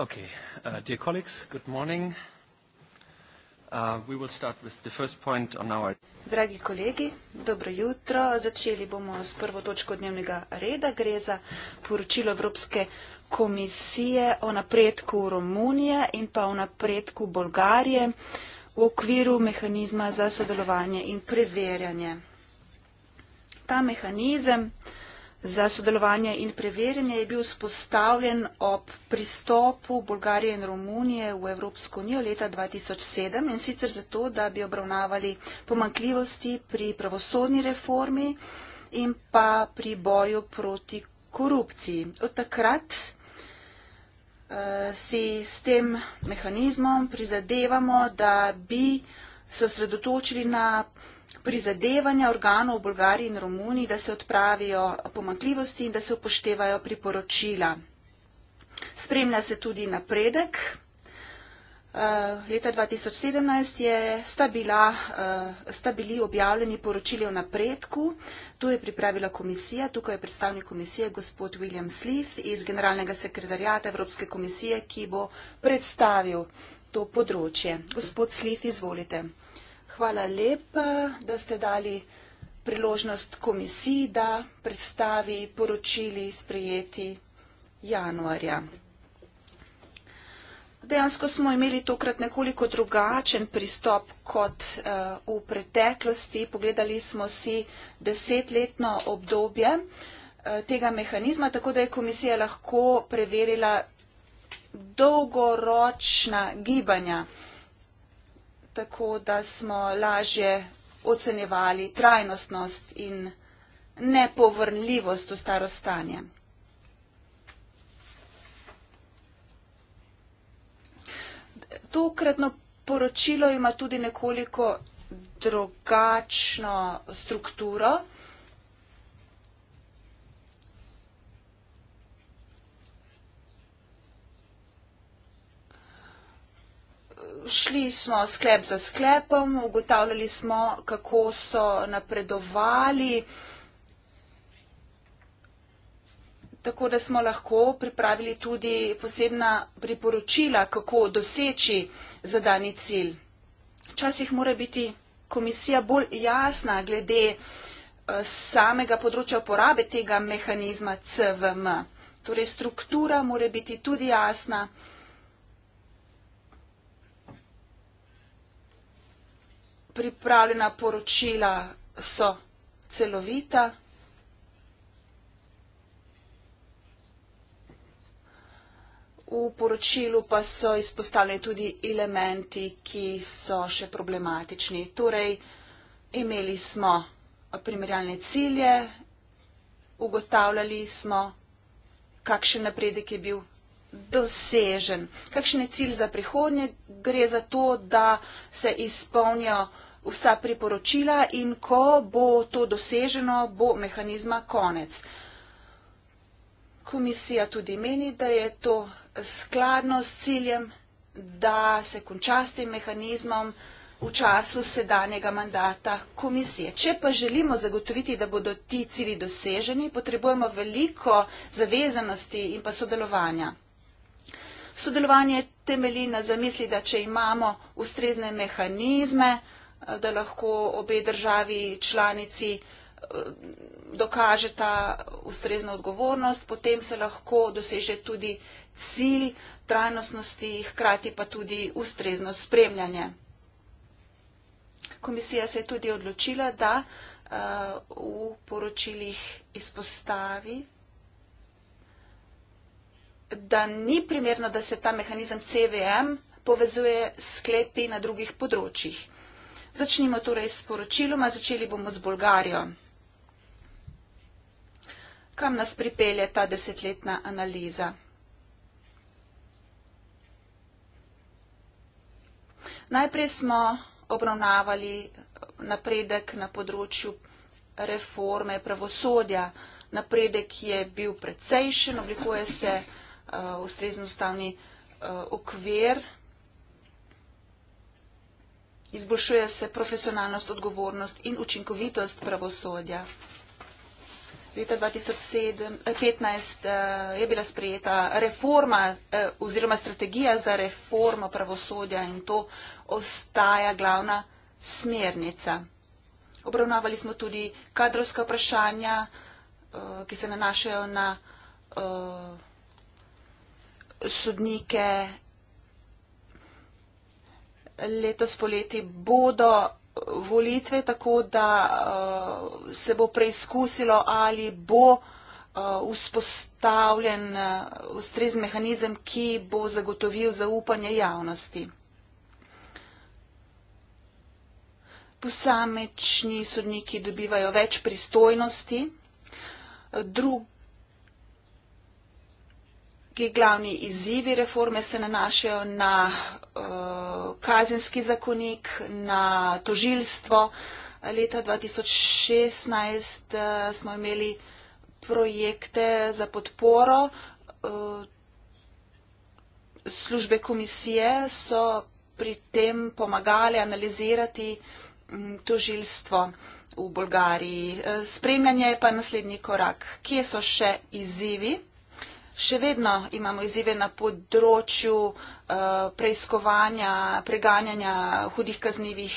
Okay. Uh, dear colleagues, good morning. Uh, we will start with the first point on our... Dragi kolegi, dobro jutro. Začeli bomo s prvo točko dnevnega reda. Gre za poročilo Evropske komisije o napredku Romunije in pa o napredku Bolgarije v okviru mehanizma za sodelovanje in preverjanje. Ta mehanizem uh, za sodelovanje in preverjanje je bil spostavljen ob pristopu Bolgarije in Romunije v Evropsko unijo leta 2007 in sicer zato, da bi obravnavali pomankljivosti pri pravosodni reformi in pa pri boju proti korupciji. Od takrat uh, si s tem mehanizmom prizadevamo, da bi se osredotočili na prizadevanja organov v Bolgariji in Romuniji, da se odpravijo pomakljivosti in da se upoštevajo priporočila. Spremlja se tudi napredek. Eh, leta 2017 je, sta, bila, eh, sta bili objavljeni poročili o napredku. To je pripravila komisija. Tukaj je predstavnik komisije gospod William Sleeth iz Generalnega sekretarjata Evropske komisije, ki bo predstavil to področje. Gospod Sleeth, izvolite. Hvala lepa, da ste dali priložnost komisiji, da predstavi poročili sprejeti januarja. Dejansko smo imeli tokrat nekoliko drugačen pristop kot uh, v preteklosti. Pogledali smo si desetletno obdobje uh, tega mehanizma, tako da je komisija lahko preverila dolgoročna gibanja uh, tako, da smo lažje ocenjevali trajnostnost in nepovrnljivost v starostanje. Tokratno poročilo ima tudi nekoliko drugačno strukturo. šli smo sklep za sklepom, ugotavljali smo, kako so napredovali, tako da smo lahko pripravili tudi posebna priporočila, kako doseči zadani cilj. Včasih mora biti komisija bolj jasna glede eh, samega področja uporabe tega mehanizma CVM. Torej, struktura mora biti tudi jasna. pripravljena poročila so celovita. V poročilu pa so izpostavljeni tudi elementi, ki so še problematični. Torej, imeli smo primerjalne cilje, ugotavljali smo, kakšen napredek je bil dosežen, kakšen je cilj za prihodnje. Gre za to, da se izpolnijo vsa priporočila in ko bo to doseženo, bo mehanizma konec. Komisija tudi meni, da je to skladno s ciljem, da se konča s tem mehanizmom v času sedanjega mandata komisije. Če pa želimo zagotoviti, da bodo ti cili doseženi, potrebujemo veliko zavezanosti in pa sodelovanja. Sodelovanje temelji na zamisli, da če imamo ustrezne mehanizme, da lahko obe državi članici eh, dokažeta ustrezno odgovornost, potem se lahko doseže tudi cilj trajnostnosti, hkrati pa tudi ustrezno spremljanje. Komisija se je tudi odločila, da eh, v poročilih izpostavi, da ni primerno, da se ta mehanizem CVM povezuje s sklepi na drugih področjih. Začnimo torej s poročiloma, začeli bomo z Bolgarijo. Kam nas pripelje ta desetletna analiza? Najprej smo obravnavali napredek na področju reforme pravosodja. Napredek je bil precejšen, oblikuje se uh, ustrezen ustavni uh, okvir. Izboljšuje se profesionalnost, odgovornost in učinkovitost pravosodja. Leta 2015 eh, eh, je bila sprejeta reforma eh, oziroma strategija za reformo pravosodja in to ostaja glavna smernica. Obravnavali smo tudi kadrovska vprašanja, ki se nanašajo na sodnike letos poleti bodo volitve, tako da uh, se bo preizkusilo, ali bo uh, vzpostavljen uh, eh, ustrezni mehanizem, ki bo zagotovil zaupanje javnosti. Posamečni sodniki dobivajo več pristojnosti. Drug, ki glavni izzivi reforme se nanašajo na uh, kazenski zakonik, na tožilstvo. Leta 2016 uh, eh, smo imeli projekte za podporo. Uh, službe komisije so pri tem pomagali analizirati um, tožilstvo v Bolgariji. Spremljanje je pa naslednji korak. Kje so še izzivi? še vedno imamo izzive na področju uh, preiskovanja, preganjanja hudih kaznjivih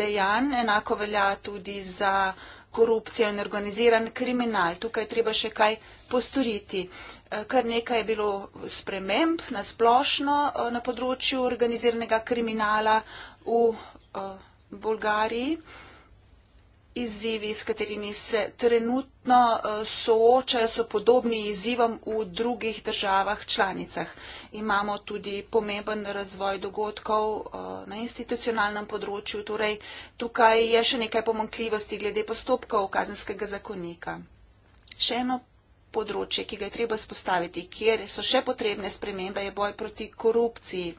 dejanj. Enako velja tudi za korupcijo in organiziran kriminal. Tukaj treba še kaj postoriti. Eh, kar nekaj je bilo sprememb na splošno eh, na področju organiziranega kriminala v Bolgariji izzivi, s katerimi se trenutno eh, soočajo, so podobni izzivom v drugih državah članicah. Imamo tudi pomemben razvoj dogodkov eh, na institucionalnem področju, torej tukaj je še nekaj pomankljivosti glede postopkov kazenskega zakonika. Še eno področje, ki ga je treba spostaviti, kjer so še potrebne spremembe, je boj proti korupciji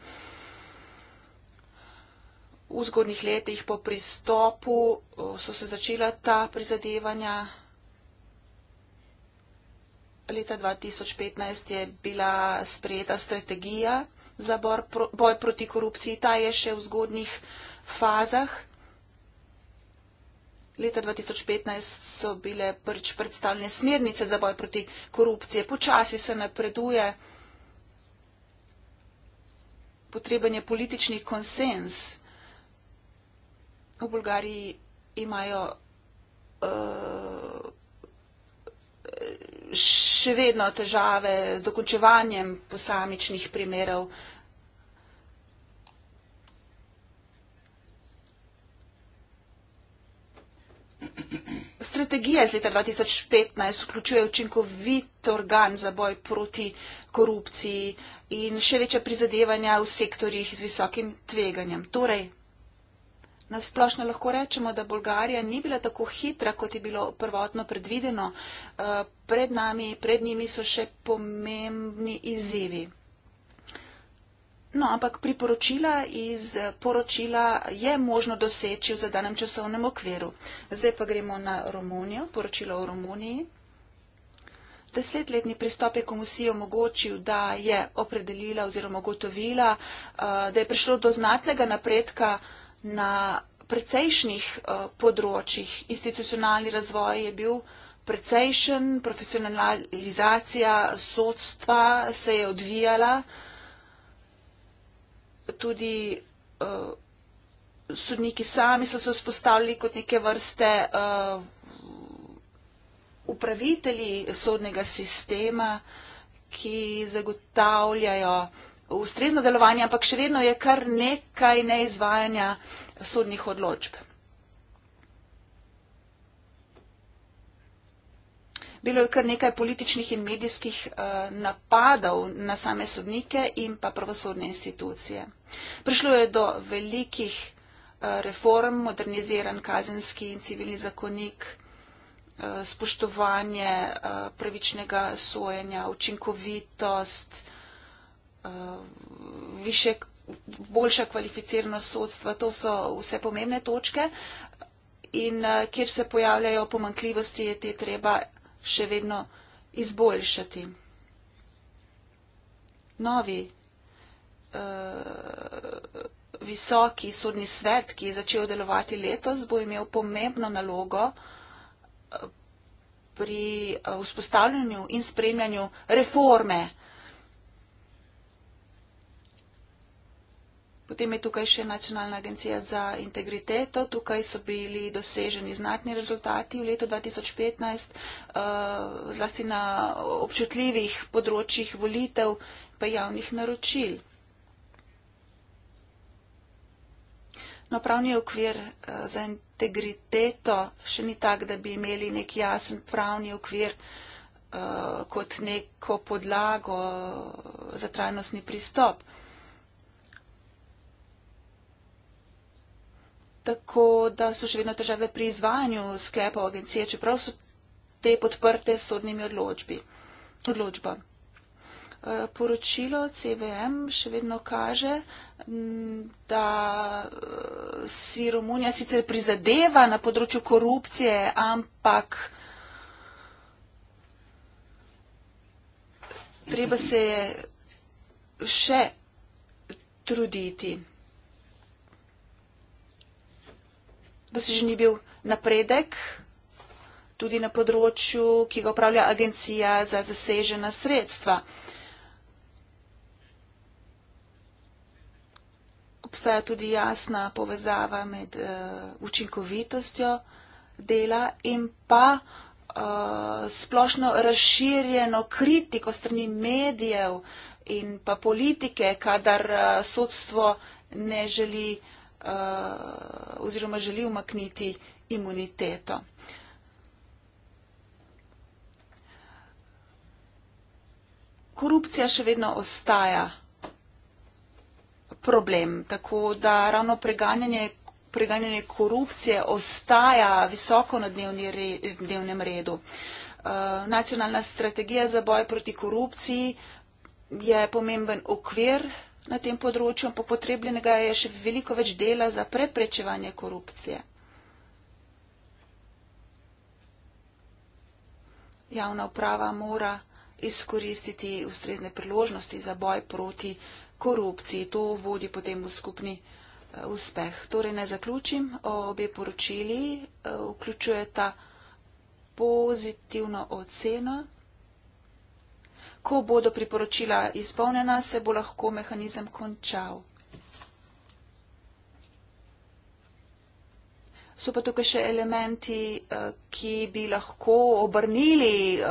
v zgodnih letih po pristopu so se začela ta prizadevanja. Leta 2015 je bila sprejeta strategija za boj proti korupciji. Ta je še v zgodnih fazah. Leta 2015 so bile prvič predstavljene smernice za boj proti korupciji. Počasi se napreduje. Potreben je politični konsens v Bulgariji imajo eh, še vedno težave z dokončevanjem posamičnih primerov. Strategija iz leta 2015 vključuje učinkovit organ za boj proti korupciji in še večja prizadevanja v sektorjih z visokim tveganjem. Torej, Nasplošno lahko rečemo, da Bolgarija ni bila tako hitra, kot je bilo prvotno predvideno. Eh, pred nami, pred njimi so še pomembni izzivi. No, ampak priporočila iz poročila je možno doseči v zadanem časovnem okviru. Zdaj pa gremo na Romunijo, poročilo o Romuniji. Desetletni pristop je komisijo omogočil, da je opredelila oziroma gotovila, eh, da je prišlo do znatnega napredka na precejšnjih eh, področjih. Institucionalni razvoj je bil precejšen, profesionalizacija sodstva se je odvijala, tudi uh, sodniki sami so se vzpostavili kot neke vrste uh, upravitelji sodnega sistema, ki zagotavljajo ustrezno delovanje, ampak še vedno je kar nekaj neizvajanja sodnih odločb. Bilo je kar nekaj političnih in medijskih eh, napadov na same sodnike in pa pravosodne institucije. Prišlo je do velikih eh, reform, moderniziran kazenski in civilni zakonik, eh, spoštovanje pravičnega sojenja, učinkovitost, Eh, više, boljša kvalificiranost sodstva. To so vse pomembne točke in eh, kjer se pojavljajo pomankljivosti, je te treba še vedno izboljšati. Novi eh, visoki sodni svet, ki je začel delovati letos, bo imel pomembno nalogo pri vzpostavljanju in spremljanju reforme Potem je tukaj še Nacionalna agencija za integriteto. Tukaj so bili doseženi znatni rezultati v letu 2015, eh, zlasti na občutljivih področjih volitev pa javnih naročil. No, pravni okvir eh, za integriteto še ni tak, da bi imeli nek jasen pravni okvir eh, kot neko podlago za trajnostni pristop. tako da so še vedno težave pri izvajanju sklepov agencije, čeprav so te podprte sodnimi odločbi. Odločba. E, poročilo CVM še vedno kaže, da e, si Romunija sicer prizadeva na področju korupcije, ampak treba se še truditi. pa se že ni bil napredek, tudi na področju, ki ga upravlja Agencija za zasežena sredstva. Obstaja tudi jasna povezava med uh, učinkovitostjo dela in pa uh, splošno razširjeno kritiko strani medijev in pa politike, kadar uh, sodstvo ne želi uh, Eh, oziroma želi umakniti imuniteto. Korupcija še vedno ostaja problem, tako da ravno preganjanje, preganjanje korupcije ostaja visoko na dnevni re, dnevnem redu. Eh, nacionalna strategija za boj proti korupciji je pomemben okvir na tem področju, ampak potrebnega je še veliko več dela za preprečevanje korupcije. Javna uprava mora izkoristiti ustrezne priložnosti za boj proti korupciji. To vodi potem v skupni eh, uspeh. Torej, ne zaključim. Obe poročili eh, vključujeta pozitivno oceno ko bodo priporočila izpolnjena, se bo lahko mehanizem končal. So pa tukaj še elementi, eh, ki bi lahko obrnili eh,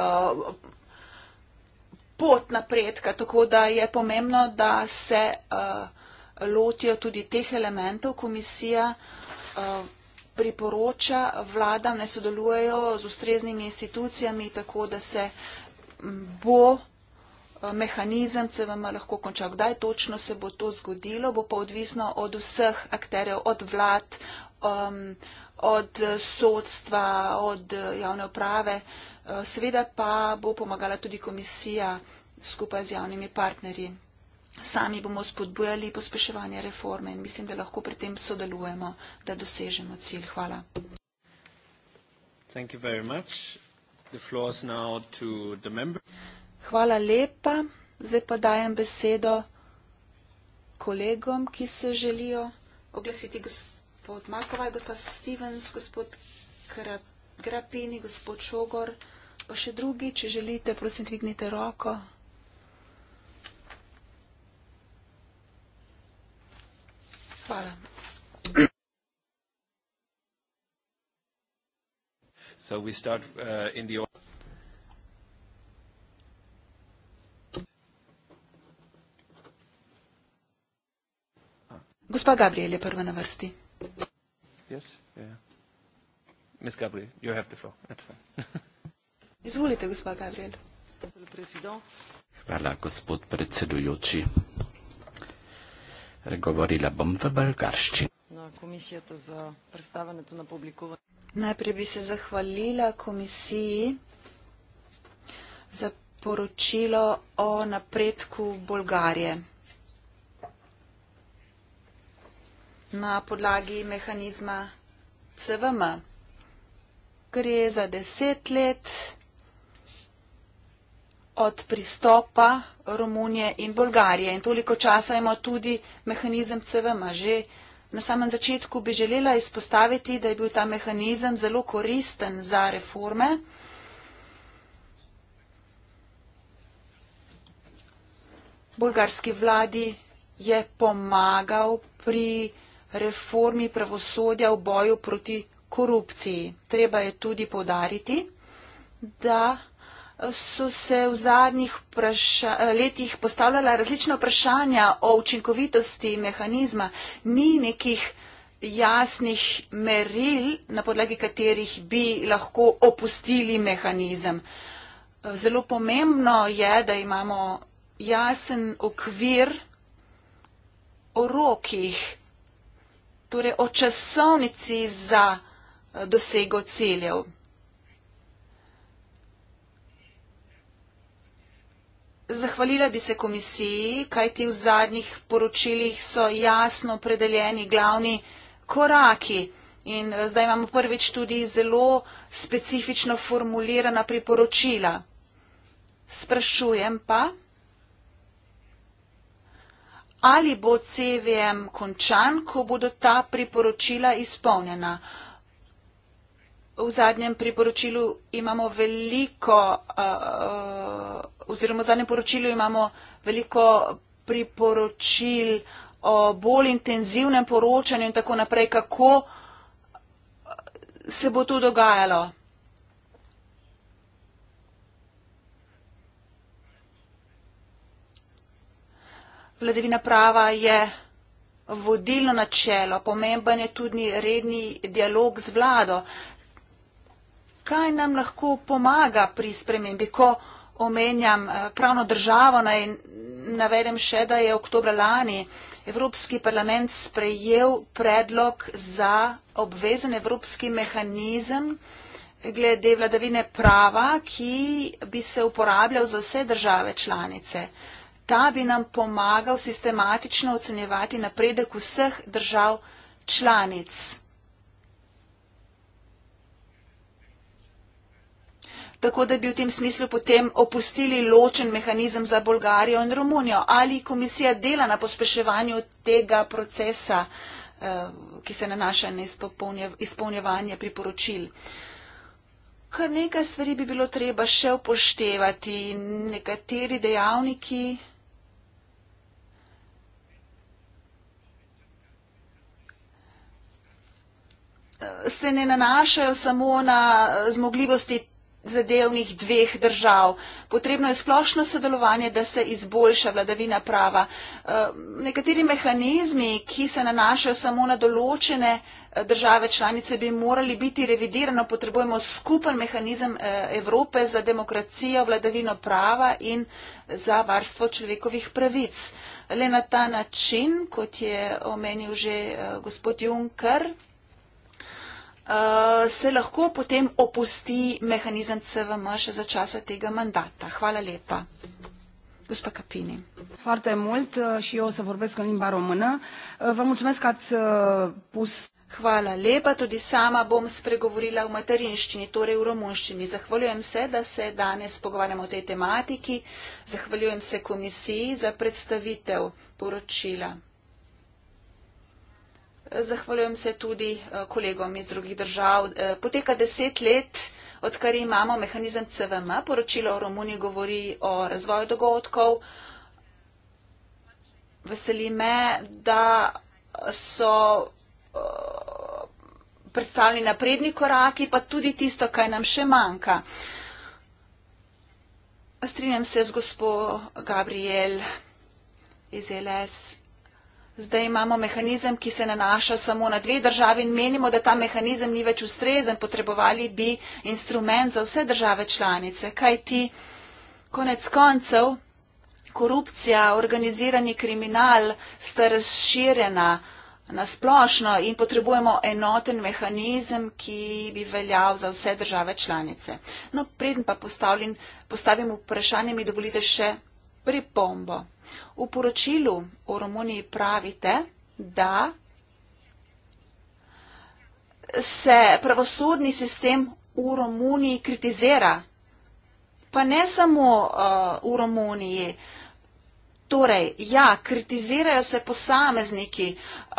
pot napredka, tako da je pomembno, da se eh, lotijo tudi teh elementov. Komisija priporoča vladam, ne sodelujejo z ustreznimi institucijami, tako da se mm, bo Eh, mehanizem CVM lahko končal. Kdaj točno se bo to zgodilo, bo pa odvisno od vseh akterjev, od vlad, um, od sodstva, od eh, javne uprave. Eh, seveda pa bo pomagala tudi komisija skupaj z javnimi partnerji. Sami bomo spodbujali pospeševanje reforme in mislim, da lahko pri tem sodelujemo, da dosežemo cilj. Hvala. Thank you very much. The floor is now to the member. Hvala lepa. Zdaj pa dajem besedo kolegom, ki se želijo oglasiti. Gospod Makova, gospod Stevens, gospod Grapini, gospod Šogor, pa še drugi, če želite, prosim, dvignite roko. Hvala. So we start uh, in the order. Gospa Gabriel je prva na vrsti. Yes, yeah. Ms. Gabriel, you have the floor. Izvolite, gospa Gabriel. Hvala, gospod predsedujoči. Govorila bom v bolgarščini. Na Najprej bi se zahvalila komisiji za poročilo o napredku Bolgarije. na podlagi mehanizma CVM, gre za deset let od pristopa Romunije in Bolgarije. In toliko časa ima tudi mehanizem CVM. Že na samem začetku bi želela izpostaviti, da je bil ta mehanizem zelo koristen za reforme. Bolgarski vladi je pomagal pri reformi pravosodja v boju proti korupciji. Treba je tudi povdariti, da so se v zadnjih letih postavljala različna vprašanja o učinkovitosti mehanizma. Ni nekih jasnih meril, na podlagi katerih bi lahko opustili mehanizem. Zelo pomembno je, da imamo jasen okvir o rokih torej o časovnici za eh, dosego ciljev. Zahvalila bi se komisiji, kajti v zadnjih poročilih so jasno opredeljeni glavni koraki. In eh, zdaj imamo prvič tudi zelo specifično formulirana priporočila. Sprašujem pa ali bo CVM končan, ko bodo ta priporočila izpolnjena. V zadnjem priporočilu imamo veliko, oziroma v zadnjem poročilu imamo veliko priporočil o bolj intenzivnem poročanju in tako naprej, kako se bo to dogajalo. vladavina prava je vodilno načelo, pomemben je tudi redni dialog z vlado. Kaj nam lahko pomaga pri spremembi, ko omenjam eh, pravno državo, naj navedem še, da je oktober lani Evropski parlament sprejel predlog za obvezen evropski mehanizem glede vladavine prava, ki bi se uporabljal za vse države članice. Ta bi nam pomagal sistematično ocenjevati napredek vseh držav članic. Tako da bi v tem smislu potem opustili ločen mehanizem za Bolgarijo in Romunijo. Ali komisija dela na pospeševanju tega procesa, eh, ki se nanaša na izpolnjevanje priporočil? Kar nekaj stvari bi bilo treba še upoštevati. Nekateri dejavniki se ne nanašajo samo na eh, zmogljivosti zadevnih dveh držav. Potrebno je splošno sodelovanje, da se izboljša vladavina prava. Eh, nekateri mehanizmi, ki se nanašajo samo na določene eh, države članice, bi morali biti revidirano. Potrebujemo skupen mehanizem Evrope za demokracijo, vladavino prava in za varstvo človekovih pravic. Le na ta način, kot je omenil že gospod Juncker, uh, se lahko potem opusti mehanizem CVM še za časa tega mandata. Hvala lepa. Gospa Kapini. Sfarta je mult eh, și eu o să vorbesc în limba română. Eh, vă mulțumesc că ați pus. Hvala lepa, tudi sama bom spregovorila v materinščini, torej v romunščini. Zahvaljujem se, da se danes pogovarjamo o tej tematiki. Zahvaljujem se komisiji za predstavitev poročila. Zahvaljujem se tudi eh, kolegom iz drugih držav. Eh, poteka deset let, odkar imamo mehanizem CVM. Poročilo o Romuniji govori o razvoju dogodkov. Veseli me, da so eh, predstavljeni napredni koraki, pa tudi tisto, kaj nam še manjka. Strinjam se z gospod Gabriel iz LS. Zdaj imamo mehanizem, ki se nanaša samo na dve državi in menimo, da ta mehanizem ni več ustrezen. Potrebovali bi instrument za vse države članice, kaj ti konec koncev korupcija, organizirani kriminal sta razširjena na splošno in potrebujemo enoten mehanizem, ki bi veljal za vse države članice. No, preden pa postavim vprašanje, mi dovolite še pripombo. V poročilu o Romuniji pravite, da se pravosodni sistem v Romuniji kritizira. Pa ne samo uh, v Romuniji. Torej, ja, kritizirajo se posamezniki,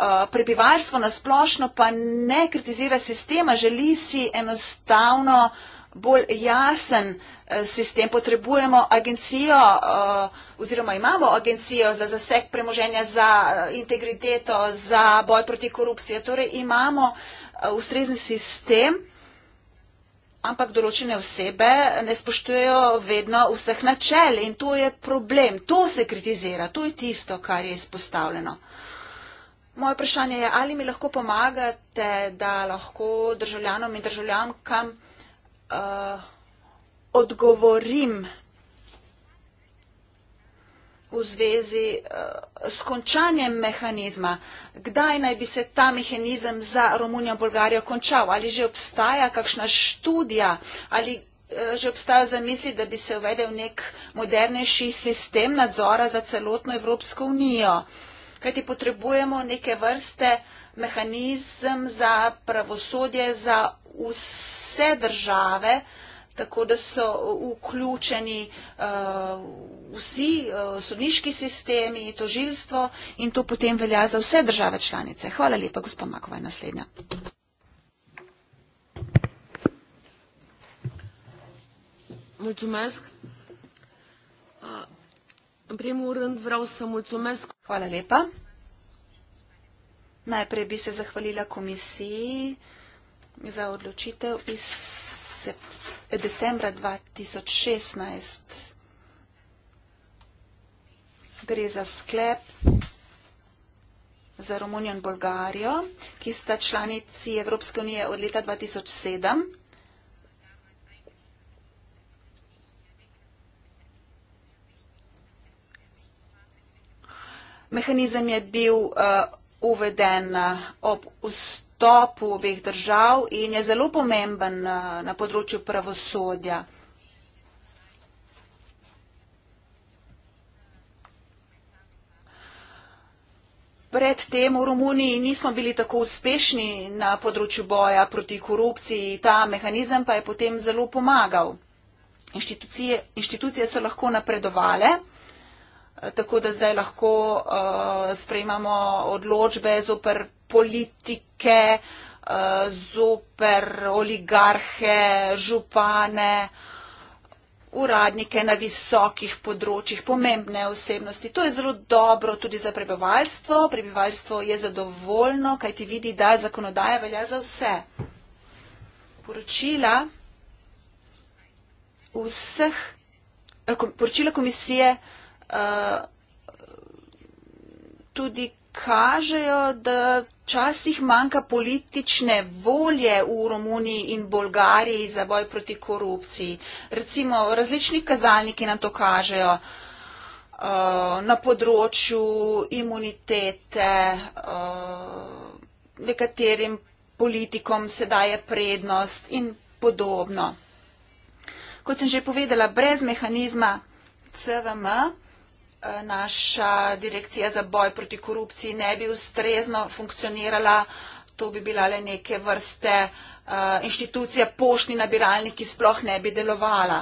uh, prebivalstvo na splošno pa ne kritizira sistema, želi si enostavno bolj jasen uh, Eh, sistem, potrebujemo agencijo eh, oziroma imamo agencijo za zaseg premoženja, za eh, integriteto, za boj proti korupciji. Torej imamo ustrezni sistem, ampak določene osebe ne spoštujejo vedno vseh načel in to je problem. To se kritizira, to je tisto, kar je izpostavljeno. Moje vprašanje je, ali mi lahko pomagate, da lahko državljanom in državljankam uh, odgovorim v zvezi eh, s končanjem mehanizma. Kdaj naj bi se ta mehanizem za Romunijo in Bolgarijo končal? Ali že obstaja kakšna študija? Ali eh, že obstaja zamisli, da bi se uvedel nek modernejši sistem nadzora za celotno Evropsko unijo? Kajti potrebujemo neke vrste mehanizem za pravosodje za vse države, tako da so vključeni uh, vsi uh, sodniški sistemi, tožilstvo in to potem velja za vse države članice. Hvala lepa, gospod Makova, naslednja. Mulțumesc. Eh, în primul rând vreau să mulțumesc. Hvala lepa. Najprej bi se zahvalila komisiji za odločitev iz decembra 2016. Gre za sklep za Romunijo in Bolgarijo, ki sta članici Evropske unije od leta 2007. Mehanizem je bil uh, uveden uh, ob ustavljanju topu obeh držav in je zelo pomemben na, eh, na področju pravosodja. Predtem v Romuniji nismo bili tako uspešni na področju boja proti korupciji, ta mehanizem pa je potem zelo pomagal. Inštitucije, inštitucije so lahko napredovale, eh, tako da zdaj lahko uh, eh, sprejmamo odločbe zoper politike, eh, zoper oligarhe, župane, uradnike na visokih področjih, pomembne osebnosti. To je zelo dobro tudi za prebivalstvo. Prebivalstvo je zadovoljno, kaj ti vidi, da zakonodaja velja za vse. Poročila vseh, eh, poročila komisije eh, tudi kažejo, da Včasih manjka politične volje v Romuniji in Bolgariji za boj proti korupciji. Recimo različni kazalniki nam to kažejo uh, na področju imunitete. Uh, nekaterim politikom se daje prednost in podobno. Kot sem že povedala, brez mehanizma CVM Eh, naša direkcija za boj proti korupciji ne bi ustrezno funkcionirala, to bi bila le neke vrste eh, inštitucija pošni nabiralnik, ki sploh ne bi delovala.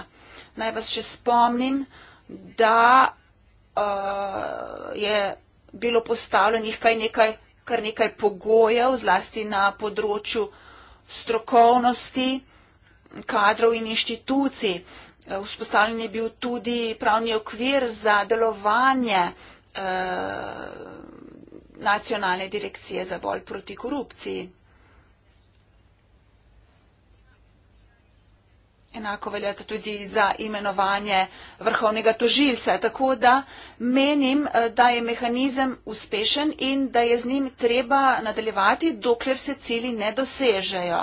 Naj vas še spomnim, da eh, je bilo postavljenih kar nekaj, kar nekaj pogojev, zlasti na področju strokovnosti, kadrov in inštitucij. Eh, vzpostavljen je bil tudi pravni okvir za delovanje eh, nacionalne direkcije za bolj proti korupciji. Enako veljata tudi za imenovanje vrhovnega tožilca, tako da menim, eh, da je mehanizem uspešen in da je z njim treba nadaljevati, dokler se cili ne dosežejo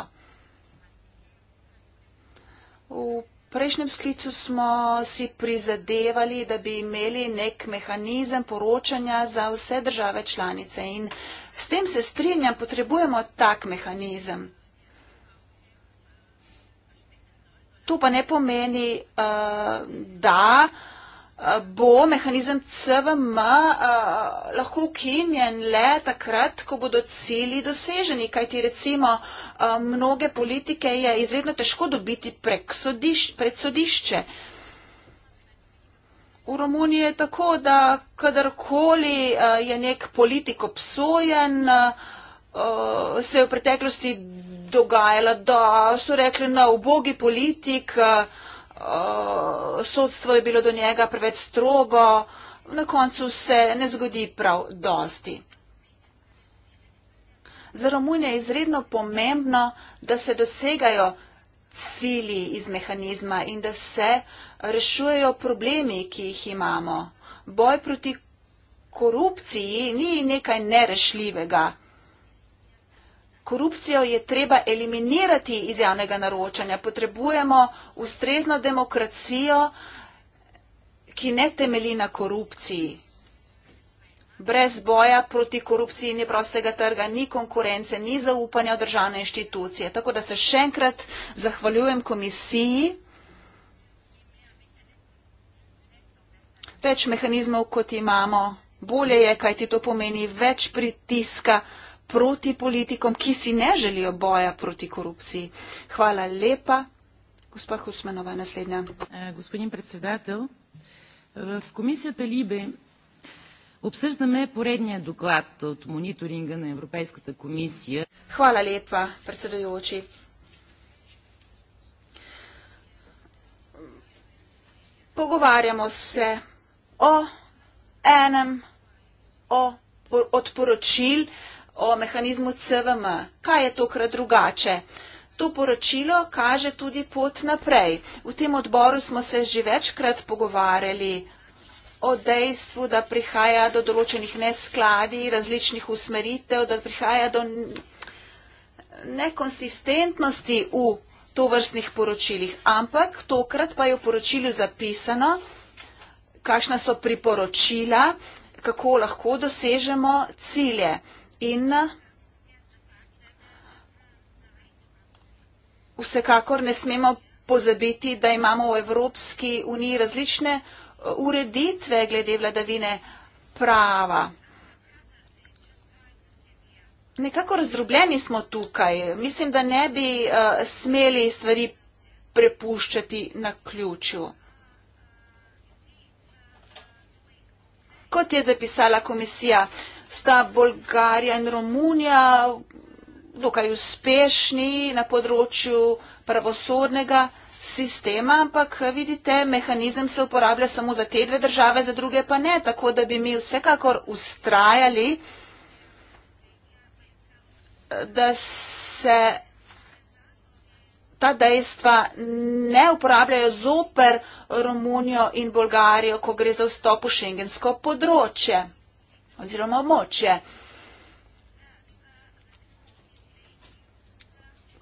prejšnjem sklicu smo si prizadevali, da bi imeli nek mehanizem poročanja za vse države članice in s tem se strinjam, potrebujemo tak mehanizem. To pa ne pomeni, uh, da bo mehanizem CVM eh, lahko ukinjen le takrat, ko bodo cilji doseženi, kajti recimo eh, mnoge politike je izredno težko dobiti sodiš, pred sodišče. V Romuniji je tako, da kadarkoli eh, je nek politik obsojen, se je v preteklosti dogajalo, da so rekli na ubogi politik, Eh, sodstvo je bilo do njega preveč strogo, na koncu se ne zgodi prav dosti. Za Romunijo je izredno pomembno, da se dosegajo cilji iz mehanizma in da se rešujejo problemi, ki jih imamo. Boj proti korupciji ni nekaj nerešljivega. Korupcijo je treba eliminirati iz javnega naročanja. Potrebujemo ustrezno demokracijo, ki ne temeli na korupciji. Brez boja proti korupciji ni prostega trga, ni konkurence, ni zaupanja v državne inštitucije. Tako da se še enkrat zahvaljujem komisiji. Več mehanizmov, kot imamo, bolje je, kaj ti to pomeni, več pritiska proti politikom, ki si ne želijo boja proti korupciji. Hvala lepa. Gospa Husmanova, naslednja. Eh, gospodin predsedatel, eh, v komisijo Talibe obsežname porednje doklad od monitoringa na Evropejskata komisija. Hvala lepa, predsedajoči. Pogovarjamo se o enem o, od poročil, o mehanizmu CVM. Kaj je tokrat drugače? To poročilo kaže tudi pot naprej. V tem odboru smo se že večkrat pogovarjali o dejstvu, da prihaja do določenih neskladij, različnih usmeritev, da prihaja do nekonsistentnosti v to vrstnih poročilih. Ampak tokrat pa je v poročilu zapisano, kakšna so priporočila, kako lahko dosežemo cilje in eh, vsekakor ne smemo pozabiti, da imamo v Evropski uniji različne eh, ureditve glede vladavine prava. Nekako razdrobljeni smo tukaj. Mislim, da ne bi uh, smeli stvari prepuščati na ključu. Kot je zapisala komisija, uh, sta Bolgarija in Romunija dokaj uspešni na področju pravosodnega sistema, ampak vidite, mehanizem se uporablja samo za te dve države, za druge pa ne, tako da bi mi vsekakor ustrajali, da se ta dejstva ne uporabljajo zoper Romunijo in Bolgarijo, ko gre za vstop v šengensko področje oziroma območje.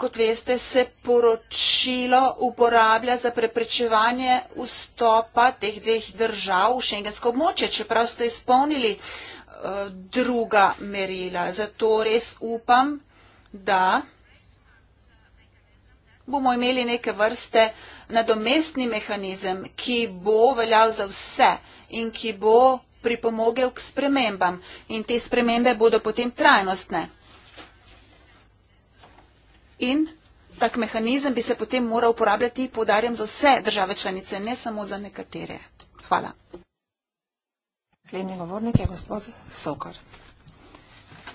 Kot veste, se poročilo uporablja za preprečevanje vstopa teh dveh držav v šengensko območje, čeprav ste izpolnili eh, druga merila. Zato res upam, da bomo imeli neke vrste nadomestni mehanizem, ki bo veljal za vse in ki bo pripomogel k spremembam in te spremembe bodo potem trajnostne. In tak mehanizem bi se potem moral uporabljati, podarjam, za vse države članice, ne samo za nekatere. Hvala. Naslednji govornik je gospod Sokor.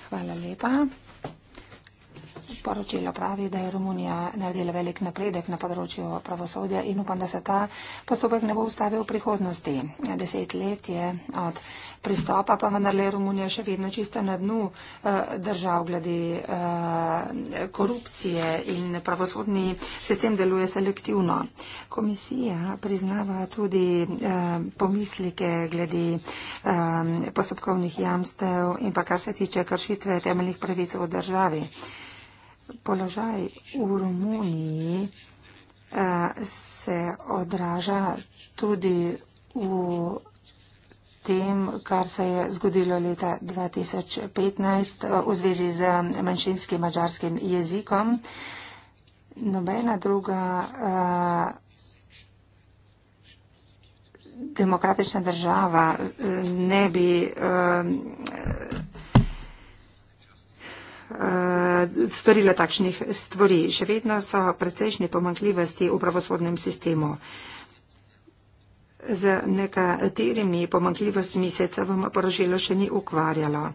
Hvala lepa poročilo pravi, da je Romunija naredila velik napredek na področju pravosodja in upam, da se ta postopek ne bo ustavil v prihodnosti. Deset let je od pristopa, pa vendarle je Romunija še vedno čisto na dnu eh, držav glede eh, korupcije in pravosodni sistem deluje selektivno. Komisija priznava tudi eh, pomislike glede postopkovnih jamstev in pa kar se tiče kršitve temeljnih pravic v državi položaj v Romuniji eh, se odraža tudi v tem, kar se je zgodilo leta 2015 eh, v zvezi z manjšinskim mačarskim jezikom. Nobena druga eh, demokratična država ne bi uh, uh, storila takšnih stvari. Še vedno so precejšnje pomankljivosti v pravosodnem sistemu. Z nekaterimi pomankljivostmi se celom poročilo še ni ukvarjalo.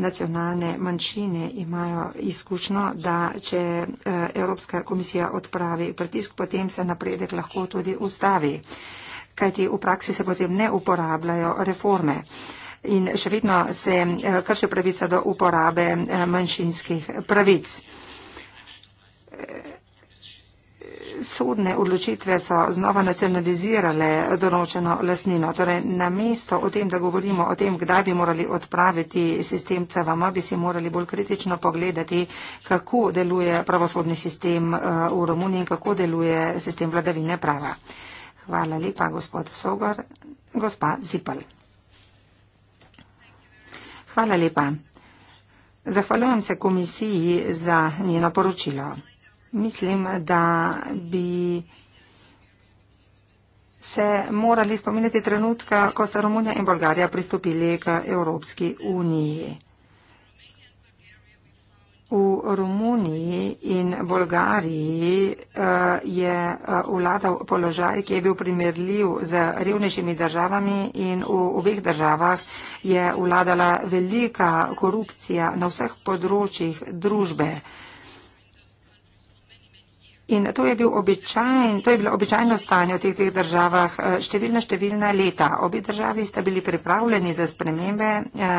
Nacionalne manjšine imajo izkušnjo, da če eh, Evropska komisija odpravi pritisk, potem se napredek lahko tudi ustavi, kajti v praksi se potem ne uporabljajo reforme in še vedno se eh, krši pravica do uporabe eh, manjšinskih pravic. Eh, sodne odločitve so znova nacionalizirale določeno lasnino. Torej, na mesto o tem, da govorimo o tem, kdaj bi morali odpraviti sistem CVM, bi si morali bolj kritično pogledati, kako deluje pravosodni sistem v Romuniji in kako deluje sistem vladavine prava. Hvala lepa, gospod Sogar. Gospa Zipal. Hvala lepa. Zahvaljujem se komisiji za njeno poročilo. Mislim, da bi se morali spomniti trenutka, ko sta Romunija in Bolgarija pristopili k Evropski uniji. V Romuniji in Bolgariji eh, je eh, vladal položaj, ki je bil primerljiv z revnejšimi državami in v obeh državah je vladala velika korupcija na vseh področjih družbe. In to je, bil običajn, to je bilo običajno stanje v teh dveh državah eh, številna, številna leta. Obi državi sta bili pripravljeni za spremembe eh,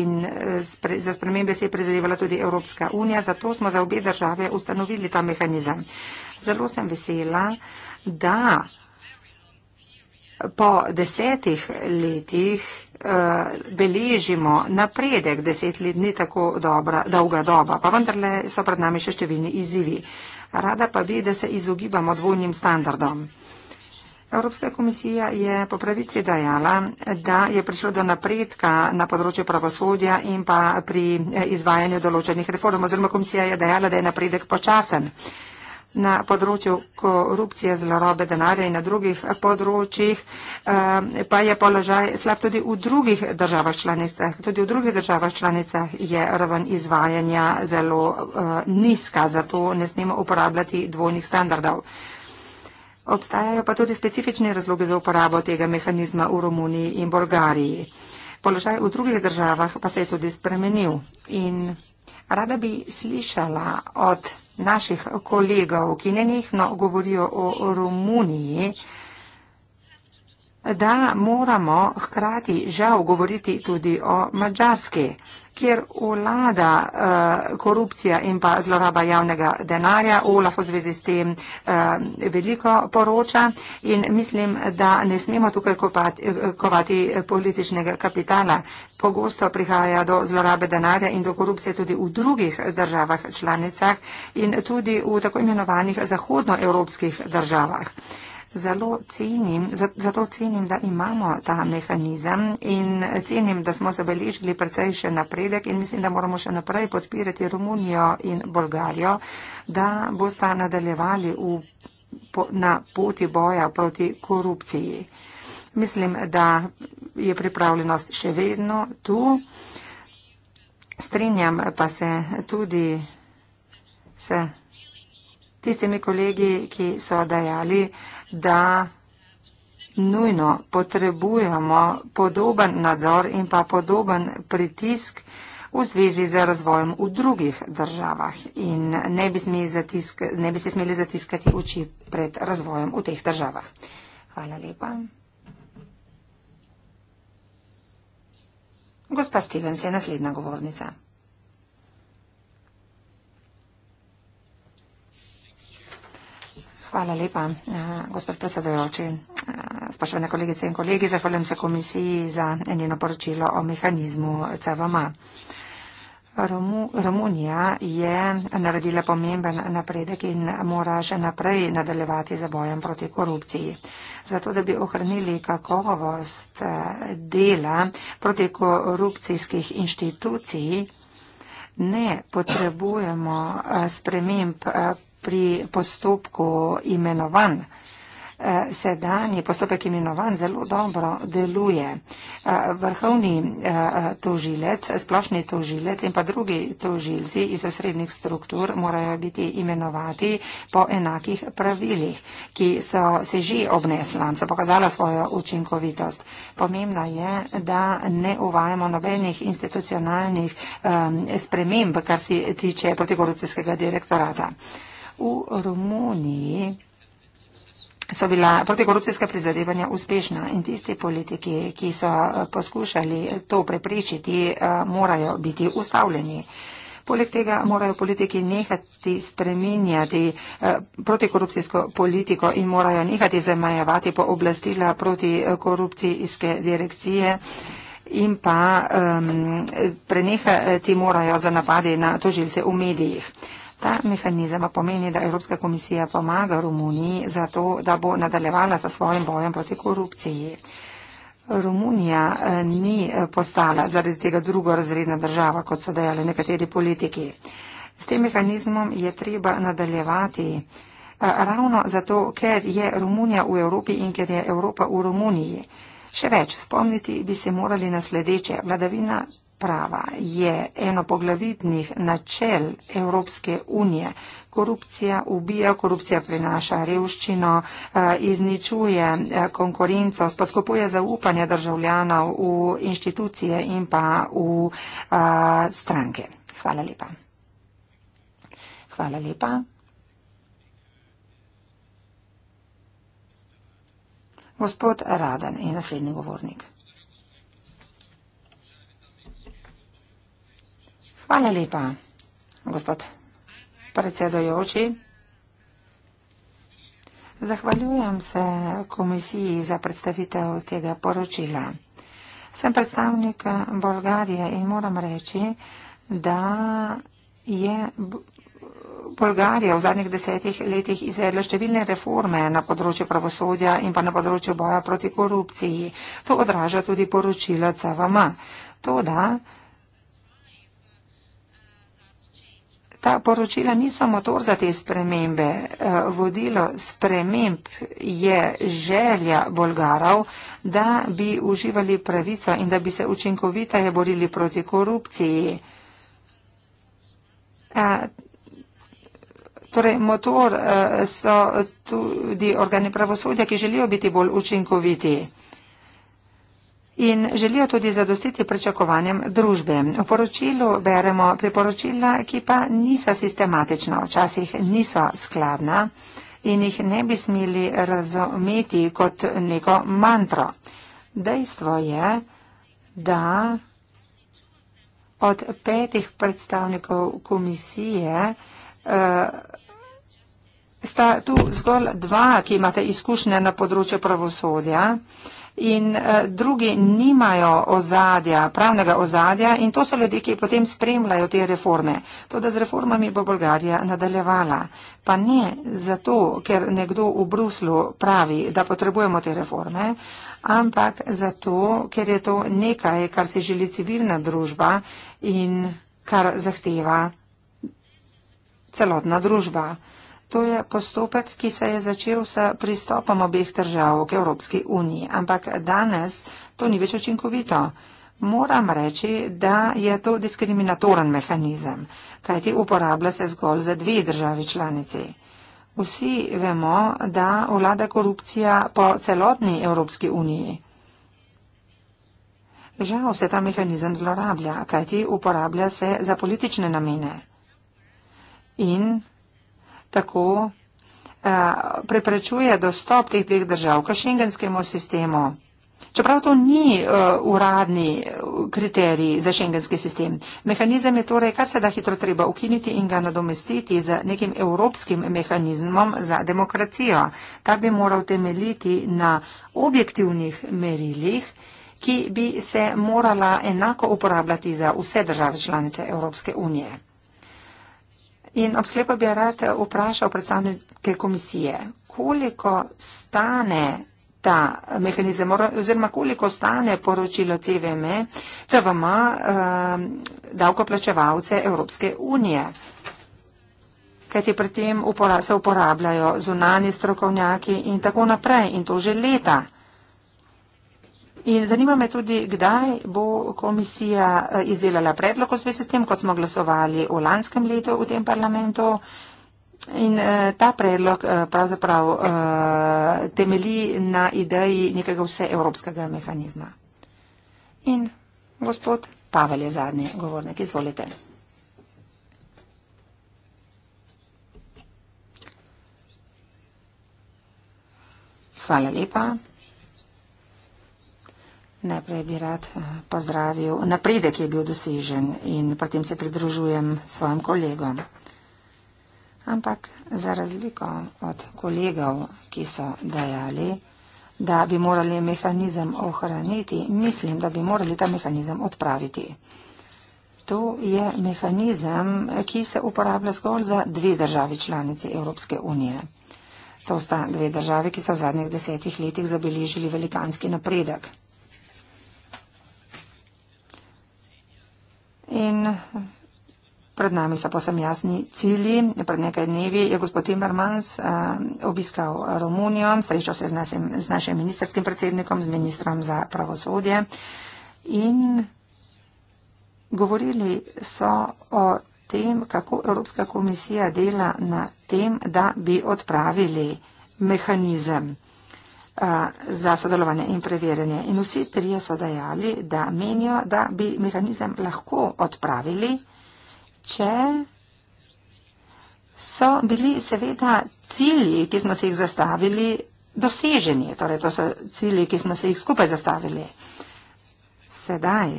in eh, za spremembe se je prizadevala tudi Evropska unija, zato smo za obe države ustanovili ta mehanizem. Zelo sem vesela, da po desetih letih beležimo napredek deset let, ni tako dobra, dolga doba, pa vendarle so pred nami še številni izzivi. Rada pa bi, da se izogibamo dvojnim standardom. Evropska komisija je po pravici dejala, da je prišlo do napredka na področju pravosodja in pa pri eh, izvajanju določenih reform. Oziroma komisija je dejala, da je napredek počasen na področju korupcije, zlorobe denarja in na drugih področjih, eh, pa je položaj slab tudi v drugih državah članicah. Tudi v drugih državah članicah je raven izvajanja zelo eh, nizka, zato ne smemo uporabljati dvojnih standardov. Obstajajo pa tudi specifični razlogi za uporabo tega mehanizma v Romuniji in Bolgariji. Položaj v drugih državah pa se je tudi spremenil in Rada bi slišala od naših kolegov, ki nenehno govorijo o Romuniji, da moramo hkrati žal govoriti tudi o Mačarski kjer vlada uh, korupcija in pa zloraba javnega denarja. Olaf v zvezi s tem uh, veliko poroča in mislim, da ne smemo tukaj kopati, eh, kovati političnega kapitala. Pogosto prihaja do zlorabe denarja in do korupcije tudi v drugih državah članicah in tudi v tako imenovanih zahodnoevropskih državah. Uh, zelo cenim, zato cenim, da imamo ta mehanizem in cenim, da smo zabeležili precej še napredek in mislim, da moramo še naprej podpirati Romunijo in Bolgarijo, da bosta nadaljevali v, na poti boja proti korupciji. Mislim, da je pripravljenost še vedno tu. Strenjam pa se tudi s tistimi kolegi, ki so dajali, da nujno potrebujemo podoben nadzor in pa podoben pritisk v zvezi z razvojem v drugih državah in ne bi, zatisk, ne bi se smeli zatiskati oči pred razvojem v teh državah. Hvala lepa. Gospa Steven, se je naslednja govornica. Hvala lepa, eh, gospod predsedojoči. Eh, spoštovane kolegice in kolegi, zahvaljujem se komisiji za njeno poročilo o mehanizmu CVMA. Romunija je naredila pomemben napredek in mora še naprej nadaljevati za bojem proti korupciji. Zato, da bi ohranili kakovost eh, dela proti korupcijskih inštitucij, ne potrebujemo sprememb pri postopku imenovan. Eh, sedanji postopek imenovan zelo dobro deluje. Eh, vrhovni eh, tožilec, splošni tožilec in pa drugi tožilci iz osrednjih struktur morajo biti imenovati po enakih pravilih, ki so se že obnesla, so pokazala svojo učinkovitost. Pomembno je, da ne uvajamo nobenih institucionalnih sprememb, kar se tiče protikorupcijskega direktorata. V Romuniji so bila protikorupcijska prizadevanja uspešna in tisti politiki, ki so eh, poskušali to preprečiti, eh, morajo biti ustavljeni. Poleg tega morajo politiki nehati spreminjati eh, protikorupcijsko politiko in morajo nehati zamajevati po oblastila protikorupcijske direkcije in pa um, prenehati morajo za napade na tožilce v medijih. Ta mehanizem pa pomeni, da Evropska komisija pomaga Romuniji za to, da bo nadaljevala sa svojim bojem proti korupciji. Romunija eh, ni eh, postala zaradi tega drugorazredna država, kot so dejali nekateri politiki. S tem mehanizmom je treba nadaljevati eh, ravno zato, ker je Romunija v Evropi in ker je Evropa v Romuniji. Še več, spomniti bi se morali na sledeče. Vladavina prava je eno poglavitnih načel Evropske unije. Korupcija ubija, korupcija prinaša revščino, eh, izničuje eh, konkurenco, spodkopuje zaupanje državljanov v inštitucije in pa v eh, stranke. Hvala lepa. Hvala lepa. Gospod Radan je naslednji govornik. Hvala lepa, gospod predsedojoči. Zahvaljujem se komisiji za predstavitev tega poročila. Sem predstavnik Bolgarije in moram reči, da je Bolgarija v zadnjih desetih letih izvedla številne reforme na področju pravosodja in pa na področju boja proti korupciji. To odraža tudi poročilo CVM. To da, Ta poročila niso motor za te spremembe. Eh, vodilo sprememb je želja Bolgarov, da bi uživali pravico in da bi se učinkoviteje borili proti korupciji. Eh, torej, motor eh, so tudi organi pravosodja, ki želijo biti bolj učinkoviti in želijo tudi zadostiti pričakovanjem družbe. V poročilu beremo priporočila, ki pa niso sistematična, včasih niso skladna in jih ne bi smeli razumeti kot neko mantro. Dejstvo je, da od petih predstavnikov komisije eh, sta tu zgolj dva, ki imate izkušnje na področju pravosodja in uh, drugi nimajo ozadja, pravnega ozadja in to so ljudje, ki potem spremljajo te reforme. To, da z reformami bo Bolgarija nadaljevala. Pa ne zato, ker nekdo v Bruslu pravi, da potrebujemo te reforme, ampak zato, ker je to nekaj, kar si želi civilna družba in kar zahteva celotna družba. To je postopek, ki se je začel s pristopom obeh držav k Evropski uniji, ampak danes to ni več učinkovito. Moram reči, da je to diskriminatoren mehanizem, kajti uporablja se zgolj za dve državi članici. Vsi vemo, da vlada korupcija po celotni Evropski uniji. Žal se ta mehanizem zlorablja, kajti uporablja se za politične namene. In tako eh, preprečuje dostop teh dveh držav k šengenskemu sistemu. Čeprav to ni uh, uradni eh, kriterij za šengenski sistem. Mehanizem je torej, kar se da hitro treba ukiniti in ga nadomestiti z nekim evropskim mehanizmom za demokracijo. Ta bi moral temeljiti na objektivnih merilih, ki bi se morala enako uporabljati za vse države članice Evropske unije. In ob slepo bi rad vprašal predstavnike komisije, koliko stane ta mehanizem oziroma koliko stane poročilo CVM, CVM eh, davkoplačevalce Evropske unije. Kaj ti pri tem se uporabljajo zunani strokovnjaki in tako naprej in to že leta. In zanima me tudi, kdaj bo komisija eh, izdelala predlog v zvezi s tem, kot smo glasovali v lanskem letu v tem parlamentu. In eh, ta predlog eh, pravzaprav eh, temeli na ideji nekega vseevropskega mehanizma. In gospod Pavel je zadnji govornik. Izvolite. Hvala lepa. Najprej bi rad eh, pozdravil napredek, ki je bil dosežen in potem se pridružujem svojim kolegom. Ampak za razliko od kolegov, ki so dejali, da bi morali mehanizem ohraniti, mislim, da bi morali ta mehanizem odpraviti. To je mehanizem, ki se uporablja zgolj za dve državi članice Evropske unije. To sta dve države, ki so v zadnjih desetih letih zabeležili velikanski napredek. In pred nami so posem jasni cilji. Pred nekaj dnevi je gospod Timmermans eh, obiskal Romunijo, srečal se z našim, z našim ministerskim predsednikom, z ministrom za pravosodje. In govorili so o tem, kako Evropska komisija dela na tem, da bi odpravili mehanizem za sodelovanje in preverjanje. In vsi trije so dejali, da menijo, da bi mehanizem lahko odpravili, če so bili seveda cilji, ki smo se jih zastavili, doseženi. Torej, to so cilji, ki smo se jih skupaj zastavili. Sedaj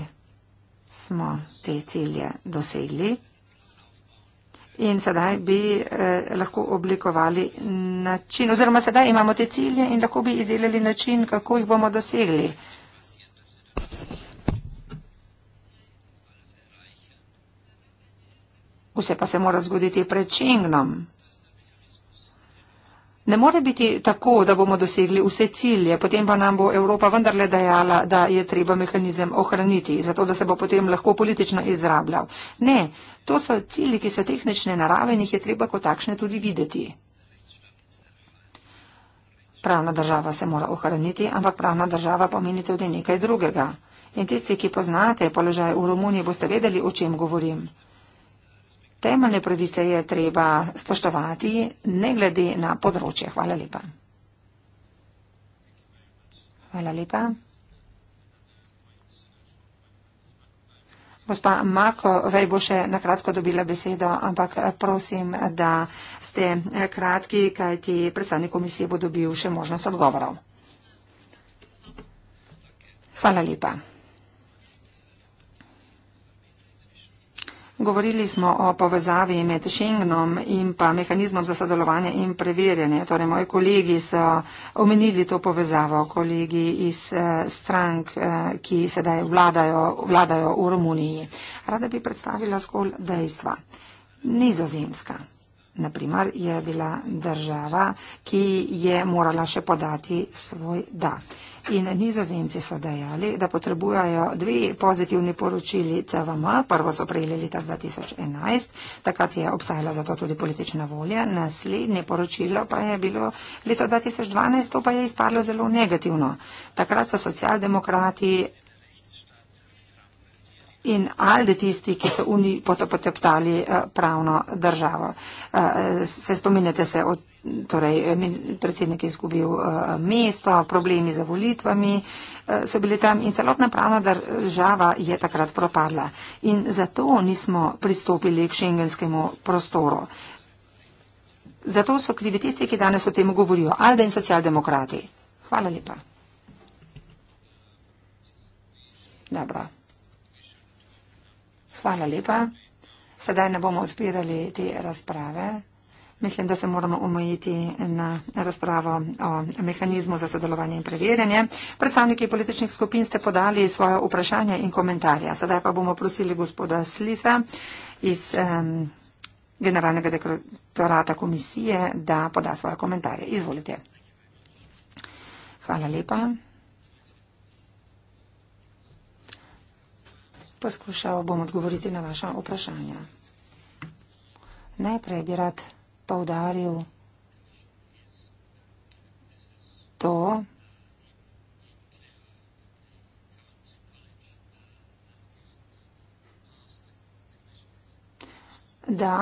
smo te cilje dosegli, in sedaj bi eh, lahko oblikovali način, oziroma sedaj imamo te cilje in lahko bi izdelali način, kako jih bomo dosegli. Vse pa se mora zgoditi pred Schengenom. Ne more biti tako, da bomo dosegli vse cilje, potem pa nam bo Evropa vendarle dejala, da je treba mehanizem ohraniti, zato da se bo potem lahko politično izrabljal. Ne, To so cilji, ki so tehnične narave in jih je treba kot takšne tudi videti. Pravna država se mora ohraniti, ampak pravna država pomeni tudi nekaj drugega. In tisti, ki poznate položaj v Romuniji, boste vedeli, o čem govorim. Temeljne pravice je treba spoštovati, ne glede na področje. Hvala lepa. Hvala lepa. Gospa Mako, vej bo še na kratko dobila besedo, ampak eh, prosim, da ste eh, kratki, kajti predstavnik komisije bo dobil še možnost odgovorov. Hvala lepa. Govorili smo o povezavi med Schengenom in pa mehanizmom za sodelovanje in preverjanje. Torej, moji kolegi so omenili to povezavo, kolegi iz eh, strank, eh, ki sedaj vladajo, vladajo v Romuniji. Rada bi predstavila zgolj dejstva. Nizozemska. Naprimer, je bila država, ki je morala še podati svoj da. In nizozemci so dejali, da potrebujajo dve pozitivni poročili CVM. Prvo so prejeli leta 2011, takrat je obstajala zato tudi politična volja. Naslednje poročilo pa je bilo leta 2012, to pa je izpadlo zelo negativno. Takrat so socialdemokrati in ali tisti, ki so uni poteptali eh, pravno državo. Eh, se spominjate se, od, torej, predsednik je izgubil eh, mesto, problemi za volitvami so bili tam in celotna pravna država je takrat propadla. In zato nismo pristopili k šengenskemu prostoru. Zato so krivi tisti, ki danes o tem govorijo, Alde in socialdemokrati. Hvala lepa. Dobro. Hvala lepa. Sedaj ne bomo odpirali te razprave. Mislim, da se moramo omejiti na razpravo o mehanizmu za sodelovanje in preverjanje. Predstavniki političnih skupin ste podali svoje vprašanje in komentarje. Sedaj pa bomo prosili gospoda Slitha iz um, Generalnega dekretorata komisije, da poda svoje komentarje. Izvolite. Hvala lepa. poskušal bom odgovoriti na vaša vprašanja. Najprej bi rad povdaril to, da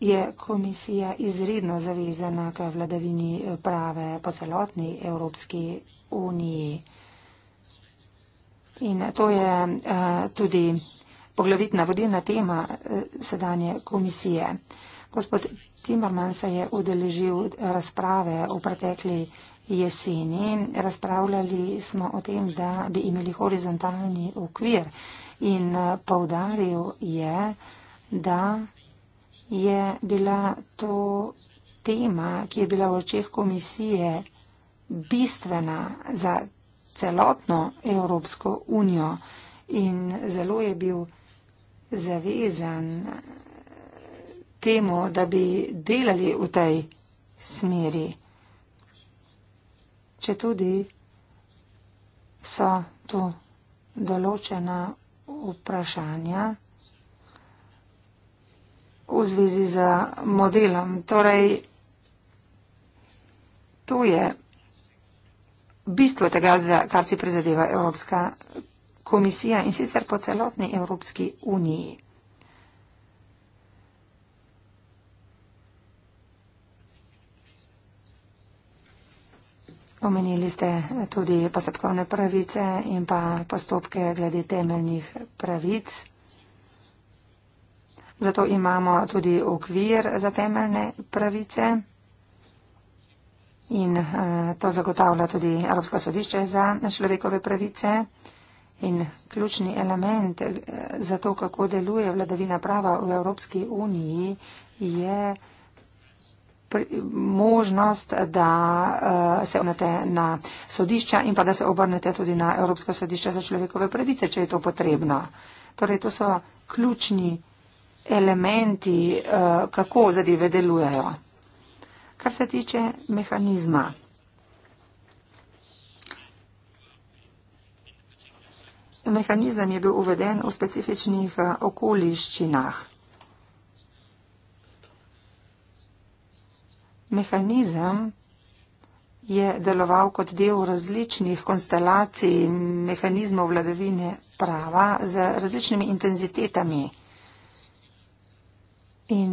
je komisija izredno zavezana k vladavini prave po celotni Evropski uniji. In to je eh, tudi poglavitna vodilna tema eh, sedanje komisije. Gospod Timerman se je udeležil razprave v pretekli jeseni. Razpravljali smo o tem, da bi imeli horizontalni okvir in eh, povdaril je, da je bila to tema, ki je bila v očeh komisije bistvena za celotno Evropsko unijo in zelo je bil zavezan eh, temu, da bi delali v tej smeri. Če tudi so tu določena vprašanja v zvezi z modelom. Torej, to je bistvo tega, kar si prizadeva Evropska komisija in sicer po celotni Evropski uniji. Omenili ste tudi postopkovne pravice in pa postopke glede temeljnih pravic. Zato imamo tudi okvir za temeljne pravice. In uh, to zagotavlja tudi Evropsko sodišče za človekove pravice. In ključni element eh, za to, kako deluje vladavina prava v Evropski uniji, je možnost, da uh, se obrnete na sodišča in pa da se obrnete tudi na Evropsko sodišče za človekove pravice, če je to potrebno. Torej, to so ključni elementi, uh, kako zadeve delujejo kar se tiče mehanizma. Mehanizem je bil uveden v specifičnih eh, okoliščinah. Mehanizem je deloval kot del različnih konstelacij mehanizmov vladavine prava z različnimi intenzitetami. In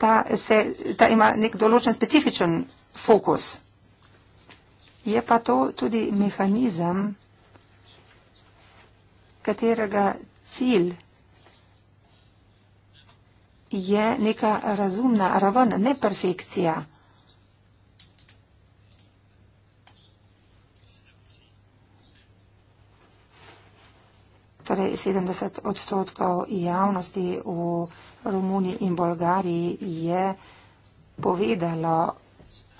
ta, se, ta ima nek določen specifičen fokus. Je pa to tudi mehanizem, katerega cilj je neka razumna raven, ne perfekcija. Torej 70 odstotkov javnosti v Romuniji in Bolgariji je povedalo,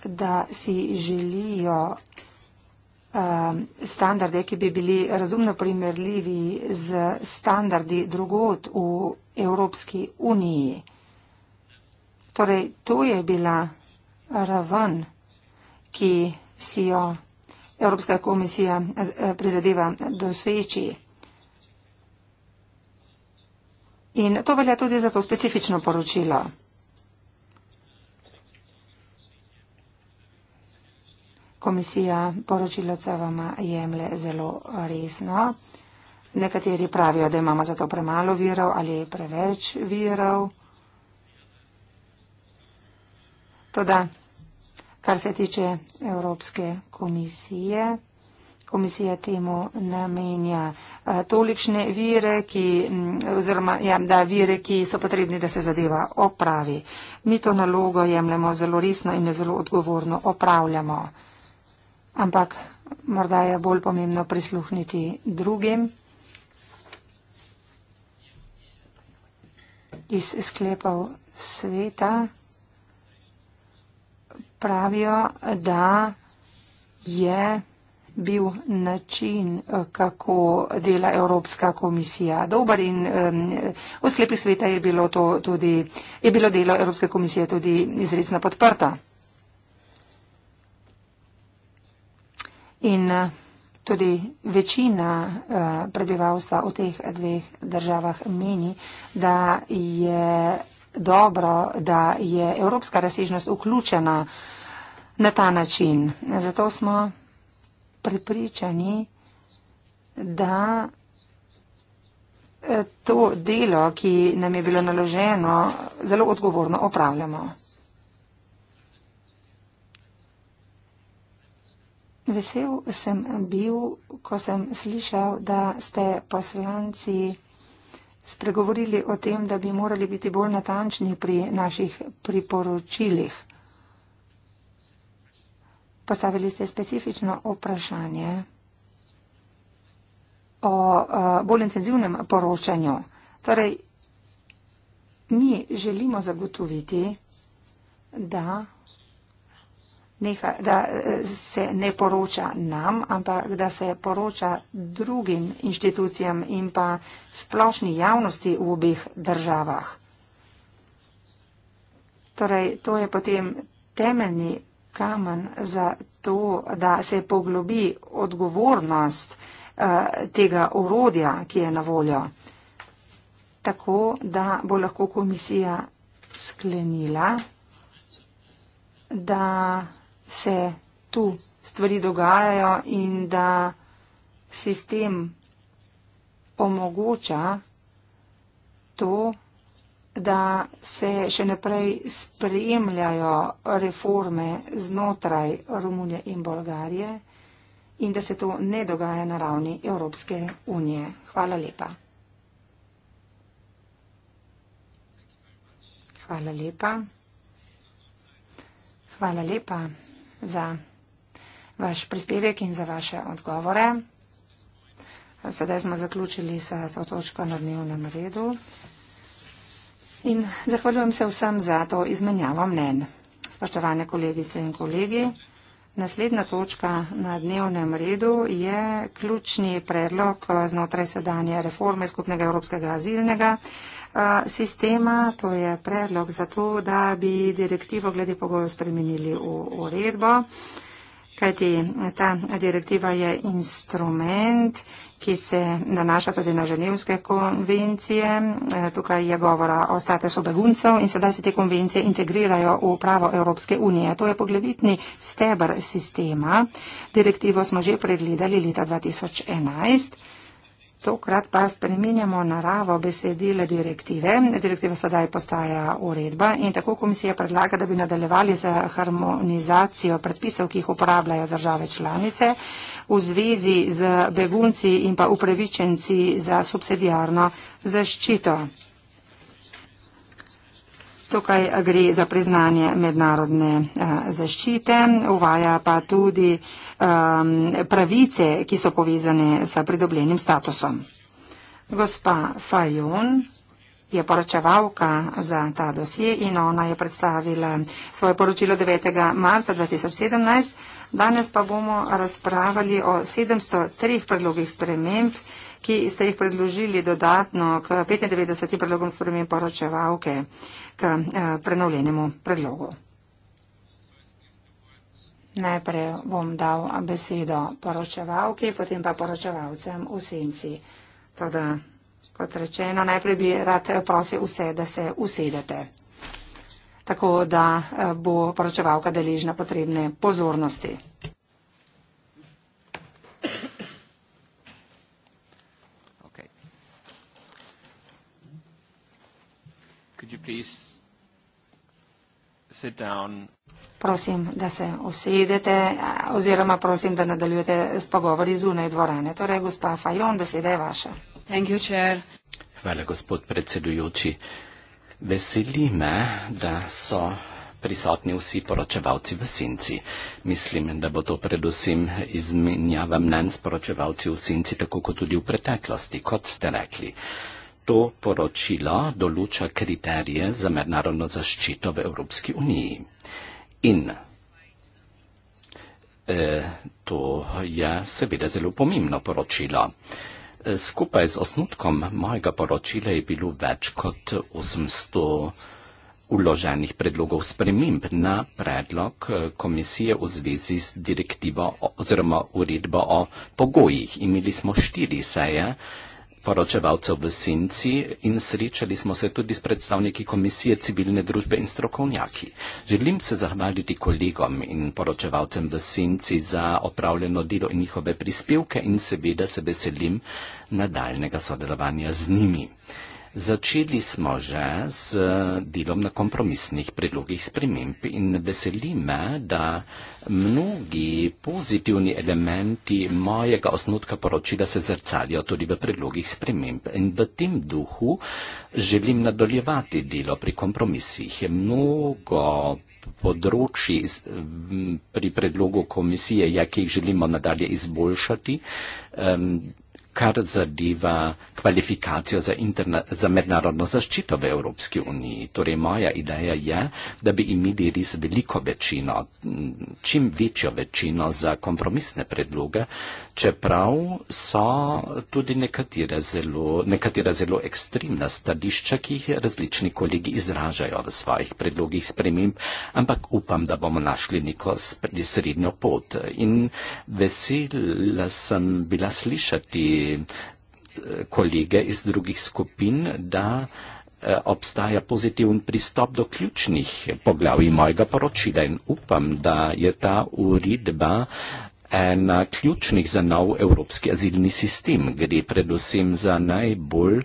da si želijo um, standarde, ki bi bili razumno primerljivi z standardi drugot v Evropski uniji. Torej, to je bila raven, ki si jo Evropska komisija eh, prizadeva dosveči. In to velja tudi za to specifično poročilo. Komisija poročilo CVM jemlje zelo resno. Nekateri pravijo, da imamo za to premalo virov ali preveč virov. Toda, kar se tiče Evropske komisije, komisija temu namenja eh, tolične vire, ki, oziroma, ja, da, vire, ki so potrebni, da se zadeva opravi. Mi to nalogo jemljemo zelo resno in jo zelo odgovorno opravljamo. Ampak morda je bolj pomembno prisluhniti drugim. Iz sklepov sveta pravijo, da je. Yeah bil način, eh, kako dela Evropska komisija. Dobar in v sklepi sveta je bilo, tudi, je bilo delo Evropske komisije tudi izredno podprta. In eh, tudi večina eh, prebivalstva v teh dveh državah meni, da je dobro, da je evropska razsežnost vključena na ta način. Zato smo prepričani, da eh, to delo, ki nam je bilo naloženo, zelo odgovorno opravljamo. Vesel sem bil, ko sem slišal, da ste poslanci spregovorili o tem, da bi morali biti bolj natančni pri naših priporočilih. Postavili ste specifično vprašanje o eh, bolj intenzivnem poročanju. Torej, mi želimo zagotoviti, da, neha, da eh, se ne poroča nam, ampak da se poroča drugim inštitucijam in pa splošni javnosti v obeh državah. Torej, to je potem temeljni kamen za to, da se poglobi odgovornost eh, tega urodja, ki je na voljo, tako da bo lahko komisija sklenila, da se tu stvari dogajajo in da sistem omogoča to, da se še naprej spremljajo reforme znotraj Romunije in Bolgarije in da se to ne dogaja na ravni Evropske unije. Hvala lepa. Hvala lepa. Hvala lepa za vaš prispevek in za vaše odgovore. Sedaj smo zaključili s to točko na dnevnem redu. In zahvaljujem se vsem za to izmenjavo mnen. Spoštovane kolegice in kolegi, naslednja točka na dnevnem redu je ključni predlog eh, znotraj sedanje reforme skupnega evropskega azilnega eh, sistema. To je predlog za to, da bi direktivo glede pogojev spremenili v uredbo. Kajti ta direktiva je instrument ki se nanaša tudi na ženevske konvencije. E, tukaj je govora o statusu beguncev in sedaj se te konvencije integrirajo v pravo Evropske unije. To je poglavitni stebr sistema. Direktivo smo že pregledali leta 2011. Tokrat pa spreminjamo naravo besedila direktive. Direktiva sedaj postaja uredba in tako komisija predlaga, da bi nadaljevali z harmonizacijo predpisov, ki jih uporabljajo države članice v zvezi z begunci in pa upravičenci za subsidijarno zaščito. Tukaj eh, gre za priznanje mednarodne eh, zaščite, uvaja pa tudi um, pravice, ki so povezane s pridobljenim statusom. Gospa Fajon je poročevalka za ta dosje in ona je predstavila svoje poročilo 9. marca 2017. Danes pa bomo razpravljali o 703 predlogih sprememb, ki ste jih predložili dodatno k 95 predlogom sprememb poročevalke k eh, prenovljenemu predlogu. Najprej bom dal besedo poročevalki, potem pa poročevalcem v senci. Toda, kot rečeno, najprej bi rad eh, prosil vse, da se usedete, tako da eh, bo poročevalka deležna potrebne pozornosti. Prosim, da se usedete eh, oziroma prosim, da nadaljujete s pogovori zunaj dvorane. Torej, gospa Fajon, beseda je vaša. You, Hvala, gospod predsedujoči. Veseli me, da so prisotni vsi poročevalci v Sinci. Mislim, da bo to predvsem izmenjava mnen s poročevalci v Sinci, tako kot tudi v preteklosti, kot ste rekli to poročilo določa kriterije za mednarodno zaščito v Evropski uniji. In e, to je seveda zelo pomembno poročilo. Eh, skupaj z osnutkom mojega poročila je bilo več kot 800 uloženih predlogov sprememb na predlog eh, komisije v zvezi z direktivo oziroma uredbo o pogojih. Imeli smo štiri seje poročevalcev v Sinci in srečali smo se tudi s predstavniki Komisije civilne družbe in strokovnjaki. Želim se zahvaliti kolegom in poročevalcem v Sinci za opravljeno delo in njihove prispevke in seveda se veselim nadaljnega sodelovanja z njimi. Začeli smo že z delom na kompromisnih predlogih sprememb in veseli me, da mnogi pozitivni elementi mojega osnutka poročila se zrcalijo tudi v predlogih sprememb. In v tem duhu želim nadaljevati delo pri kompromisih. Mnogo področji pri predlogu komisije, ja, ki jih želimo nadalje izboljšati. Um, kar zadeva kvalifikacijo za, interna, za mednarodno zaščito v Evropski uniji. Torej, moja ideja je, da bi imeli res veliko večino, čim večjo večino za kompromisne predloge, čeprav so tudi nekatere zelo, nekatere zelo ekstremna stališča, ki jih različni kolegi izražajo v svojih predlogih sprememb, ampak upam, da bomo našli neko srednjo pot. In vesela sem bila slišati, kolege iz drugih skupin, da eh, obstaja pozitiven pristop do ključnih poglavij mojega poročila in upam, da je ta uredba ena ključnih za nov evropski azilni sistem. Gre predvsem za najbolj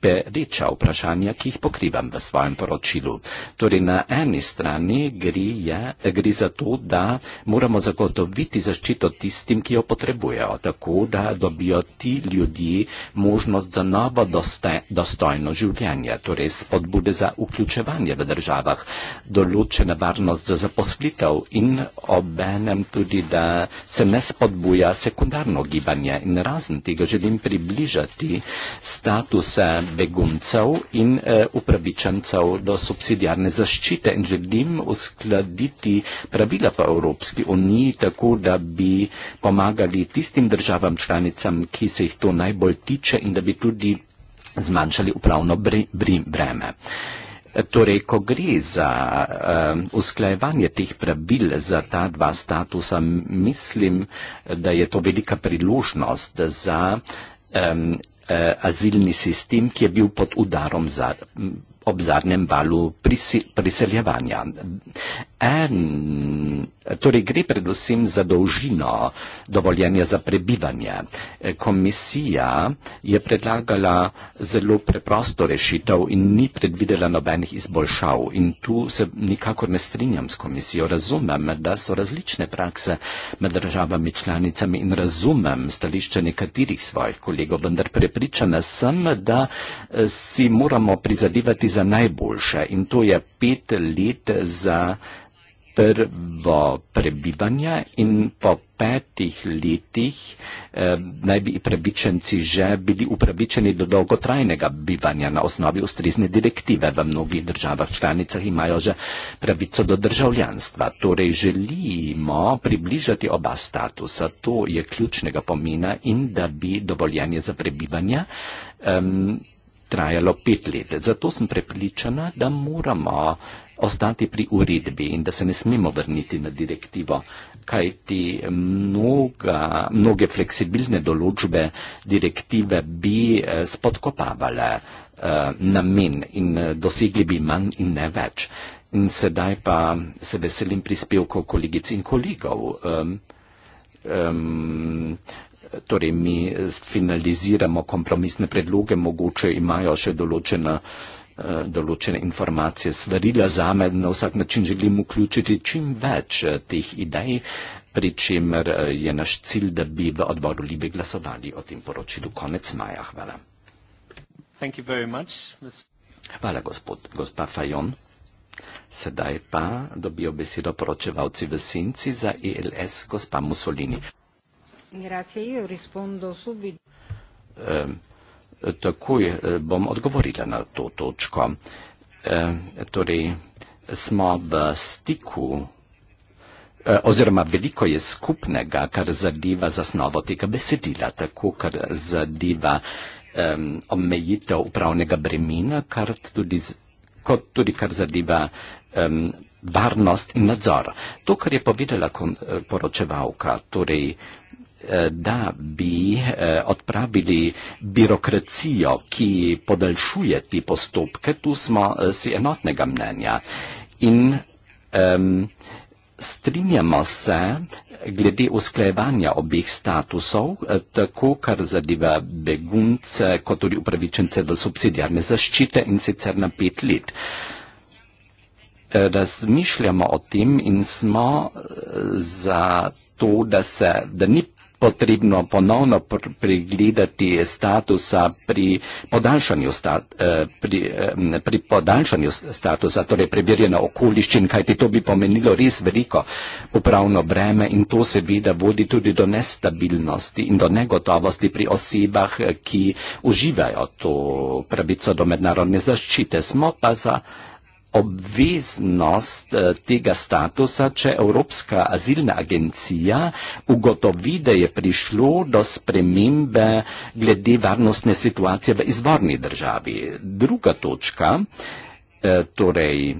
pereča vprašanja, ki jih pokrivam v svojem poročilu. Torej, na eni strani gre, je, gre za to, da moramo zagotoviti zaščito tistim, ki jo potrebujejo, tako da dobijo ti ljudje možnost za novo doste, dostojno življenje, torej spodbude za vključevanje v državah, določena varnost za zaposlitev in obenem tudi, da se ne spodbuja sekundarno gibanje. In razen tega želim približati status statusa beguncev in eh, upravičencev do subsidijarne zaščite in želim uskladiti pravila v Evropski uniji tako, da bi pomagali tistim državam članicam, ki se jih to najbolj tiče in da bi tudi zmanjšali upravno breme. Torej, ko gre za uh, usklajevanje teh pravil za ta dva statusa, mislim, da je to velika priložnost za um, eh, azilni sistem, ki je bil pod udarom za, ob zadnjem valu prisi, priseljevanja. En, torej gre predvsem za dolžino dovoljenja za prebivanje. Eh, komisija je predlagala zelo preprosto rešitev in ni predvidela nobenih izboljšav. In tu se nikakor ne strinjam s komisijo. Razumem, da so različne prakse med državami članicami in razumem stališče nekaterih svojih kolegov, vendar prepričujem, prepričana sem, da eh, si moramo prizadevati za najboljše in to je pet let za prvo prebivanje in po petih letih eh, naj bi upravičenci že bili upravičeni do dolgotrajnega bivanja na osnovi ustrezne direktive. V mnogih državah članicah imajo že pravico do državljanstva. Torej želimo približati oba statusa, to je ključnega pomena in da bi dovoljenje za prebivanje eh, trajalo pet let. Zato sem prepričana, da moramo ostati pri uredbi in da se ne smemo vrniti na direktivo, kajti mnoga, mnoge fleksibilne določbe direktive bi eh, spodkopavale eh, namen in eh, dosegli bi manj in ne več. In sedaj pa se veselim prispevkov kolegic in kolegov. Um, um, torej, mi finaliziramo kompromisne predloge, mogoče imajo še določena uh, Eh, določene informacije, svarila za me, na vsak način želim vključiti čim več eh, teh idej, pri čemer eh, je naš cilj, da bi v odboru Libe glasovali o tem poročilu konec maja. Hvala. Hvala, gospod, gospa Fajon. Sedaj pa dobijo besedo poročevalci v senci za ELS, gospa Mussolini. Grazie, io rispondo subito. Eh, takoj eh, bom odgovorila na to točko. Eh, torej, smo v stiku, eh, oziroma veliko je skupnega, kar zadeva zasnovo tega besedila, tako kar zadeva omejitev upravnega bremena, kar tudi, kot tudi kar zadeva varnost in nadzor. To, kar je povedala poročevalka, torej Eh, da bi eh, odpravili birokracijo, ki podaljšuje te postopke, tu smo eh, si enotnega mnenja. In um, strinjamo se glede usklajevanja obeh statusov, tako kar zadeva begunce, kot tudi upravičence do subsidijarne zaščite in sicer na pet let. Razmišljamo o tem in smo za to, da, se, da ni potrebno ponovno pr pregledati statusa pri podaljšanju, sta eh, pri, eh, pri podaljšanju statusa, torej preverjeno okoliščin, kajti to bi pomenilo res veliko upravno breme in to seveda vodi tudi do nestabilnosti in do negotovosti pri osebah, eh, ki uživajo to pravico do mednarodne zaščite. Smo pa za obveznost eh, tega statusa, če Evropska azilna agencija ugotovi, da je prišlo do spremembe glede varnostne situacije v izvorni državi. Druga točka, eh, torej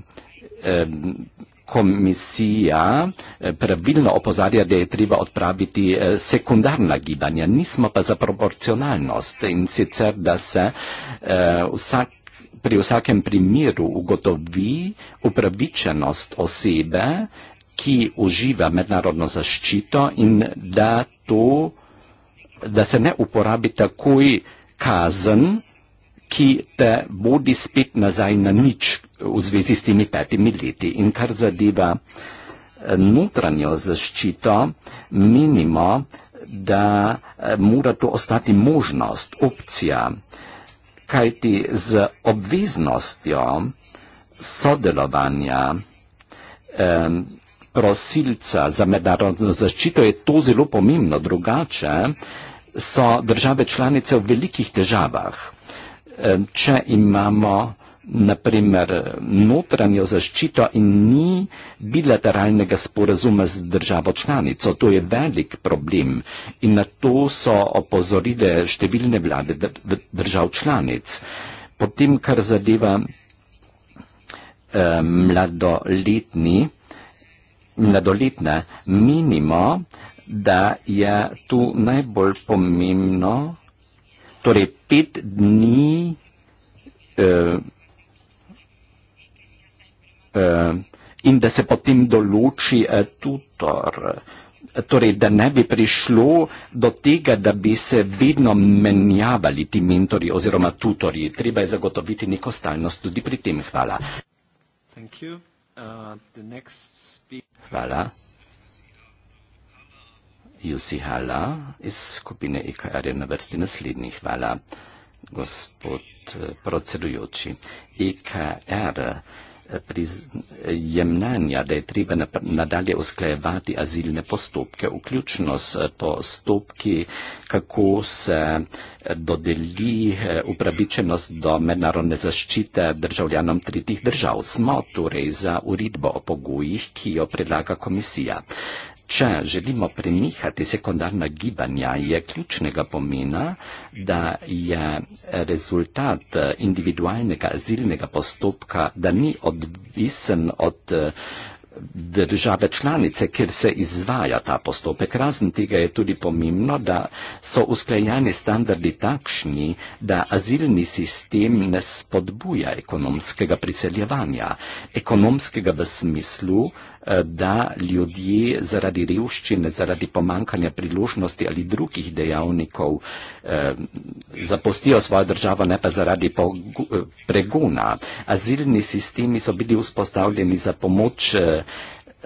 komisija eh, pravilno opozarja, da je treba odpraviti sekundarna gibanja, nismo pa za proporcionalnost in sicer, da se vsak pri vsakem primeru ugotovi upravičenost osebe, ki uživa mednarodno zaščito in da, to, da se ne uporabi takoj kazen, ki te bodi spet nazaj na nič v zvezi s temi petimi leti. In kar zadeva eh, notranjo zaščito, menimo, da eh, mora to ostati možnost, opcija kajti z obveznostjo sodelovanja eh, prosilca za mednarodno zaščito je to zelo pomembno. Drugače so države članice v velikih težavah. Eh, če imamo naprimer notranjo zaščito in ni bilateralnega sporazuma z državo članico. To je velik problem in na to so opozorile številne vlade držav članic. Potem, kar zadeva eh, mladoletni, mladoletne, menimo, da je tu najbolj pomembno, torej pet dni eh, Eh, in da se potem določi eh, tutor. Torej, da ne bi prišlo do tega, da bi se vedno menjavali ti mentori oziroma tutori. Treba je zagotoviti neko stalnost tudi pri tem. Hvala. Uh, Hvala. Jusi Hala iz skupine IKR e je na vrsti naslednji. Hvala, gospod eh, procedujoči. IKR. E priznanja, da je treba nadalje usklajevati azilne postopke, vključno s postopki, kako se dodeli eh, upravičenost do mednarodne zaščite državljanom tretjih držav. Smo torej za uredbo o pogojih, ki jo predlaga komisija. Če želimo premikati sekundarna gibanja, je ključnega pomena, da je rezultat eh, individualnega azilnega postopka, da ni odvisen od eh, države članice, kjer se izvaja ta postopek. Razen tega je tudi pomembno, da so usklajeni standardi takšni, da azilni sistem ne spodbuja ekonomskega priseljevanja, ekonomskega v smislu, Eh, da ljudje zaradi revščine, zaradi pomankanja priložnosti ali drugih dejavnikov eh, zapustijo svojo državo, ne pa zaradi eh, preguna. Azilni sistemi so bili vzpostavljeni za pomoč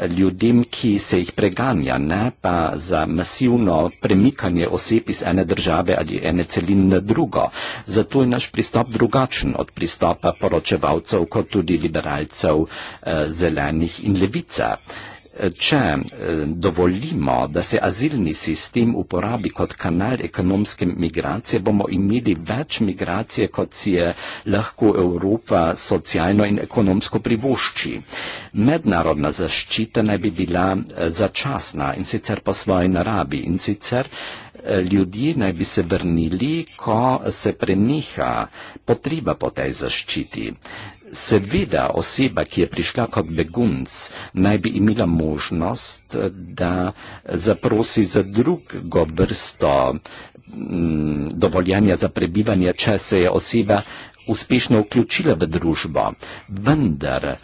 ljudem, ki se jih preganja, ne pa za masivno premikanje oseb iz ene države ali ene celine na drugo. Zato je naš pristop drugačen od pristopa poročevalcev, kot tudi liberalcev, eh, zelenih in levica če eh, dovolimo, da se azilni sistem uporabi kot kanal ekonomske migracije, bomo imeli več migracije, kot si je lahko Evropa socialno in ekonomsko privošči. Mednarodna zaščita naj bi bila eh, začasna in sicer po svoji naravi in sicer eh, ljudje naj bi se vrnili, ko se preniha potreba po tej zaščiti. Seveda oseba, ki je prišla kot begunc, naj bi imela možnost, da zaprosi za drugo vrsto mm, dovoljanja za prebivanje, če se je oseba uspešno vključila v družbo. Vendar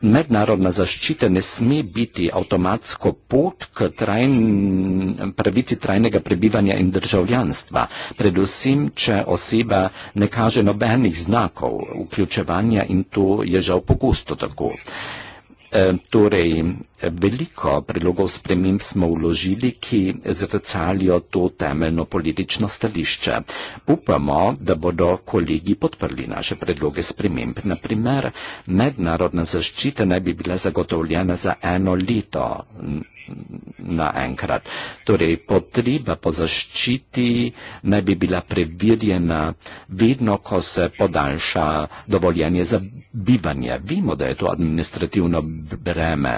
mednarodna zaščita ne sme biti avtomatsko pot k trajn, pravici trajnega prebivanja in državljanstva, predvsem, če oseba ne kaže nobenih znakov vključevanja in to je žal pogosto tako. E, torej, Veliko prilogov sprememb smo vložili, ki zrcalijo to temeljno politično stališče. Upamo, da bodo kolegi podprli naše predloge sprememb. Naprimer, mednarodna zaščita naj bi bila zagotovljena za eno leto naenkrat. Torej, potreba po zaščiti naj bi bila preverjena vedno, ko se podaljša dovoljenje za bivanje. Vemo, da je to administrativno breme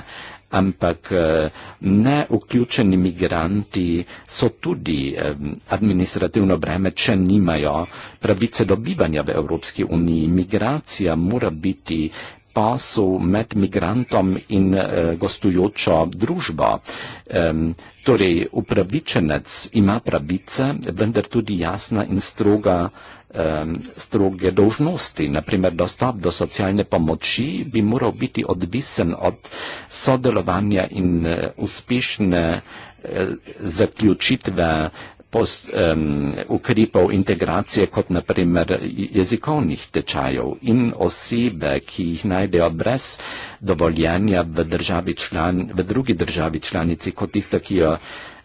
ampak eh, neuključeni migranti so tudi eh, administrativno breme, če nimajo pravice dobivanja v Evropski uniji. Migracija mora biti pasu med migrantom in eh, gostujočo družbo. Ehm, torej, upravičenec ima pravice, vendar tudi jasna in stroga, eh, stroge dožnosti. Naprimer, dostop do socialne pomoči bi moral biti odvisen od sodelovanja in eh, uspešne eh, zaključitve eh, post, um, ukrepov integracije, kot naprimer jezikovnih tečajev in osebe, ki jih najdejo brez dovoljenja v, član, v drugi državi članici, kot tista, ki jo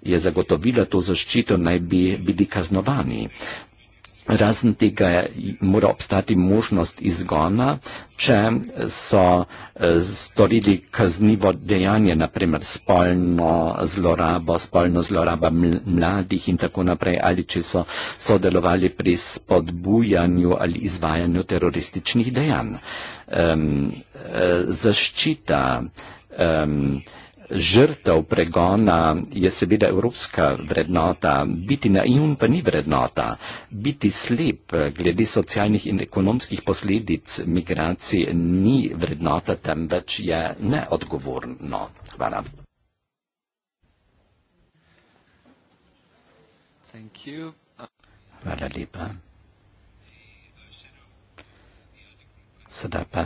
je zagotovila to zaščito, naj bi bili kaznovani. Razen tega mora obstati možnost izgona, če so eh, storili kaznivo dejanje, naprimer spolno zlorabo, spolno zloraba mladih in tako naprej, ali če so sodelovali pri spodbujanju ali izvajanju terorističnih dejanj. Um, zaščita um, žrtev pregona je seveda evropska vrednota, biti naivn pa ni vrednota, biti slep eh, glede socialnih in ekonomskih posledic migracij ni vrednota, temveč je neodgovorno. Hvala. Hvala lepa. Sedaj pa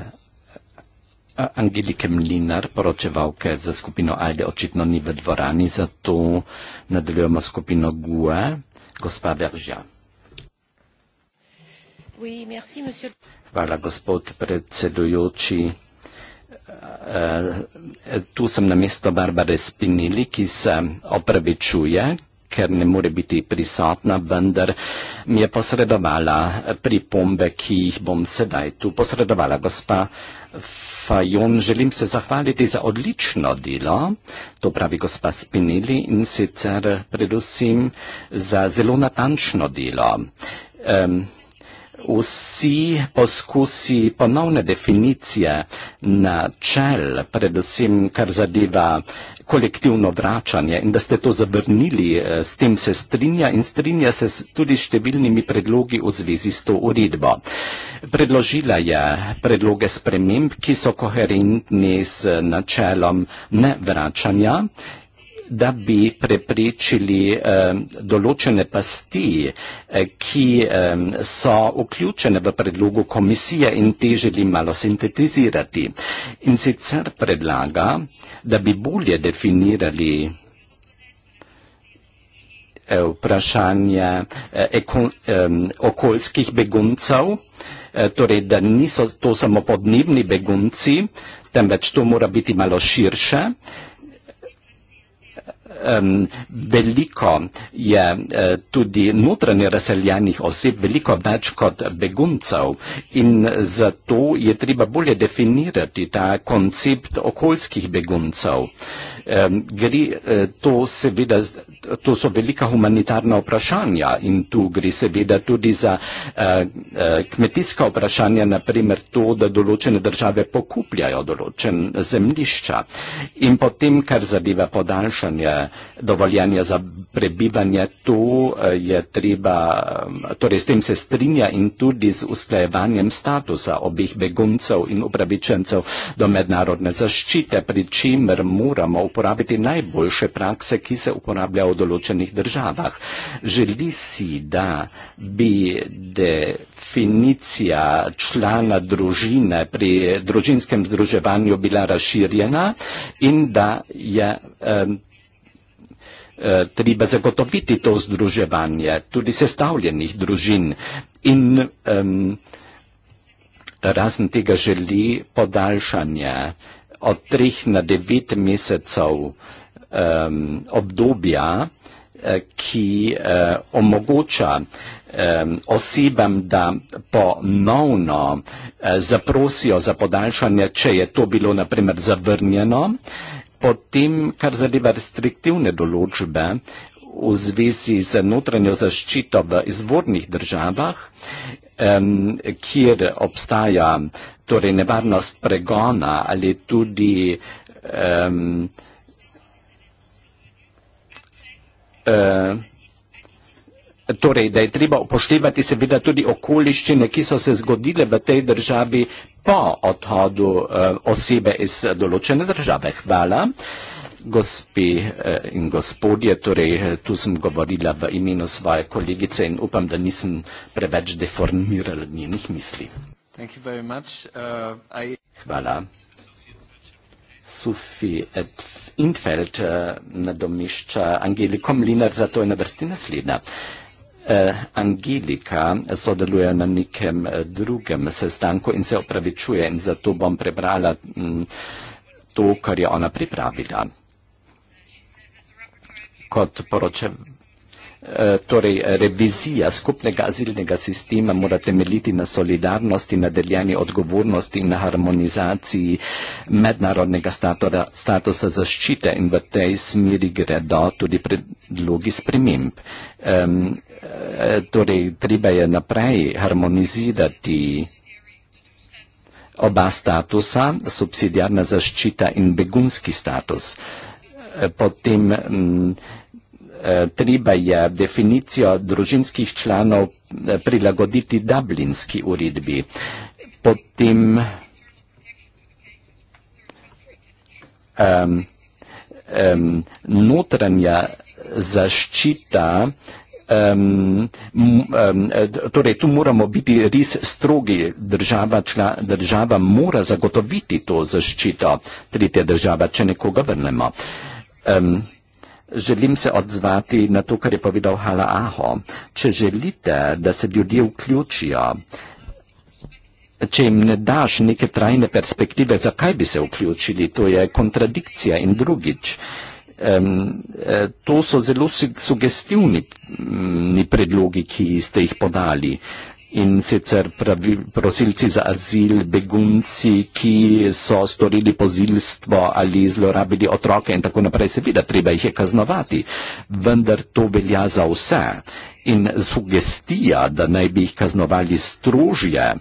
Angelike Mlinar, poročevalke za skupino Ajde, očitno ni v dvorani, zato nadaljujemo skupino GUE, gospa Beržja. Hvala, gospod predsedujoči. Eh, eh, tu sem na mesto Barbare Spinili, ki se opravičuje ker ne more biti prisotna, vendar mi je posredovala pripombe, ki jih bom sedaj tu posredovala. Gospa Fajon, želim se zahvaliti za odlično delo, to pravi gospa Spinelli in sicer predvsem za zelo natančno delo. Um, vsi poskusi ponovne definicije načel, predvsem kar zadeva kolektivno vračanje in da ste to zavrnili, eh, s tem se strinja in strinja se tudi s številnimi predlogi v zvezi s to uredbo. Predložila je predloge sprememb, ki so koherentni z načelom nevračanja da bi preprečili eh, določene pasti, eh, ki eh, so vključene v predlogu komisije in te želim malo sintetizirati. In sicer predlaga, da bi bolje definirali eh, vprašanje eh, eko, eh, okoljskih beguncev, eh, torej da niso to samo podnebni begunci, temveč to mora biti malo širše um, veliko je uh, tudi notranje razseljenih oseb, veliko več kot beguncev in zato je treba bolje definirati ta koncept okoljskih beguncev. Uh, gre, e, to, seveda, to so velika humanitarna vprašanja in tu gre seveda tudi za e, e, kmetijska vprašanja, naprimer to, da določene države pokupljajo določen zemljišča in potem, kar zadeva podaljšanje dovoljanja za prebivanje, to je treba, torej s tem se strinja in tudi z usklajevanjem statusa obih beguncev in upravičencev do mednarodne zaščite, pri čemer moramo upoštevati uporabiti najboljše prakse, ki se uporabljajo v določenih državah. Želi si, da bi definicija člana družine pri družinskem združevanju bila razširjena in da je. Um, treba zagotoviti to združevanje tudi sestavljenih družin in um, razen tega želi podaljšanje uh, od 3 na 9 mesecev um, obdobja, eh, ki uh, omogoča um, osebam, da ponovno uh, zaprosijo za podaljšanje, če je to bilo naprimer zavrnjeno. Potem, kar zadeva restriktivne določbe v zvezi z notranjo zaščito v izvornih državah, um, kjer obstaja torej nevarnost pregona ali tudi um, Torej, da je treba upoštevati seveda tudi okoliščine, ki so se zgodile v tej državi po odhodu osebe iz določene države. Hvala, gospi eh, in gospodje. Torej, tu sem govorila v imenu svoje kolegice in upam, da nisem preveč deformirala njenih misli. Thank you very much. Uh, Hvala. Sufi Infeld uh, nadomešča Angeliko Mlinar, zato je na vrsti naslednja. Uh, Angelika sodeluje na nekem drugem sestanku in se opravičuje in zato bom prebrala mm, to, kar je ona pripravila. Kot poročevalka. Eh, torej revizija skupnega azilnega sistema mora temeljiti na solidarnosti, na deljeni odgovornosti in na harmonizaciji mednarodnega statora, statusa zaščite in v tej smeri gredo tudi predlogi sprememb. Um, torej, treba je naprej harmonizirati oba statusa, subsidijarna zaščita in begunski status. Eh, potem mm, Eh, treba je definicijo družinskih članov eh, prilagoditi dublinski uredbi. Potem um, um, notranja zaščita, um, um, torej tu moramo biti res strogi, država, čla, država mora zagotoviti to zaščito, tretja država, če nekoga vrnemo. Um, Želim se odzvati na to, kar je povedal Hala Aho. Če želite, da se ljudje vključijo, če jim ne daš neke trajne perspektive, zakaj bi se vključili, to je kontradikcija in drugič. Um, to so zelo sugestivni predlogi, ki ste jih podali in sicer pravi, prosilci za azil, begunci, ki so storili pozilstvo ali zlorabili otroke in tako naprej, seveda treba jih je kaznovati, vendar to velja za vse. In sugestija, da naj bi jih kaznovali strožje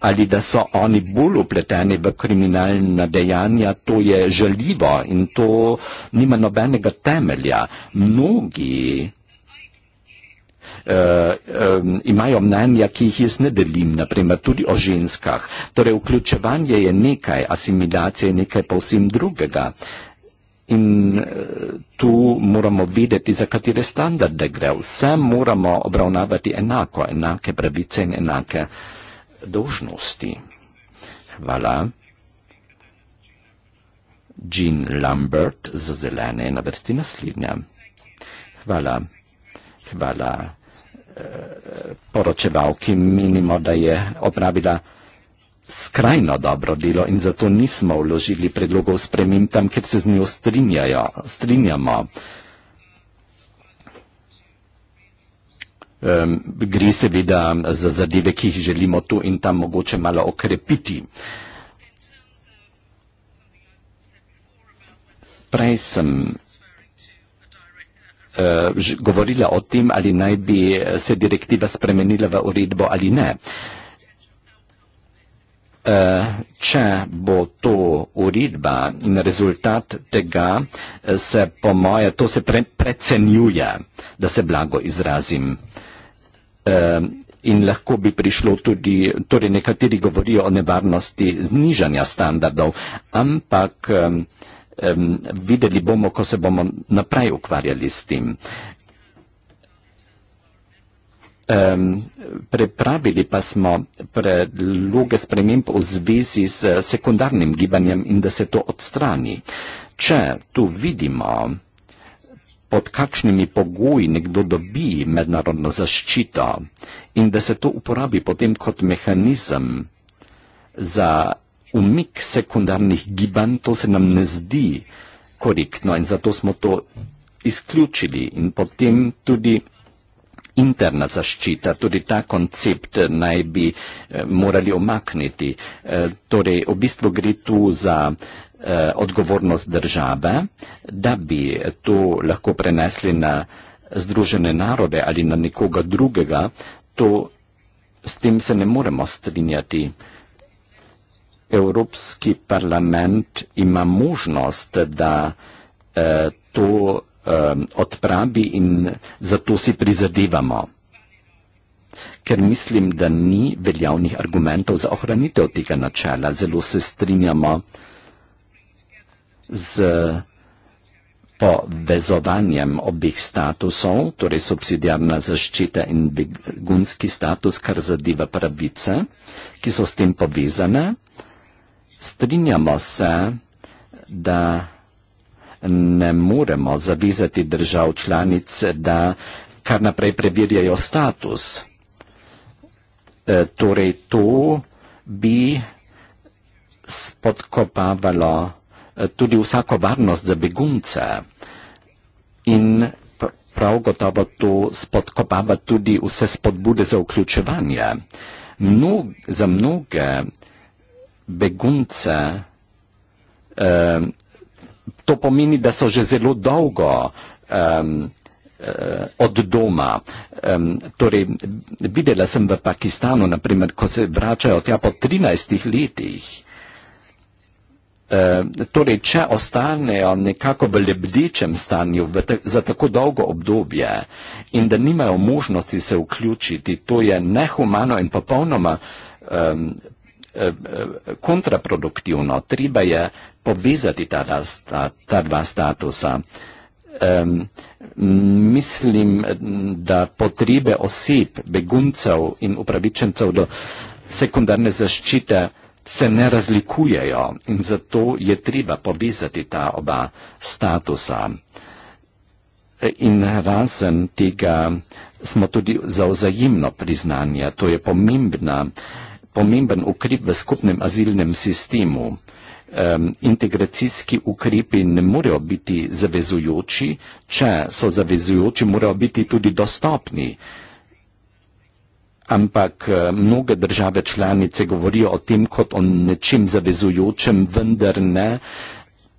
ali da so oni bolj upleteni v kriminalna dejanja, to je žaljivo in to nima nobenega temelja. Mnogi um, imajo mnenja, ki jih jaz ne delim, naprimer tudi o ženskah. Torej, vključevanje je nekaj, asimilacija je nekaj povsem drugega. In eh, tu moramo videti, za katere standarde gre. Vse moramo obravnavati enako, enake pravice in enake dožnosti. Hvala. Jean Lambert za zelene je na vrsti naslednja. Hvala. Hvala poročeval, ki menimo, da je opravila skrajno dobro delo in zato nismo vložili predlogov spremim tam, ker se z njo strinjamo. Gre seveda za zadeve, ki jih želimo tu in tam mogoče malo okrepiti. Prej sem uh, govorila o tem, ali naj bi se direktiva spremenila v uredbo ali ne. Eh, če bo to uredba in rezultat tega, eh, se po moje to se pre, precenjuje, da se blago izrazim. In lahko bi prišlo tudi, torej nekateri govorijo o nevarnosti znižanja standardov, ampak videli bomo, ko se bomo naprej ukvarjali s tem. Um, prepravili pa smo predloge sprememb v zvezi s sekundarnim gibanjem in da se to odstrani. Če tu vidimo, pod kakšnimi pogoji nekdo dobi mednarodno zaščito in da se to uporabi potem kot mehanizem za umik sekundarnih gibanj, to se nam ne zdi korektno in zato smo to izključili in potem tudi interna zaščita, tudi ta koncept eh, naj bi eh, morali omakniti. Eh, torej, v bistvu gre tu za eh, odgovornost države, da bi to lahko prenesli na Združene narode ali na nekoga drugega, to s tem se ne moremo strinjati. Eh, Evropski parlament ima možnost, da eh, to eh, odpravi in zato si prizadevamo, ker mislim, da ni veljavnih argumentov za ohranitev tega načela. Zelo se strinjamo z povezovanjem obeh statusov, torej subsidijarna zaščita in begunski status, kar zadeva pravice, ki so s tem povezane. Strinjamo se, da ne moremo zavizati držav članic, da kar naprej preverjajo status. E, torej, to bi spodkopavalo e, tudi vsako varnost za begunce in prav gotovo to spodkopava tudi vse spodbude za vključevanje. Mnog, za mnoge begunce, um, to pomeni, da so že zelo dolgo um, od doma. Um, torej, videla sem v Pakistanu, naprimer, ko se vračajo tja po 13 letih. Torej, če ostanejo nekako v lebdečem stanju v te, za tako dolgo obdobje in da nimajo možnosti se vključiti, to je nehumano in popolnoma um, kontraproduktivno, treba je povezati ta, ta, ta dva statusa. Um, mislim, da potrebe oseb, beguncev in upravičencev do sekundarne zaščite se ne razlikujejo in zato je treba povezati ta oba statusa. In razen tega smo tudi za vzajemno priznanje, to je pomembna. Uh, pomemben ukrep v skupnem azilnem sistemu. Um, integracijski ukrepi ne morejo biti zavezujoči, če so zavezujoči, morajo biti tudi dostopni. Ampak eh, mnoge države članice govorijo o tem kot o nečem zavezujočem, vendar ne. Uh,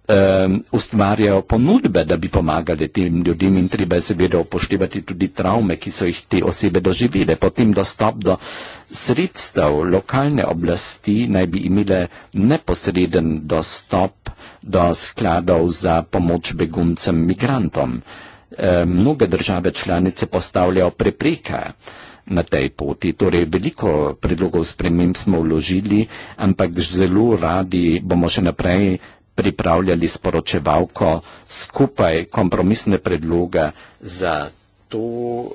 um, ustvarjajo ponudbe, da bi pomagali tem ljudem in treba je seveda upoštevati tudi travme, ki so jih te osebe doživele. Potem dostop do sredstev lokalne oblasti naj bi imele neposreden dostop do skladov za pomoč beguncem migrantom. Um, mnoge države članice postavljajo prepreke na tej poti. Torej, veliko predlogov sprememb smo vložili, ampak zelo radi bomo še naprej pripravljali sporočevalko skupaj kompromisne predloge za to, eh,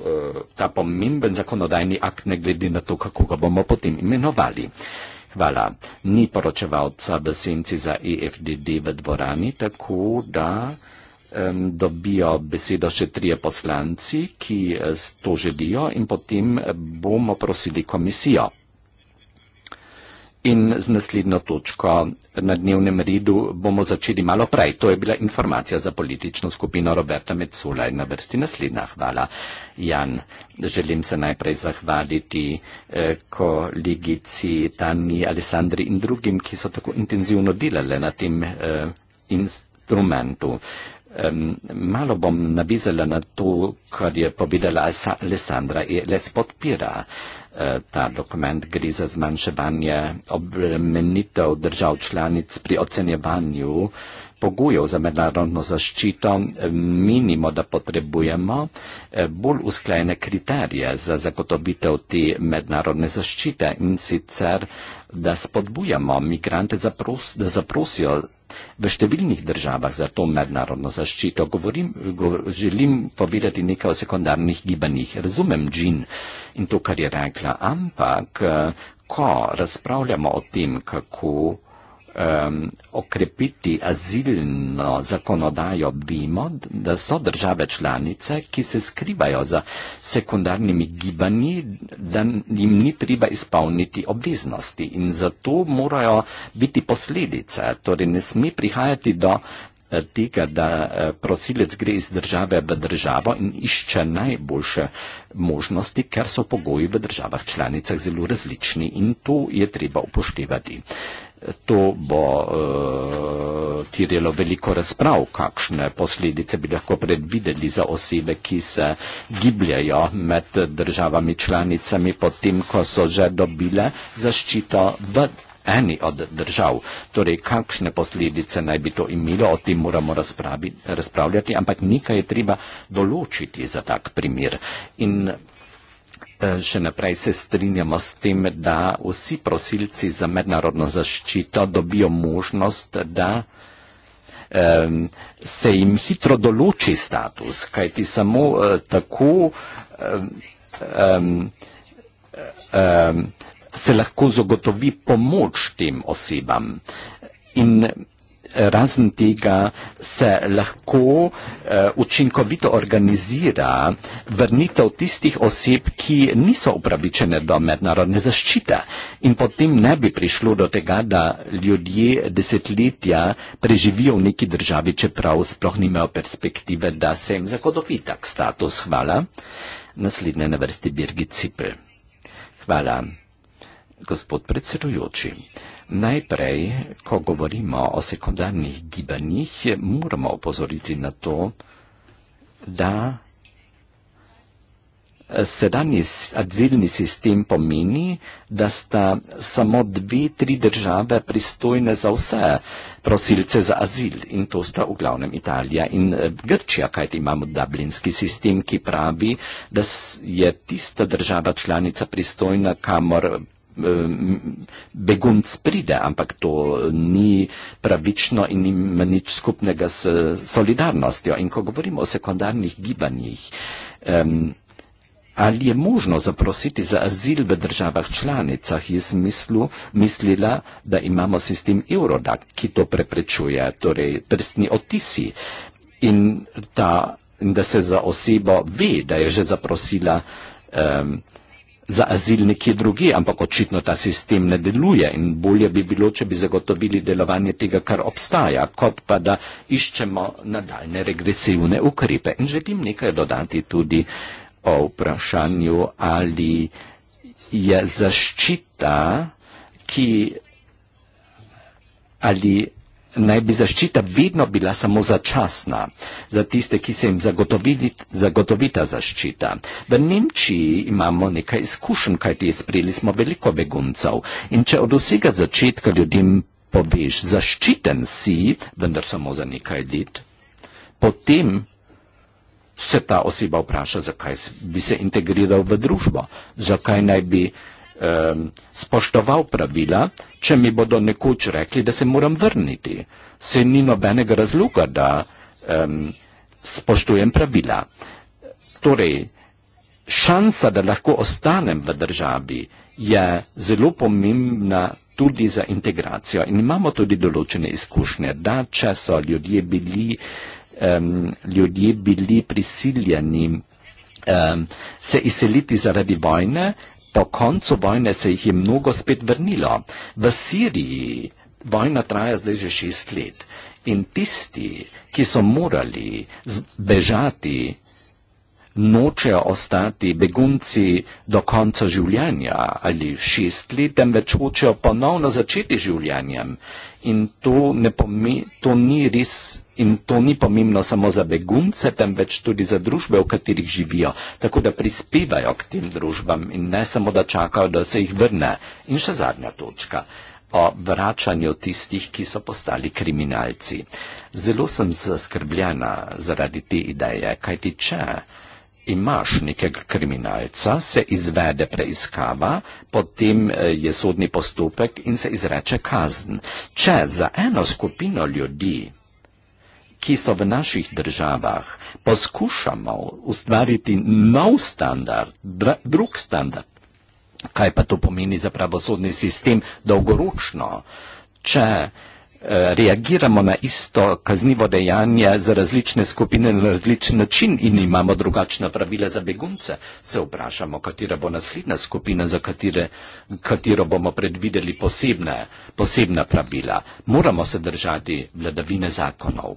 ta pomemben zakonodajni akt, ne glede na to, kako ga bomo potem imenovali. Hvala. Ni poročevalca v senci za EFDD v dvorani, tako da um, dobijo besedo še trije poslanci, ki eh, to želijo in potem bomo prosili komisijo. In z naslednjo točko na dnevnem redu bomo začeli malo prej. To je bila informacija za politično skupino Roberta Metzola in na vrsti naslednja. Hvala, Jan. Želim se najprej zahvaliti eh, kolegici Tani, Alessandri in drugim, ki so tako intenzivno delali na tem eh, instrumentu. Um, malo bom navizala na to, kar je povedala Alessandra, le spodpira uh, Eh, ta dokument gre za zmanjševanje obremenitev držav članic pri ocenjevanju pogojev za mednarodno zaščito, eh, menimo, da potrebujemo eh, bolj usklajene kriterije za zagotovitev te mednarodne zaščite in sicer, da spodbujamo migrante, zapros, da zaprosijo v številnih državah za to mednarodno zaščito. Govorim, go, želim povedati nekaj o sekundarnih gibanjih. Razumem, Džin. In to, kar je rekla, ampak eh, ko razpravljamo o tem, kako um, okrepiti azilno zakonodajo, vemo, da so države članice, ki se skrivajo za sekundarnimi gibanji, da jim ni treba izpolniti obveznosti in zato morajo biti posledice. Torej, ne sme prihajati do tega, da eh, prosilec gre iz države v državo in išče najboljše možnosti, ker so pogoji v državah članicah zelo različni in to je treba upoštevati. To bo uh, tirjelo veliko razprav, kakšne posledice bi lahko predvideli za osebe, ki se gibljajo med državami članicami, potem, ko so že dobile zaščito v eni od držav. Torej, kakšne posledice naj bi to imelo, o tem moramo razpravljati, ampak nekaj je treba določiti za tak primer. In eh, Še naprej se strinjamo s tem, da vsi prosilci za mednarodno zaščito dobijo možnost, da um, se jim hitro določi status, kajti samo uh, tako um, um, um, se lahko zagotovi pomoč tem osebam. In eh, razen tega se lahko uh, učinkovito organizira vrnitev tistih oseb, ki niso upravičene do mednarodne zaščite. In potem ne bi prišlo do tega, da ljudje desetletja preživijo v neki državi, čeprav sploh nimajo perspektive, da se jim zagotovi tak status. Hvala. Naslednja na vrsti Birgit Cipel. Hvala. Gospod predsedujoči, najprej, ko govorimo o sekundarnih gibanjih, moramo opozoriti na to, da sedanji azilni sistem pomeni, da sta samo dve, tri države pristojne za vse prosilce za azil in to sta v glavnem Italija in eh, Grčija, kajti imamo dublinski sistem, ki pravi, da je tista država članica pristojna, kamor Eh, begunc pride, ampak to ni pravično in nima nič skupnega s solidarnostjo. In ko govorimo o sekundarnih gibanjih, um, ali je možno zaprositi za azil v državah članicah, je smislu mislila, da imamo sistem Eurodac, ki to preprečuje, torej prstni otisi. In, ta, in da se za osebo ve, da je že zaprosila um, za azil nekje drugi, ampak očitno ta sistem ne deluje in bolje bi bilo, če bi zagotovili delovanje tega, kar obstaja, kot pa da iščemo nadaljne regresivne ukrepe. In želim nekaj dodati tudi o vprašanju, ali je zaščita, ki ali naj bi zaščita vedno bila samo začasna za tiste, ki se jim zagotovi ta zaščita. V Nemčiji imamo nekaj izkušenj, kajti sprejeli smo veliko beguncev in če od vsega začetka ljudem poveš, zaščiten si, vendar samo za nekaj let, potem se ta oseba vpraša, zakaj bi se integriral v družbo, zakaj naj bi spoštoval pravila, če mi bodo nekoč rekli, da se moram vrniti. Se ni nobenega razloga, da um, spoštujem pravila. Torej, šansa, da lahko ostanem v državi, je zelo pomembna tudi za integracijo. In imamo tudi določene izkušnje, da če so ljudje bili, um, ljudje bili prisiljeni um, se izseliti zaradi vojne, Po koncu vojne se jih je mnogo spet vrnilo. V Siriji vojna traja zdaj že šest let in tisti, ki so morali bežati, nočejo ostati begunci do konca življenja ali šest let, temveč hočejo ponovno začeti življenjem in to, pomi, to ni res in to ni pomembno samo za begunce, temveč tudi za družbe, v katerih živijo, tako da prispevajo k tem družbam in ne samo, da čakajo, da se jih vrne. In še zadnja točka o vračanju tistih, ki so postali kriminalci. Zelo sem zaskrbljena zaradi te ideje, kaj ti če? imaš nekega kriminalca, se izvede preiskava, potem eh, je sodni postopek in se izreče kazen. Če za eno skupino ljudi, ki so v naših državah, poskušamo ustvariti nov standard, drug standard, kaj pa to pomeni za pravosodni sistem dolgoročno? Če uh, Eh, reagiramo na isto kaznivo dejanje za različne skupine na različen način in imamo drugačna pravila za begunce, se vprašamo, katera bo naslednja skupina, za katere, katero bomo predvideli posebne, posebna pravila. Moramo se držati vladavine zakonov,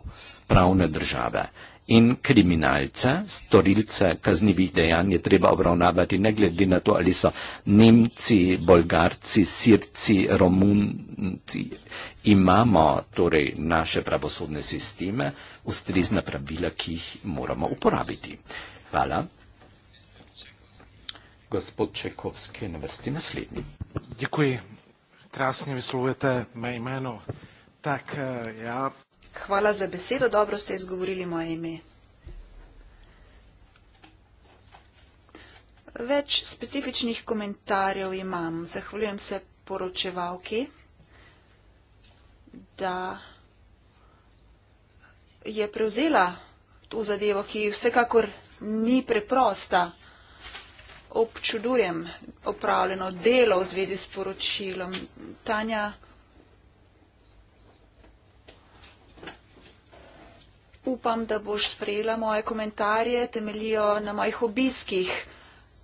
pravne države in kriminalca, storilca kaznivih dejanj je treba obravnavati ne glede na to, ali so Nemci, Bolgarci, Sirci, Romunci. Imamo torej naše pravosodne sisteme, ustrezna pravila, ki jih moramo uporabiti. Hvala. Gospod Čekovski je na vrsti naslednji. Děkuji. Krasně vyslovujete mé jméno. Tak eh, já Hvala za besedo, dobro ste izgovorili moje ime. Več specifičnih komentarjev imam. Zahvaljujem se poročevalki, da je prevzela to zadevo, ki vsekakor ni preprosta. Občudujem opravljeno delo v zvezi s poročilom. Tanja, upam, da boš sprejela moje komentarje, temelijo na mojih obiskih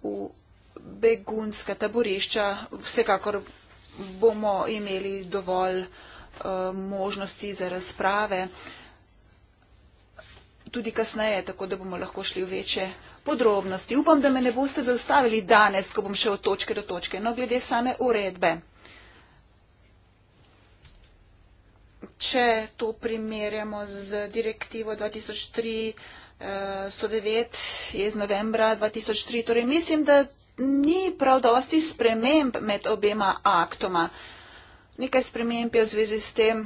v begunska taborišča. Vsekakor bomo imeli dovolj uh, možnosti za razprave tudi kasneje, tako da bomo lahko šli v večje podrobnosti. Upam, da me ne boste zaustavili danes, ko bom šel od točke do točke. No, glede same uredbe. če to primerjamo z direktivo 2003-109 eh, iz novembra 2003. Torej mislim, da ni prav dosti sprememb med obema aktoma. Nekaj sprememb je v zvezi s tem,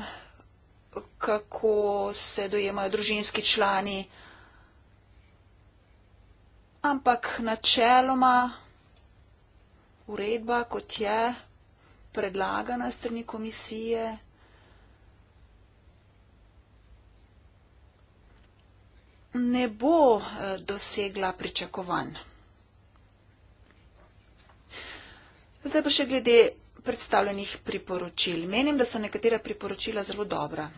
kako se dojemajo družinski člani. Ampak načeloma uredba, kot je predlagana strani komisije, ne bo eh, dosegla pričakovanj. Zdaj pa še glede predstavljenih priporočil. Menim, da so nekatera priporočila zelo dobra.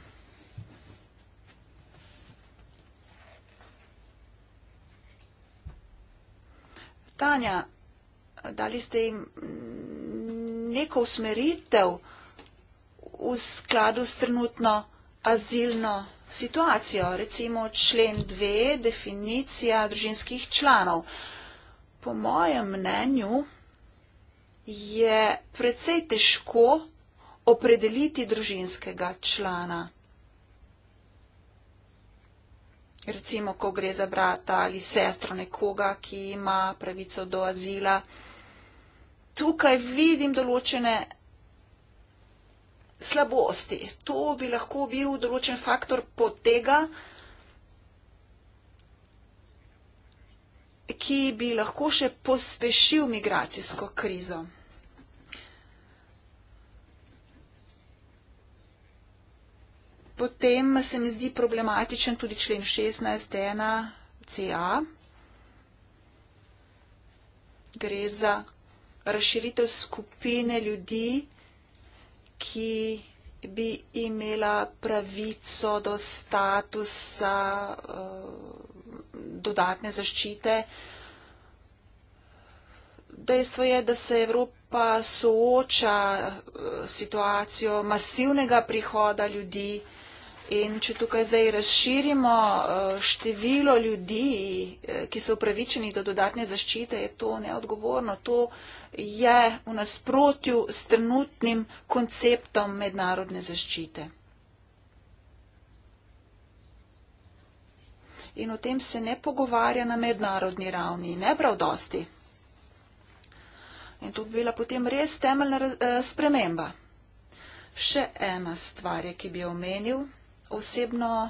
Tanja, dali ste jim neko usmeritev v skladu s trenutno azilno situacijo. Recimo člen 2, definicija družinskih članov. Po mojem mnenju je precej težko opredeliti družinskega člana. Recimo, ko gre za brata ali sestro nekoga, ki ima pravico do azila. Tukaj vidim določene slabosti. To bi lahko bil določen faktor pod tega, ki bi lahko še pospešil migracijsko krizo. Potem se mi zdi problematičen tudi člen 16.1 CA. Gre za razširitev skupine ljudi, ki bi imela pravico do statusa uh, dodatne zaščite. Dejstvo je, da se Evropa sooča uh, situacijo masivnega prihoda ljudi, uh, In če tukaj zdaj razširimo eh, število ljudi, eh, ki so upravičeni do dodatne zaščite, je to neodgovorno. To je v nasprotju s trenutnim konceptom mednarodne zaščite. In o tem se ne pogovarja na mednarodni ravni, ne prav dosti. In to bi bila potem res temeljna eh, sprememba. Še ena stvar je, ki bi jo omenil osebno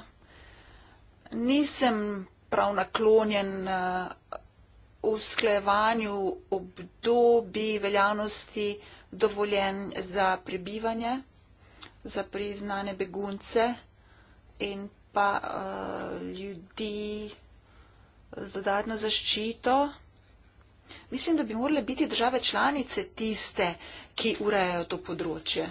nisem prav naklonjen v eh, sklevanju obdobi veljavnosti dovoljen za prebivanje, za priznane begunce in pa eh, ljudi z dodatno zaščito. Mislim, da bi morale biti države članice tiste, ki urejajo to področje.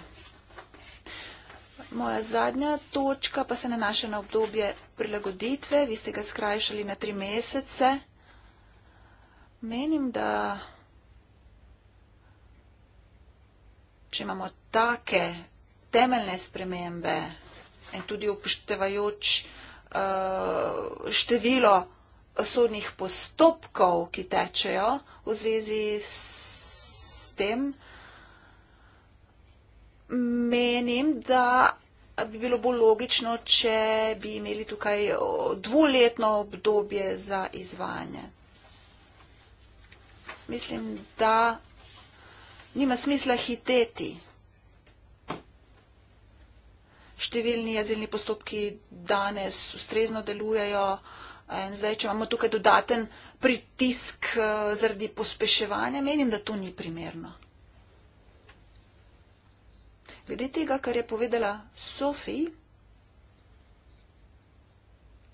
Moja zadnja točka pa se nanaša na obdobje prilagoditve. Vi ste ga skrajšali na tri mesece. Menim, da če imamo take temeljne spremembe in tudi upoštevajoč uh, število sodnih postopkov, ki tečejo v zvezi s tem, menim, da bi bilo bolj logično, če bi imeli tukaj dvuletno obdobje za izvajanje. Mislim, da nima smisla hiteti. Številni jezilni postopki danes ustrezno delujejo. Zdaj, če imamo tukaj dodaten pritisk eh, zaradi pospeševanja, menim, da to ni primerno. Glede tega, kar je povedala Sofi,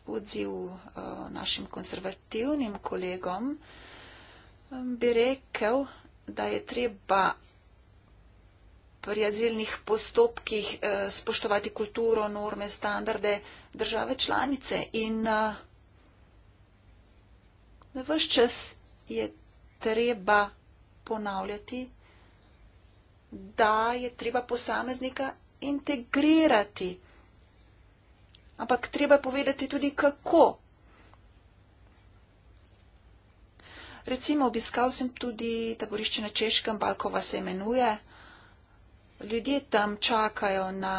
odziv eh, našim konservativnim kolegom, bi rekel, da je treba pri azilnih postopkih eh, spoštovati kulturo, norme, standarde države članice in eh, vse čas je treba ponavljati, da je treba posameznika integrirati. Ampak treba je povedati tudi, kako. Recimo, obiskal sem tudi taborišče na Češkem, Balkova se imenuje. Ljudje tam čakajo na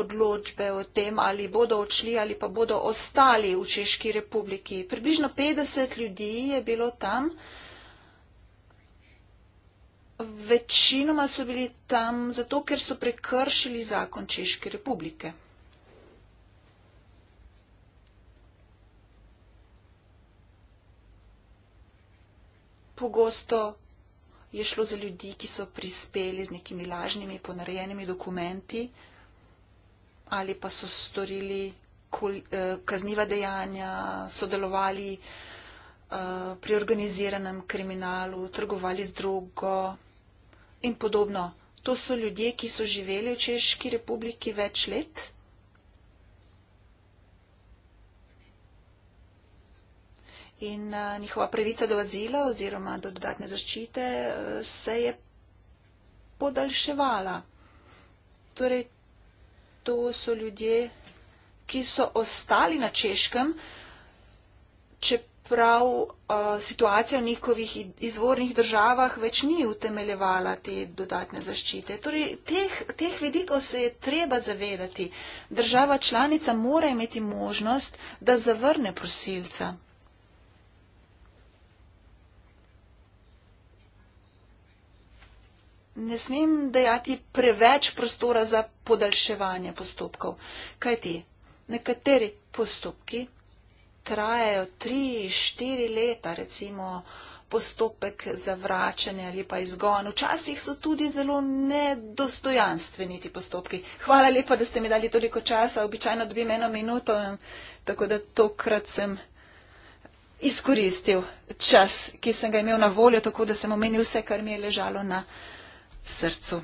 odločbe o tem, ali bodo odšli ali pa bodo ostali v Češki republiki. Približno 50 ljudi je bilo tam. Večinoma so bili tam zato, ker so prekršili zakon Češke republike. Pogosto je šlo za ljudi, ki so prispeli z nekimi lažnimi ponarejenimi dokumenti ali pa so storili eh, kazniva dejanja, sodelovali eh, pri organiziranem kriminalu, trgovali z drugo in podobno. To so ljudje, ki so živeli v Češki republiki več let. In uh, njihova pravica do azila oziroma do dodatne zaščite uh, se je podaljševala. Torej, to so ljudje, ki so ostali na češkem, čeprav prav uh, situacija v njihovih izvornih državah več ni utemeljevala te dodatne zaščite. Torej, teh, teh vidikov se je treba zavedati. Država članica mora imeti možnost, da zavrne prosilca. Ne smem dajati preveč prostora za podaljševanje postopkov, kajti nekateri postopki trajajo tri, štiri leta, recimo postopek zavračanja ali pa izgon. Včasih so tudi zelo nedostojanstveni ti postopki. Hvala lepa, da ste mi dali toliko časa, običajno dobim eno minuto, tako da tokrat sem izkoristil čas, ki sem ga imel na voljo, tako da sem omenil vse, kar mi je ležalo na srcu.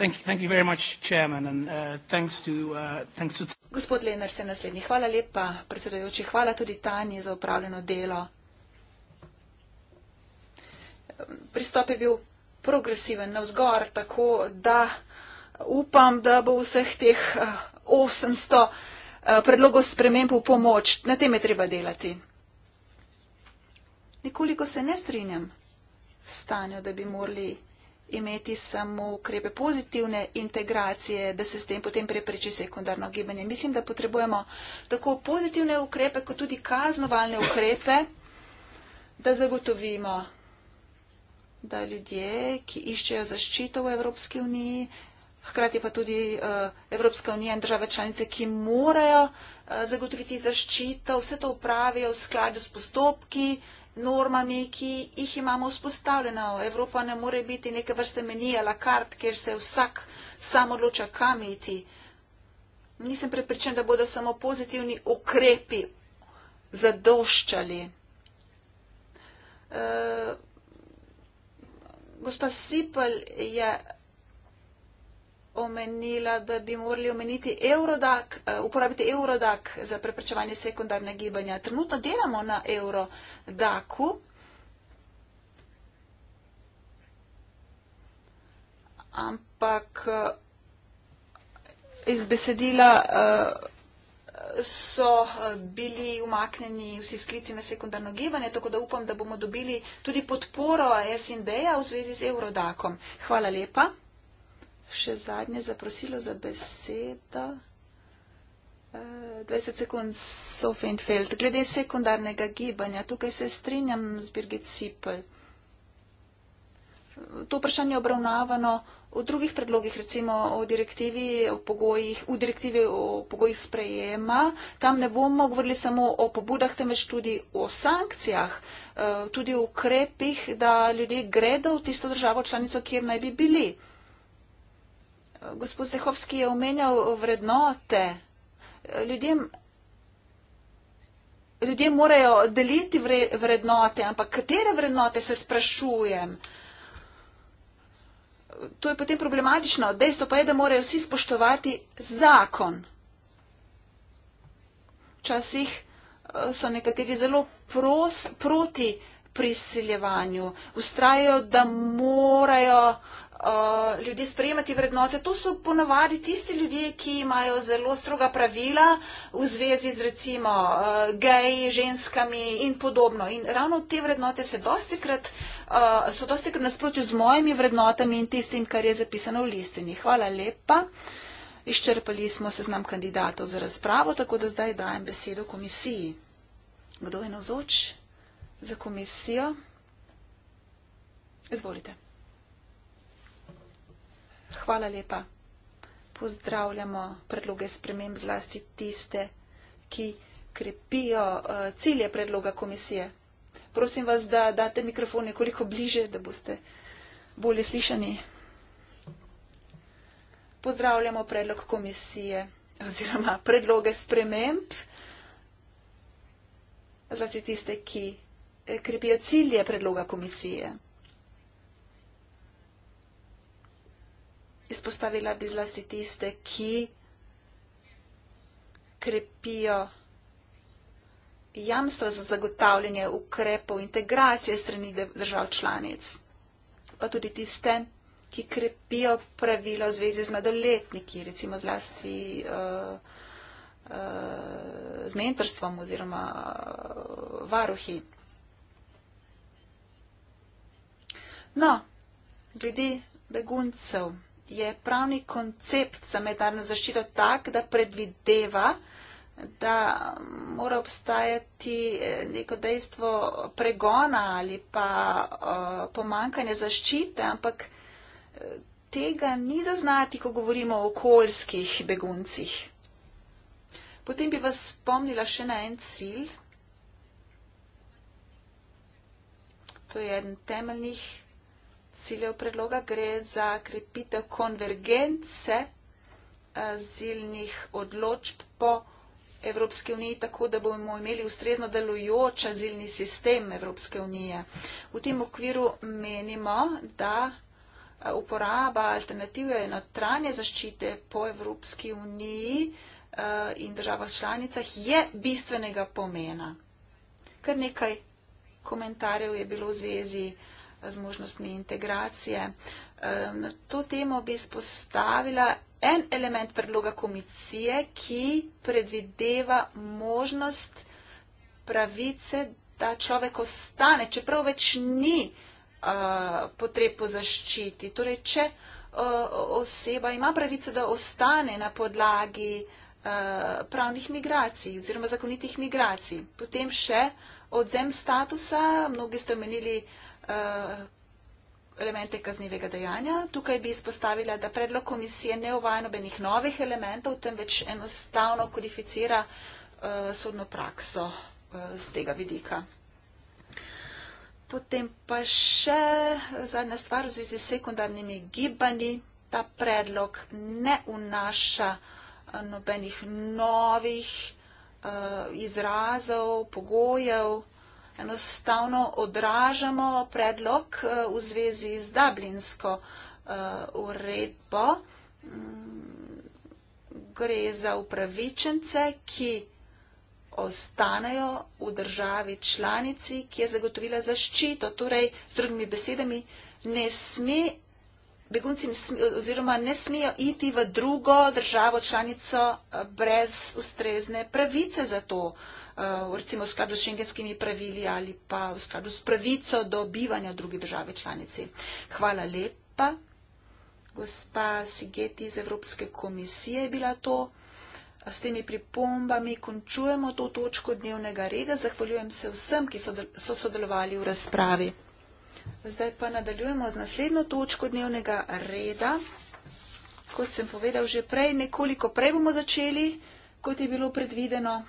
Thank you, thank you very much, chairman, and uh, thanks to... Uh, thanks to Gospod Lenar se naslednji. Hvala lepa, predsedujoči. Hvala tudi Tanji za upravljeno delo. Pristop je bil progresiven na vzgor, tako da upam, da bo vseh teh 800 uh, uh, predlogov sprememb v pomoč. Na tem je treba delati. Nekoliko se ne strinjam s stanjo, da bi morali imeti samo ukrepe pozitivne integracije, da se s tem potem prepreči sekundarno gibanje. Mislim, da potrebujemo tako pozitivne ukrepe, kot tudi kaznovalne ukrepe, da zagotovimo, da ljudje, ki iščejo zaščito v Evropski uniji, hkrati pa tudi eh, Evropska unija in države članice, ki morajo eh, zagotoviti zaščito, vse to upravijo v skladu s postopki, normami, ki jih imamo vzpostavljena. Evropa ne more biti neke vrste menija la kart, kjer se vsak samo odloča, kam iti. Nisem prepričan, da bodo samo pozitivni ukrepi zadoščali. Uh, gospa Sipel je omenila, da bi morali omeniti Eurodak, eh, uporabiti Eurodak za preprečevanje sekundarne gibanja. Trenutno delamo na Eurodaku. Ampak eh, iz besedila eh, so bili umaknjeni vsi sklici na sekundarno gibanje, tako da upam, da bomo dobili tudi podporo SND-ja v zvezi z Eurodakom. Hvala lepa še zadnje zaprosilo za besedo. 20 eh, sekund, Sofenfeld. Glede sekundarnega gibanja, tukaj se strinjam z Birgit Sipel. To vprašanje je obravnavano v drugih predlogih, recimo o direktivi o pogojih, v direktivi o pogojih sprejema. Tam ne bomo govorili samo o pobudah, temveč tudi o sankcijah, eh, tudi o ukrepih, da ljudje gredo v tisto državo članico, kjer naj bi bili. Gospod Sehovski je omenjal vrednote. Ljudje, ljudje morajo deliti vrednote, ampak katere vrednote se sprašujem? To je potem problematično. Dejstvo pa je, da morajo vsi spoštovati zakon. Včasih eh, so nekateri zelo pros, proti prisiljevanju. Ustrajajo, da morajo Eh, ljudi sprejemati vrednote. To so ponavadi tisti ljudje, ki imajo zelo stroga pravila v zvezi z recimo uh, eh, geji, ženskami in podobno. In ravno te vrednote dosti krat, uh, eh, so dosti krat nasprotju z mojimi vrednotami in tistim, kar je zapisano v listini. Hvala lepa. Izčrpali smo seznam kandidatov za razpravo, tako da zdaj dajem besedo komisiji. Kdo je navzoč za komisijo? Izvolite. Hvala lepa. Pozdravljamo predloge sprememb zlasti tiste, ki krepijo eh, cilje predloga komisije. Prosim vas, da date mikrofon nekoliko bliže, da boste bolje slišani. Pozdravljamo predlog komisije oziroma predloge sprememb, zlasti tiste, ki eh, krepijo cilje predloga komisije. Izpostavila bi zlasti tiste, ki krepijo jamstva za zagotavljanje ukrepov integracije strani držav članic, pa tudi tiste, ki krepijo pravila v zvezi z mladoletniki, recimo zlasti uh, uh, z mentorstvom oziroma uh, varuhi. No, glede beguncev je pravni koncept za mednarodno zaščito tak, da predvideva, da mora obstajati eh, neko dejstvo pregona ali pa eh, pomankanje zaščite, ampak eh, tega ni zaznati, ko govorimo o okoljskih beguncih. Potem bi vas spomnila še na en cilj. To je eden temeljnih ciljev predloga gre za krepitev konvergence eh, azilnih odločb po Evropske unije, tako da bomo imeli ustrezno delujoč azilni sistem Evropske unije. V tem okviru menimo, da eh, uporaba alternative notranje zaščite po Evropski uniji eh, in državah članicah je bistvenega pomena. Kar nekaj komentarjev je bilo v zvezi uh, z možnostmi integracije. Na to temo bi spostavila en element predloga komisije, ki predvideva možnost pravice, da človek ostane, čeprav več ni potreb po zaščiti. Torej, če oseba ima pravico, da ostane na podlagi pravnih migracij oziroma zakonitih migracij. Potem še odzem statusa, mnogi ste omenili uh, Eh, elemente kaznivega dejanja. Tukaj bi izpostavila, da predlog komisije ne uvaja nobenih novih elementov, temveč enostavno kodificira uh, sodno prakso uh, eh, z tega vidika. Potem pa še zadnja stvar v zvezi s sekundarnimi gibanji. Ta predlog ne unaša nobenih novih uh, izrazov, pogojev enostavno odražamo predlog eh, v zvezi z Dublinsko eh, uredbo. Mm, gre za upravičence, ki ostanejo v državi članici, ki je zagotovila zaščito. Torej, z drugimi besedami, ne sme, begunci ne sme, oziroma ne smejo iti v drugo državo članico eh, brez ustrezne pravice za to. Uh, Eh, recimo v skladu s šengenskimi pravili ali pa v skladu s pravico do bivanja druge države članice. Hvala lepa. Gospa Sigeti iz Evropske komisije je bila to. S temi pripombami končujemo to točko dnevnega reda. Zahvaljujem se vsem, ki so sodelovali v razpravi. Zdaj pa nadaljujemo z naslednjo točko dnevnega reda. Kot sem povedal že prej, nekoliko prej bomo začeli, kot je bilo predvideno.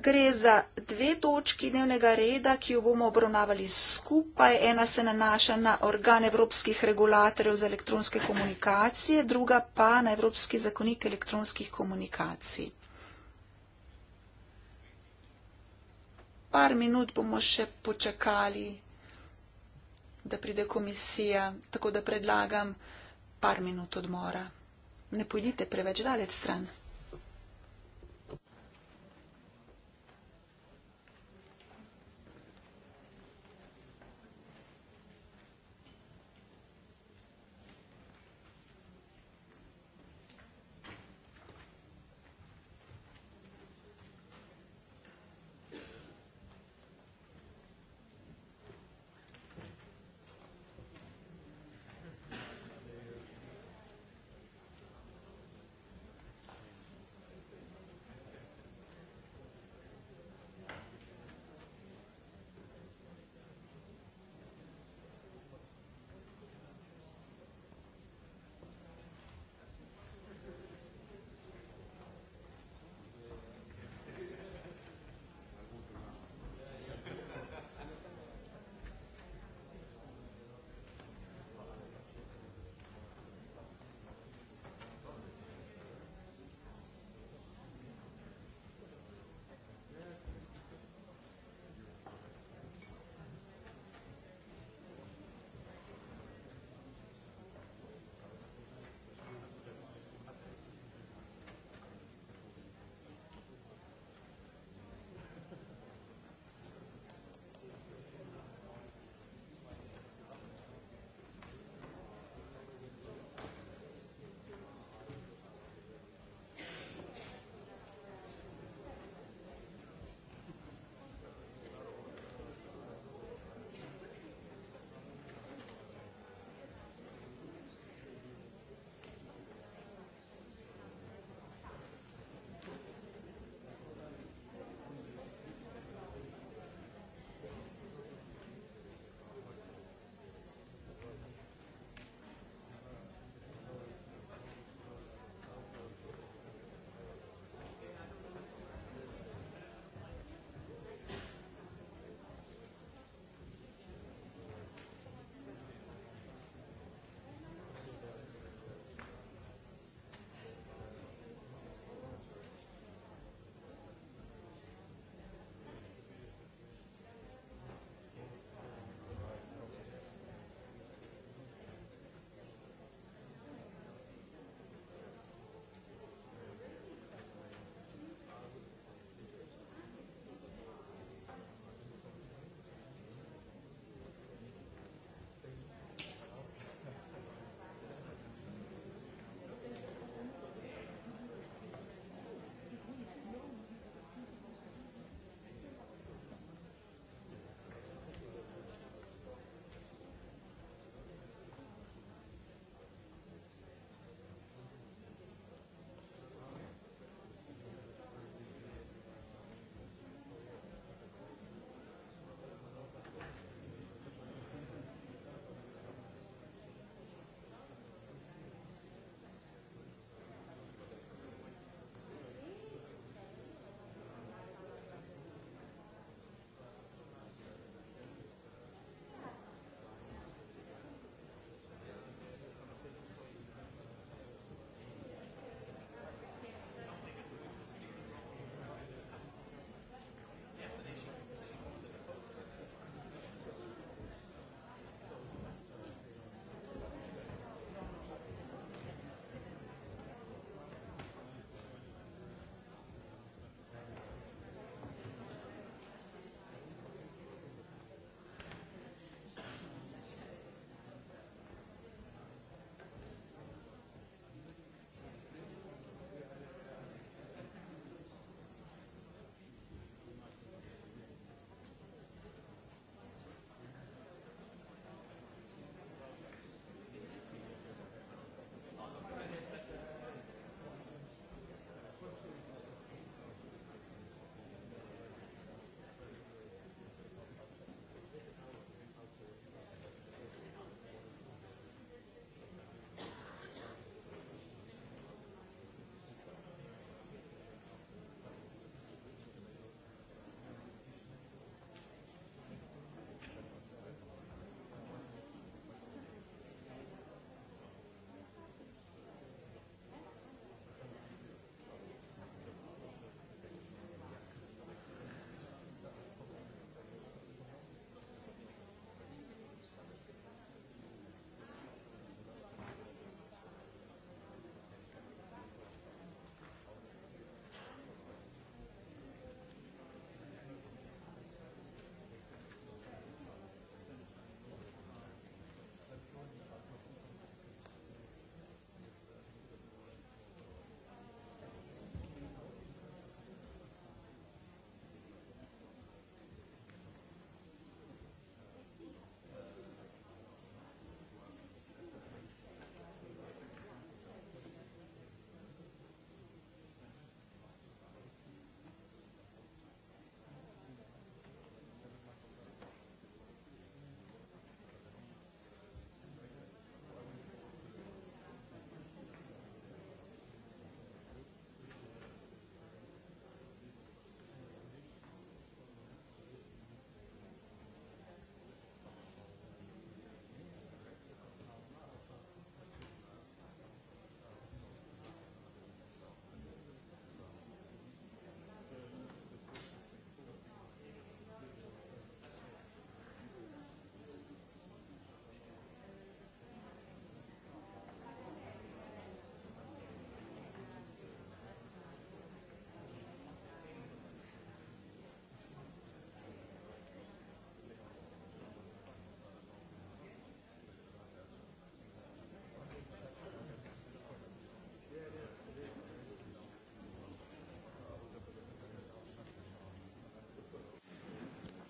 Gre za dve točki dnevnega reda, ki jo bomo obravnavali skupaj. Ena se nanaša na organ evropskih regulatorjev za elektronske komunikacije, druga pa na Evropski zakonik elektronskih komunikacij. Par minut bomo še počakali, da pride komisija, tako da predlagam par minut odmora. Ne pojdite preveč daleč stran.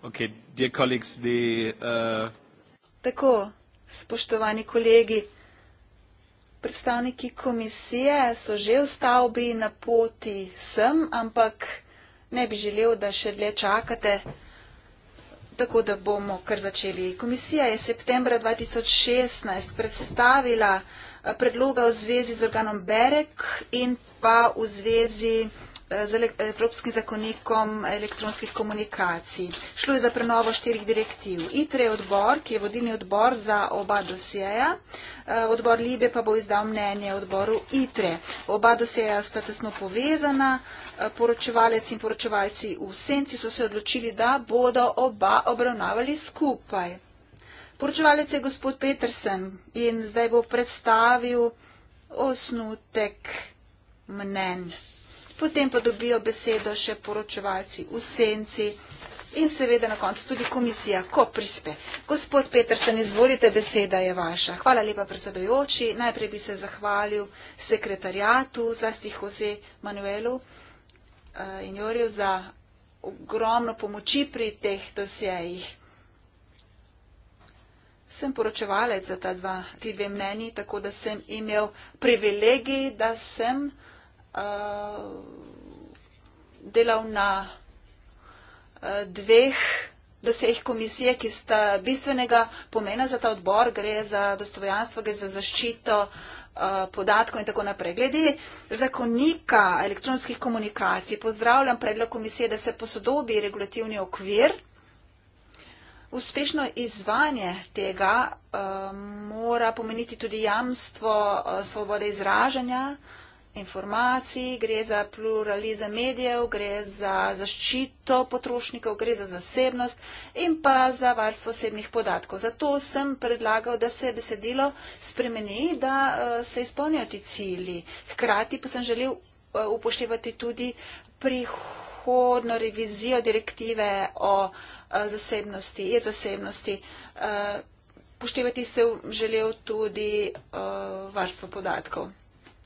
Okay, dear colleagues, the, uh... Tako, spoštovani kolegi, predstavniki komisije so že v stavbi na poti sem, ampak ne bi želel, da še dlje čakate, tako da bomo kar začeli. Komisija je septembra 2016 predstavila eh, predloga v zvezi z organom Berek in pa v zvezi z Eh, z Evropskim zakonikom elektronskih komunikacij. Šlo je za prenovo štirih direktiv. ITRE je odbor, ki je vodilni odbor za oba dosjeja. Eh, odbor Libe pa bo izdal mnenje odboru ITRE. Oba dosjeja sta tesno povezana. Eh, poročevalec in poročevalci v senci so se odločili, da bodo oba obravnavali skupaj. Poročevalec je gospod Petersen in zdaj bo predstavil osnutek mnenj potem pa dobijo besedo še poročevalci v senci in seveda na koncu tudi komisija, ko prispe. Gospod Petersen, izvolite, beseda je vaša. Hvala lepa predsedojoči. Najprej bi se zahvalil sekretarjatu, zlasti Jose Manuelu eh, in Joriju za ogromno pomoči pri teh dosjejih. Sem poročevalec za ta dva, ti dve mneni, tako da sem imel privilegij, da sem Eh, delal na eh, dveh doseh komisije, ki sta bistvenega pomena za ta odbor, gre za dostojanstvo, gre za zaščito eh, podatkov in tako naprej. Glede zakonika elektronskih komunikacij pozdravljam predlog komisije, da se posodobi regulativni okvir. Uspešno izvanje tega uh, mora pomeniti tudi jamstvo uh, svobode izražanja, uh, informacij, gre za pluralizem medijev, gre za zaščito potrošnikov, gre za zasebnost in pa za varstvo osebnih podatkov. Zato sem predlagal, da se besedilo spremeni, da eh, se izpolnijo ti cilji. Hkrati pa sem želel eh, upoštevati tudi prihodno revizijo direktive o eh, zasebnosti, je zasebnosti. Upoštevati se želel tudi varstvo podatkov.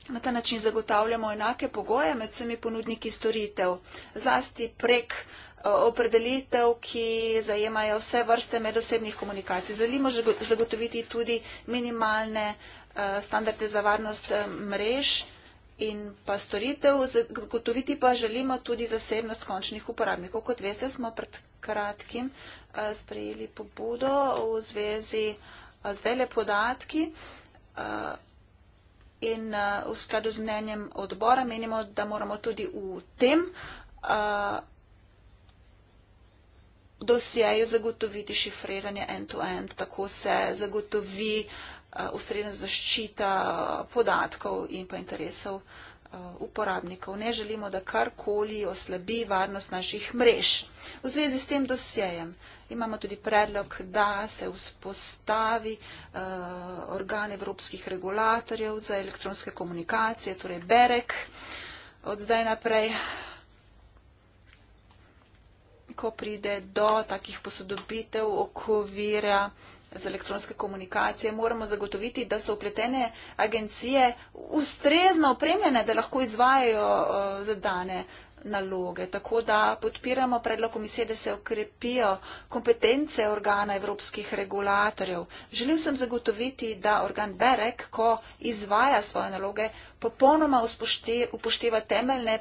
Na ta način zagotavljamo enake pogoje med vsemi ponudniki storitev, zlasti prek eh, opredelitev, ki zajemajo vse vrste medosebnih komunikacij. Želimo zagotoviti tudi minimalne eh, standarde za varnost eh, mrež in pa storitev, zagotoviti pa želimo tudi zasebnost končnih uporabnikov. Kot veste, smo pred kratkim sprejeli pobudo v zvezi z dele podatki in uh, v skladu z mnenjem odbora menimo, da moramo tudi v tem uh, dosjeju zagotoviti šifriranje end-to-end, tako se zagotovi uh, ustrezna zaščita uh, podatkov in pa interesov uh, Uh, uporabnikov. Ne želimo, da karkoli oslabi varnost naših mrež. V zvezi s tem dosjejem imamo tudi predlog, da se vzpostavi uh, organ evropskih regulatorjev za elektronske komunikacije, torej BEREK od zdaj naprej ko pride do takih posodobitev okovira za elektronske komunikacije, moramo zagotoviti, da so upletene agencije ustrezno opremljene, da lahko izvajajo eh, zadane naloge. Tako da podpiramo predlog komisije, da se okrepijo kompetence organa evropskih regulatorjev. Želim sem zagotoviti, da organ BEREK, ko izvaja svoje naloge, popolnoma upošteva temeljne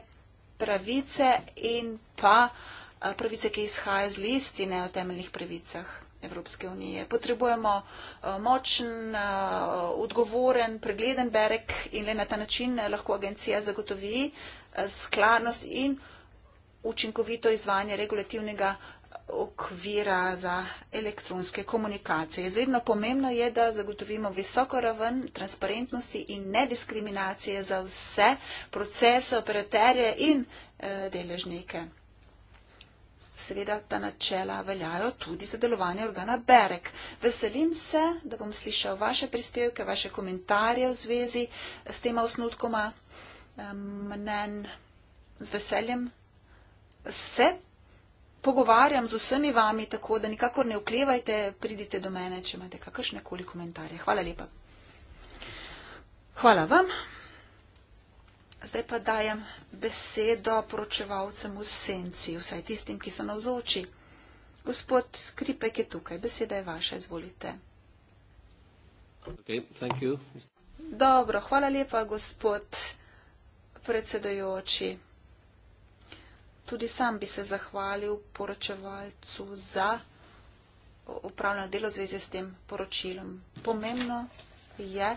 pravice in pa eh, pravice, ki izhajajo z listine o temeljnih pravicah. Evropske unije. Potrebujemo eh, močen, eh, odgovoren, pregleden berek in le na ta način eh, lahko agencija zagotovi skladnost in učinkovito izvanje regulativnega okvira za elektronske komunikacije. Izredno pomembno je, da zagotovimo visoko raven transparentnosti in nediskriminacije za vse procese, operaterje in deležnike. Seveda ta načela veljajo tudi za delovanje organa Berek. Veselim se, da bom slišal vaše prispevke, vaše komentarje v zvezi s tema osnutkoma mnen. Z veseljem se pogovarjam z vsemi vami, tako da nikakor ne uklevajte, pridite do mene, če imate kakršne koli komentarje. Hvala lepa. Hvala vam. Zdaj pa dajem besedo poročevalcem v senci, vsaj tistim, ki so navzoči. Gospod Skripek je tukaj, beseda je vaša, izvolite. Okay, Dobro, hvala lepa, gospod predsedojoči. Tudi sam bi se zahvalil poročevalcu za upravljeno delo v zvezi s tem poročilom. Pomembno je,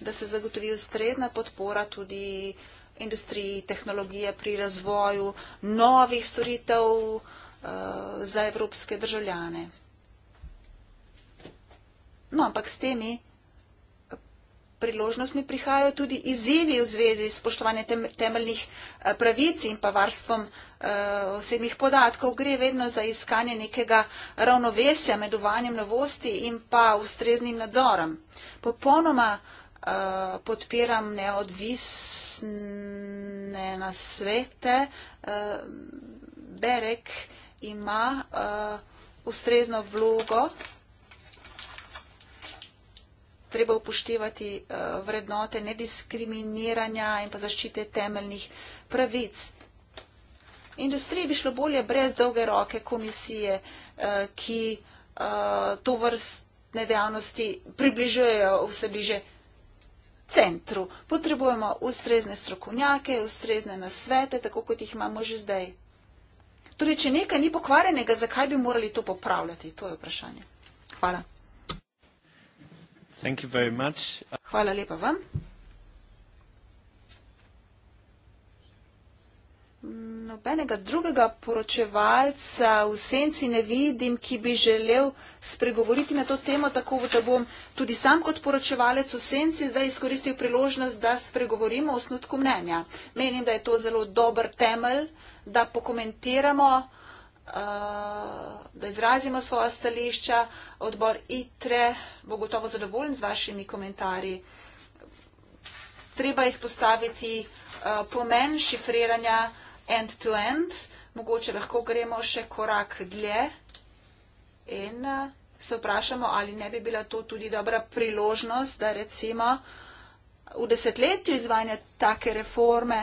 da se zagotovi ustrezna podpora tudi industriji tehnologije pri razvoju novih storitev eh, za evropske državljane. No, ampak s temi priložnostmi prihajajo tudi izzivi v zvezi s spoštovanjem temeljnih eh, pravic in pa varstvom eh, osebnih podatkov. Gre vedno za iskanje nekega ravnovesja med uvanjem novosti in pa ustreznim nadzorom. Popolnoma Eh, podpiram neodvisne nasvete. Uh, Berek ima uh, ustrezno vlogo. Treba upoštevati uh, vrednote nediskriminiranja in pa zaščite temeljnih pravic. Industriji bi šlo bolje brez dolge roke komisije, uh, ki uh, to vrstne dejavnosti približujejo vse bliže centru. Potrebujemo ustrezne strokovnjake, ustrezne nasvete, tako kot jih imamo že zdaj. Torej, če nekaj ni pokvarjenega, zakaj bi morali to popravljati? To je vprašanje. Hvala. Hvala lepa vam. nobenega drugega poročevalca v senci ne vidim, ki bi želel spregovoriti na to temo, tako da bom tudi sam kot poročevalec v senci zdaj izkoristil priložnost, da spregovorimo o osnutku mnenja. Menim, da je to zelo dober temelj, da pokomentiramo, eh, da izrazimo svoja stališča. Odbor ITRE bo gotovo zadovoljen z vašimi komentarji. Treba izpostaviti eh, pomen šifriranja, end-to-end, -end, mogoče lahko gremo še korak dlje in eh, se vprašamo, ali ne bi bila to tudi dobra priložnost, da recimo v desetletju izvajanja take reforme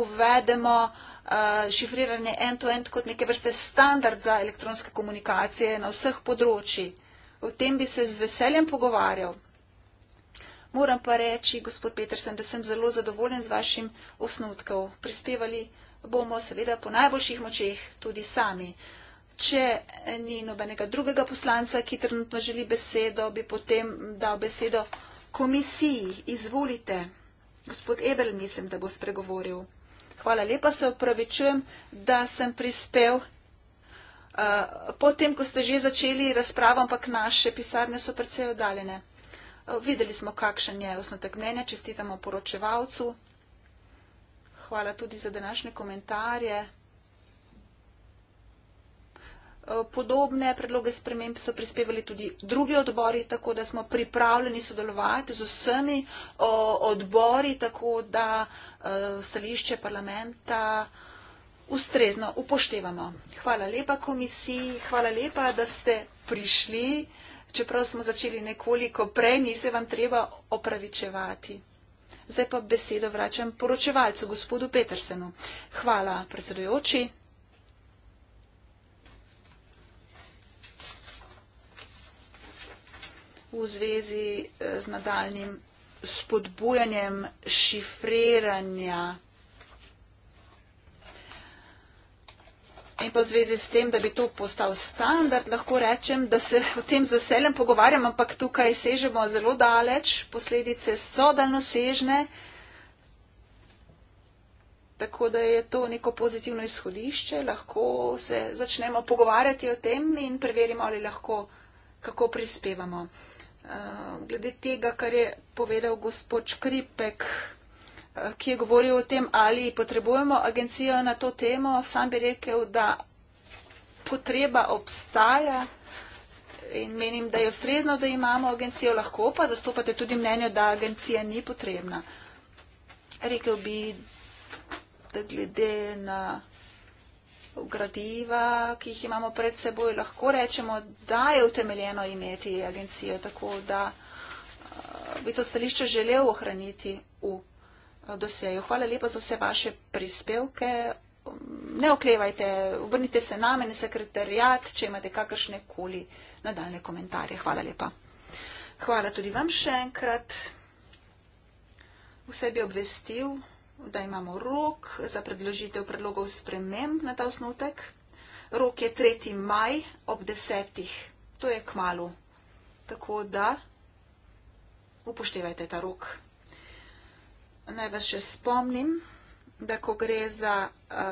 uvedemo eh, šifriranje end-to-end -end kot neke vrste standard za elektronske komunikacije na vseh področji. O tem bi se z veseljem pogovarjal. Moram pa reči, gospod Petersen, da sem zelo zadovoljen z vašim osnutkom. Prispevali bomo seveda po najboljših močeh tudi sami. Če ni nobenega drugega poslanca, ki trenutno želi besedo, bi potem dal besedo komisiji. Izvolite. Gospod Ebel, mislim, da bo spregovoril. Hvala lepa, se opravičujem, da sem prispel. Uh, eh, potem, ko ste že začeli razpravo, ampak naše pisarne so predvsej oddaljene. Uh, videli smo, kakšen je osnotek mnenja, čestitamo poročevalcu hvala tudi za današnje komentarje. Eh, podobne predloge sprememb so prispevali tudi drugi odbori, tako da smo pripravljeni sodelovati z vsemi eh, odbori, tako da eh, stališče parlamenta ustrezno upoštevamo. Hvala lepa komisiji, hvala lepa, da ste prišli, čeprav smo začeli nekoliko prej, ni se vam treba opravičevati. Zdaj pa besedo vračam poročevalcu, gospodu Petersenu. Hvala, predsedujoči. V zvezi eh, z nadaljnim spodbujanjem šifriranja. In pa v zvezi s tem, da bi to postal standard, lahko rečem, da se o tem z veseljem pogovarjam, ampak tukaj sežemo zelo daleč, posledice so daljnosežne. Tako da je to neko pozitivno izhodišče, lahko se začnemo pogovarjati o tem in preverimo, ali lahko kako prispevamo. Uh, glede tega, kar je povedal gospod Škripek, ki je govoril o tem, ali potrebujemo agencijo na to temo, sam bi rekel, da potreba obstaja in menim, da je ustrezno, da imamo agencijo, lahko pa zastopate tudi mnenje, da agencija ni potrebna. Rekel bi, da glede na gradiva, ki jih imamo pred seboj, lahko rečemo, da je utemeljeno imeti agencijo, tako da eh, bi to stališče želel ohraniti v dosejo. Hvala lepa za vse vaše prispevke. Ne oklevajte, obrnite se name in sekretarjat, če imate kakršne koli nadaljne komentarje. Hvala lepa. Hvala tudi vam še enkrat. Vse bi obvestil, da imamo rok za predložitev predlogov sprememb na ta osnutek. Rok je 3. maj ob 10. To je kmalo. Tako da upoštevajte ta rok. Naj vas še spomnim, da ko gre za eh,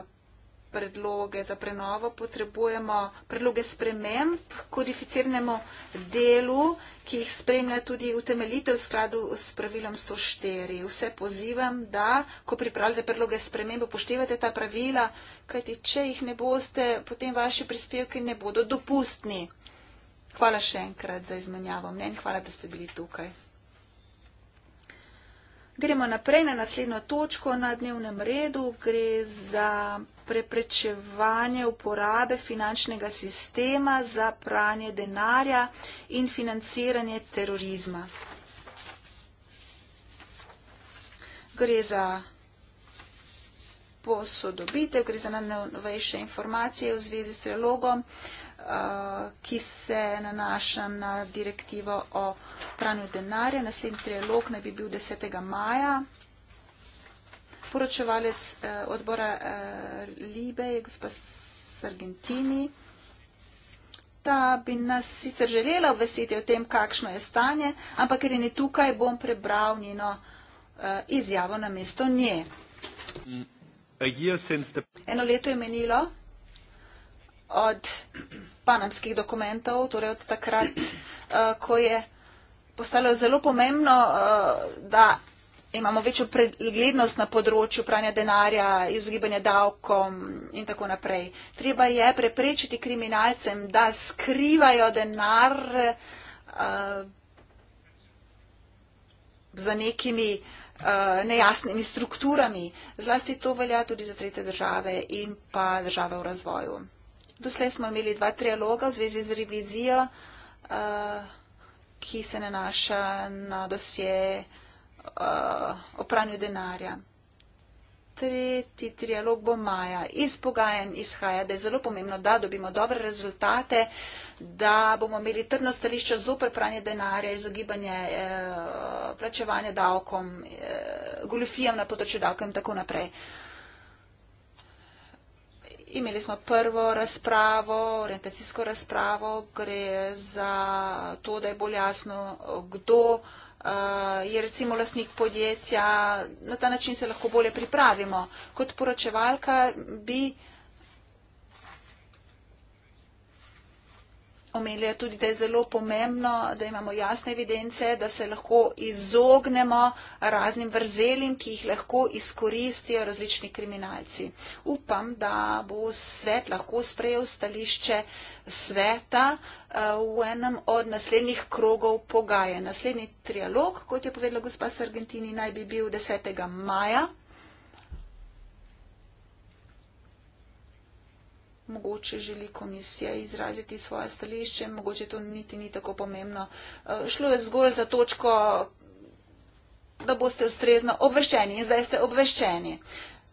predloge za prenovo, potrebujemo predloge sprememb kodificiranemu delu, ki jih spremlja tudi utemeljitev v skladu s pravilom 104. Vse pozivam, da ko pripravljate predloge sprememb, upoštevate ta pravila, kajti če jih ne boste, potem vaši prispevki ne bodo dopustni. Hvala še enkrat za izmenjavo mnen, hvala, da ste bili tukaj. Gremo naprej na naslednjo točko na dnevnem redu. Gre za preprečevanje uporabe finančnega sistema za pranje denarja in financiranje terorizma. Gre za posodobitev, gre za najnovejše informacije v zvezi s trilogom. Uh, Eh, ki se nanaša na direktivo o pranju denarja. Naslednji trilog naj bi bil 10. maja. Poročevalec eh, odbora eh, Libe je gospa z Argentini. Ta bi nas sicer želela obvestiti o tem, kakšno je stanje, ampak ker je ni tukaj, bom prebral njeno izjavo na mesto nje. Mm, Eno leto je menilo od panamskih dokumentov, torej od takrat, eh, ko je postalo zelo pomembno, eh, da imamo večjo preglednost na področju pranja denarja, izogibanja davkom in tako naprej. Treba je preprečiti kriminalcem, da skrivajo denar eh, za nekimi nejasnimi strukturami. Zlasti to velja tudi za tretje države in pa države v razvoju. Doslej smo imeli dva trialoga v zvezi z revizijo, uh, ki se nanaša na dosje uh, o pranju denarja. Tretji trialog bo maja. Iz pogajanj izhaja, da je zelo pomembno, da dobimo dobre rezultate, da bomo imeli trdno stališče zoper pranje denarja, izogibanje eh, plačevanja davkom, eh, goljofijam na področju davkom in tako naprej. Eh, Imeli smo prvo razpravo, orientacijsko razpravo, gre za to, da je bolj jasno, kdo eh, je recimo lastnik podjetja. Na ta način se lahko bolje pripravimo. Kot poročevalka bi. omenila tudi, da je zelo pomembno, da imamo jasne evidence, da se lahko izognemo raznim vrzelim, ki jih lahko izkoristijo različni kriminalci. Upam, da bo svet lahko sprejel stališče sveta eh, v enem od naslednjih krogov pogaje. Naslednji trialog, kot je povedala gospa Sargentini, naj bi bil 10. maja. mogoče želi komisija izraziti svoje stališče, mogoče to niti ni tako pomembno. Eh, šlo je zgolj za točko, da boste ustrezno obveščeni in zdaj ste obveščeni.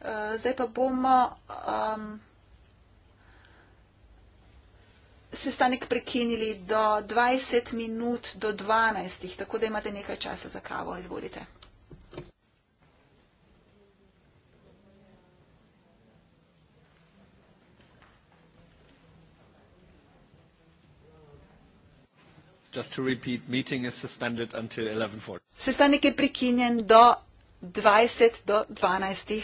Eh, zdaj pa bomo um, sestanek prekinili do 20 minut do 12, tako da imate nekaj časa za kavo, izvolite. Just to repeat, meeting is suspended until 11.40. Sestanek je prekinjen do 20 do 12.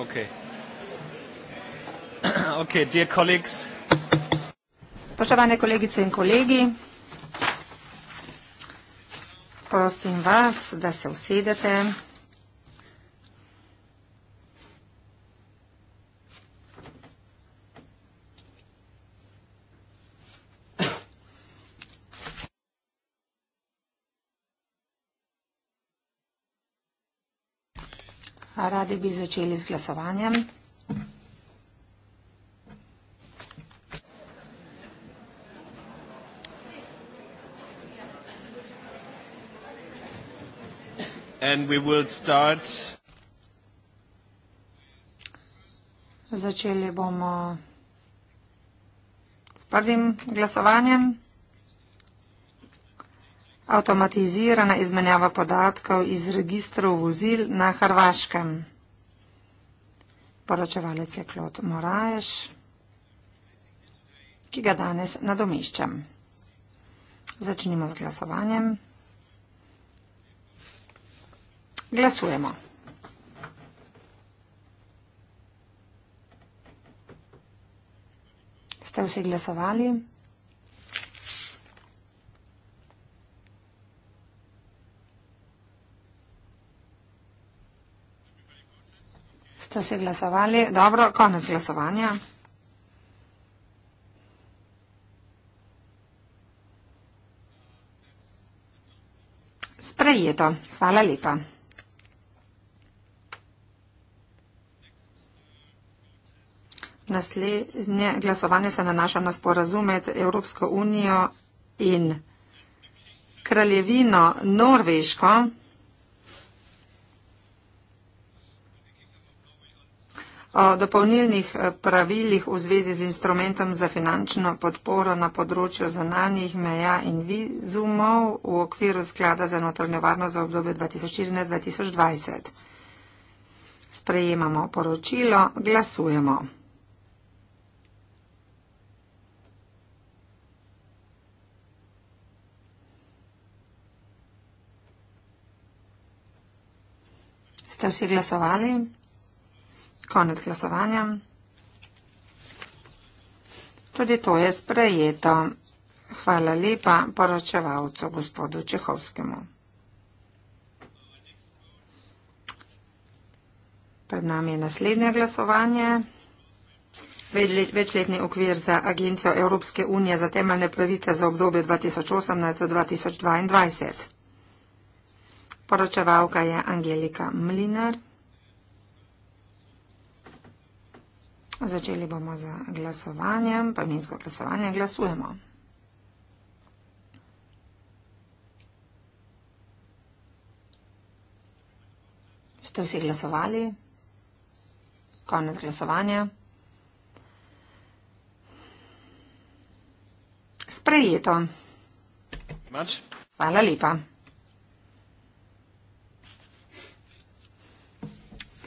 Okay. okay, dear colleagues. Spoštovane kolegice in kolegi, prosim vas, da se usedete. radi bi začeli z glasovanjem. And we will start. Začeli bomo s prvim glasovanjem. Avtomatizirana izmenjava podatkov iz registrov vozil na Hrvaškem poročevalec je Klot Moraješ, ki ga danes nadomeščam. Začnimo z glasovanjem. Glasujemo. Ste vsi glasovali? so se glasovali. Dobro, konec glasovanja. Sprejeto. Hvala lepa. Naslednje glasovanje se nanaša na sporazumet Evropsko unijo in kraljevino Norveško. o dopolnilnih eh, pravilih v zvezi z instrumentom za finančno podporo na področju zonanih meja in vizumov v okviru sklada za notranjo varnost za obdobje 2014-2020. Sprejemamo poročilo, glasujemo. Ste vsi glasovali? Konec glasovanja. Tudi to je sprejeto. Hvala lepa poročevalcu gospodu Čehovskemu. Pred nami je naslednje glasovanje. Večletni okvir za Agencijo Evropske unije za temeljne pravice za obdobje 2018-2022. Poročevalka je Angelika Mlinar. Začeli bomo z glasovanjem, pa minsko glasovanje glasujemo. Ste vsi glasovali? Konec glasovanja. Sprejeto. Hvala lepa.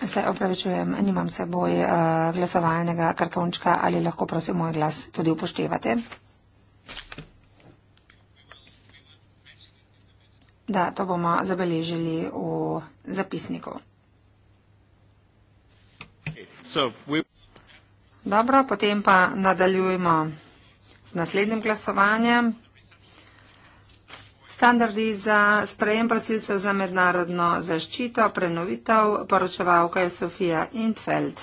Se opravičujem, nimam seboj uh, glasovalnega kartončka ali lahko prosim moj glas tudi upoštevate. Da, to bomo zabeležili v zapisniku. Dobro, potem pa nadaljujemo z naslednjim glasovanjem standardi za sprejem prosilcev za mednarodno zaščito, prenovitev, poročevalka je Sofija Intfeld.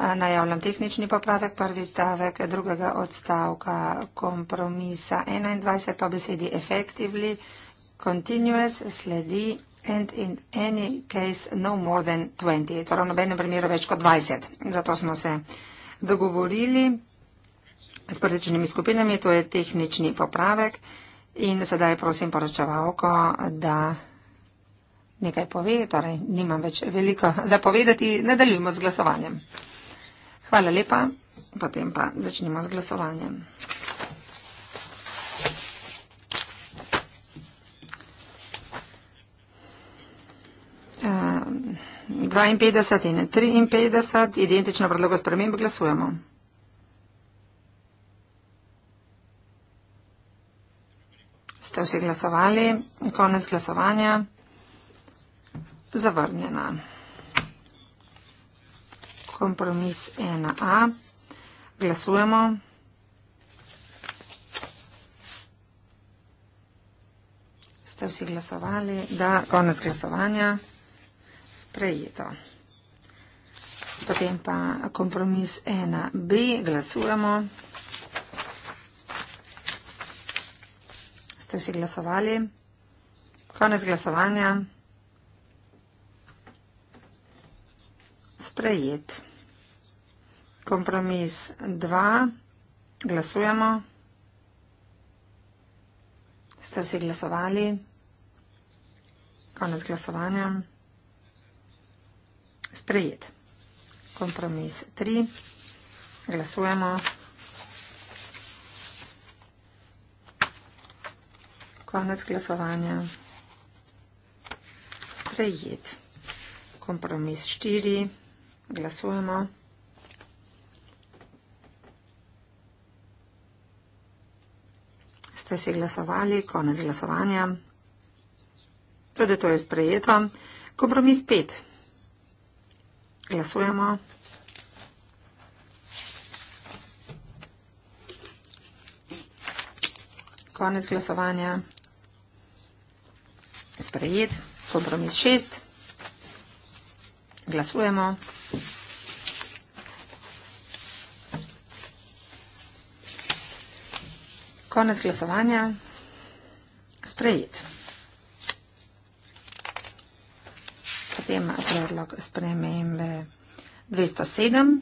Najavljam tehnični popravek, prvi stavek drugega odstavka kompromisa 21 po besedi effectively, continuous sledi and in any case no more than 20, torej nobenem primeru več kot 20. Zato smo se dogovorili s političnimi skupinami, to je tehnični popravek. In sedaj prosim poročevalko, da nekaj pove, torej nimam več veliko zapovedati, nadaljujmo z glasovanjem. Hvala lepa, potem pa začnimo z glasovanjem. Uh, ehm, 52 in 53, identično predlogo spremembe glasujemo. Ste vsi glasovali? Konec glasovanja. Zavrnjena. Kompromis 1A. Glasujemo. Ste vsi glasovali? Da, konec glasovanja. Sprejeto. Potem pa kompromis 1B. Glasujemo. Glasujemo. ste že glasovali. Konec glasovanja. Sprejet. Kompromis 2. Glasujemo. Ste vsi glasovali? Konec glasovanja. Sprejet. Kompromis 3. Glasujemo. konec glasovanja. Sprejet. Kompromis 4. Glasujemo. Ste si glasovali, konec glasovanja. Tudi to je sprejeto. Kompromis 5. Glasujemo. Konec glasovanja sprejet. Kompromis šest. Glasujemo. Konec glasovanja. Sprejet. Potem predlog spremembe 207.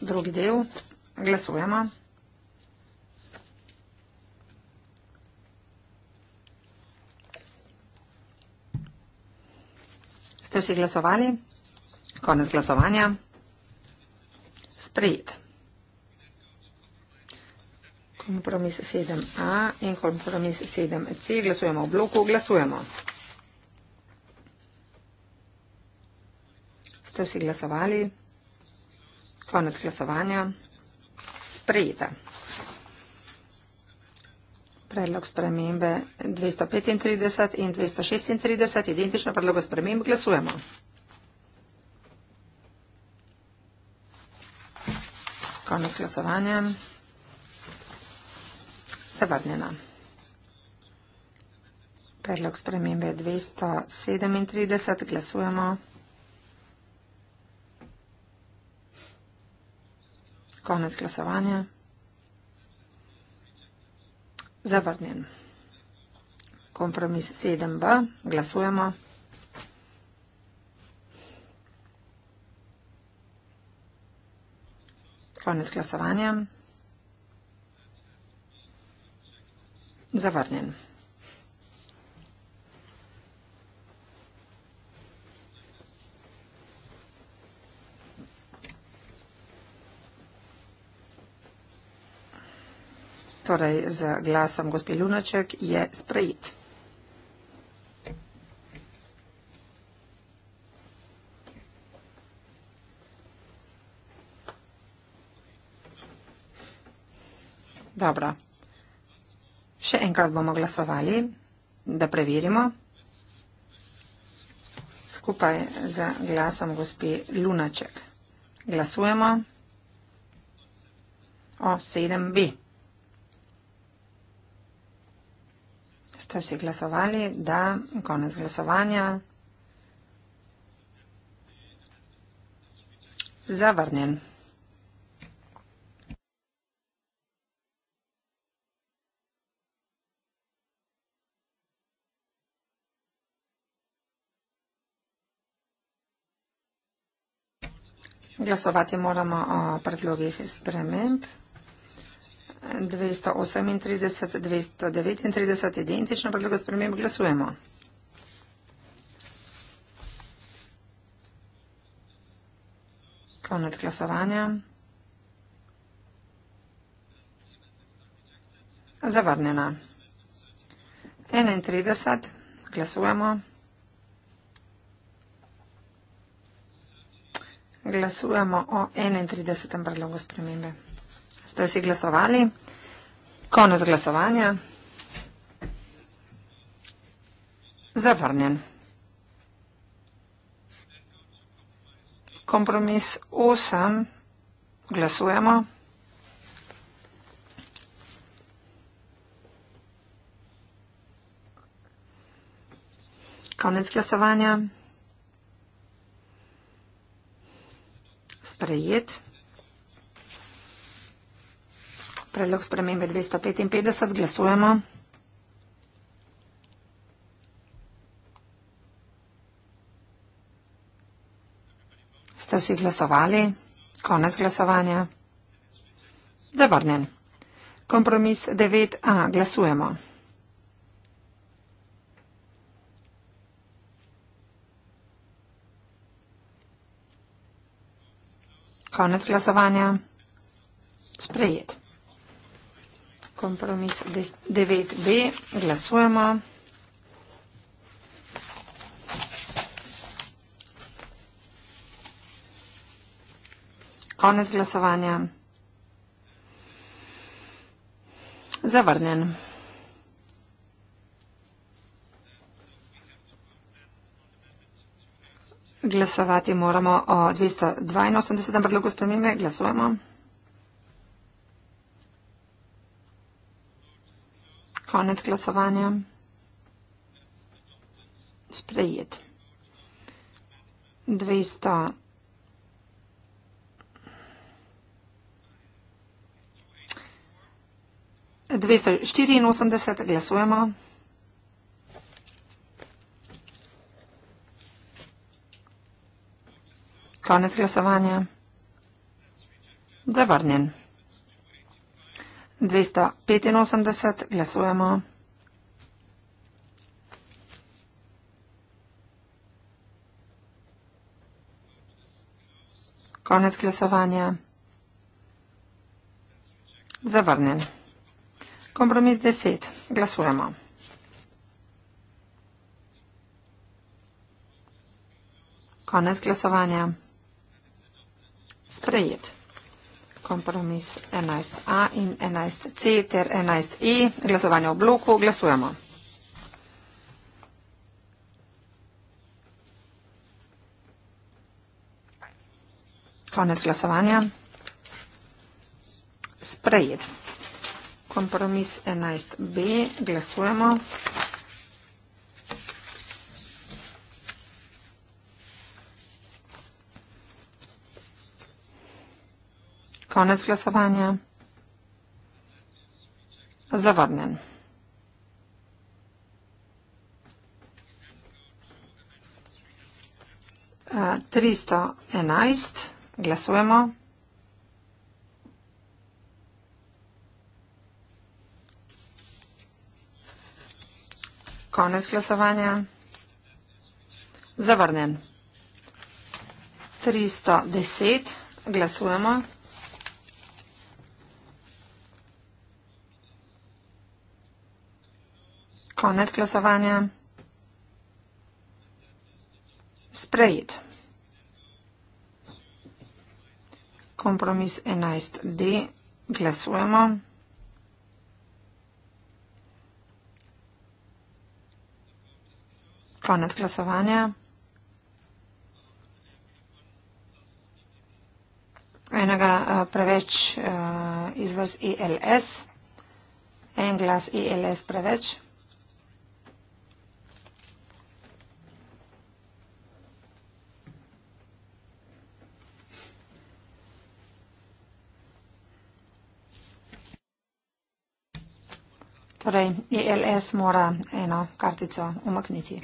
Drugi del. Glasujemo. ste vsi glasovali? Konec glasovanja. Sprejet. Kompromis 7a in kompromis 7c. Glasujemo v bloku. Glasujemo. Ste vsi glasovali? Konec glasovanja. Sprejeta predlog spremembe 235 in 236, identično predlogo spremembe, glasujemo. Konec glasovanja. Zavrnjena. Predlog spremembe 237, glasujemo. Konec glasovanja. Zavrnjen. Kompromis 7b. Glasujemo. Konec glasovanja. Zavrnjen. torej z glasom gospe Lunaček, je sprejet. Dobro. Še enkrat bomo glasovali, da preverimo. Skupaj z glasom gospe Lunaček. Glasujemo o 7b. ste vsi glasovali, da konec glasovanja zavrnjen. Glasovati moramo o predlogih sprememb. 238, 239, identično predlogo spremem glasujemo. Konec glasovanja. Zavrnjena. 31, glasujemo. Glasujemo o 31. predlogu spremembe ste vsi glasovali. Konec glasovanja. Zavrnjen. Kompromis 8. Glasujemo. Konec glasovanja. Sprejet. Predlog spremembe 255. Glasujemo. Ste vsi glasovali? Konec glasovanja. Zavrnjen. Kompromis 9a. Glasujemo. Konec glasovanja. Sprejet kompromis 9b. Glasujemo. Konec glasovanja. Zavrnen. Glasovati moramo o 282 predlogu spremembe. Glasujemo. Konec glasovanja. Sprejet. 200. 284 glasujemo. Konec glasovanja. Zavrnjen. 285 glasujemo. Konec glasovanja. Zavrnen. Kompromis 10. Glasujemo. Konec glasovanja. Sprejet kompromis 11a in 11c ter 11i. E. Glasovanje v bloku. Glasujemo. Konec glasovanja. Sprejet. Kompromis 11b. Glasujemo. Glasujemo. Konec glasovanja. Zavrnen. E, tristo enajst. Glasujemo. Konec glasovanja. Zavrnen. 310. Glasujemo. Konec glasovanja. Sprejet. Kompromis 11D. Glasujemo. Konec glasovanja. 1 eh, preveč eh, izvrst ELS. 1 glas ELS preveč. 1 glas ELS preveč. Torej, ELS mora eno kartico umakniti.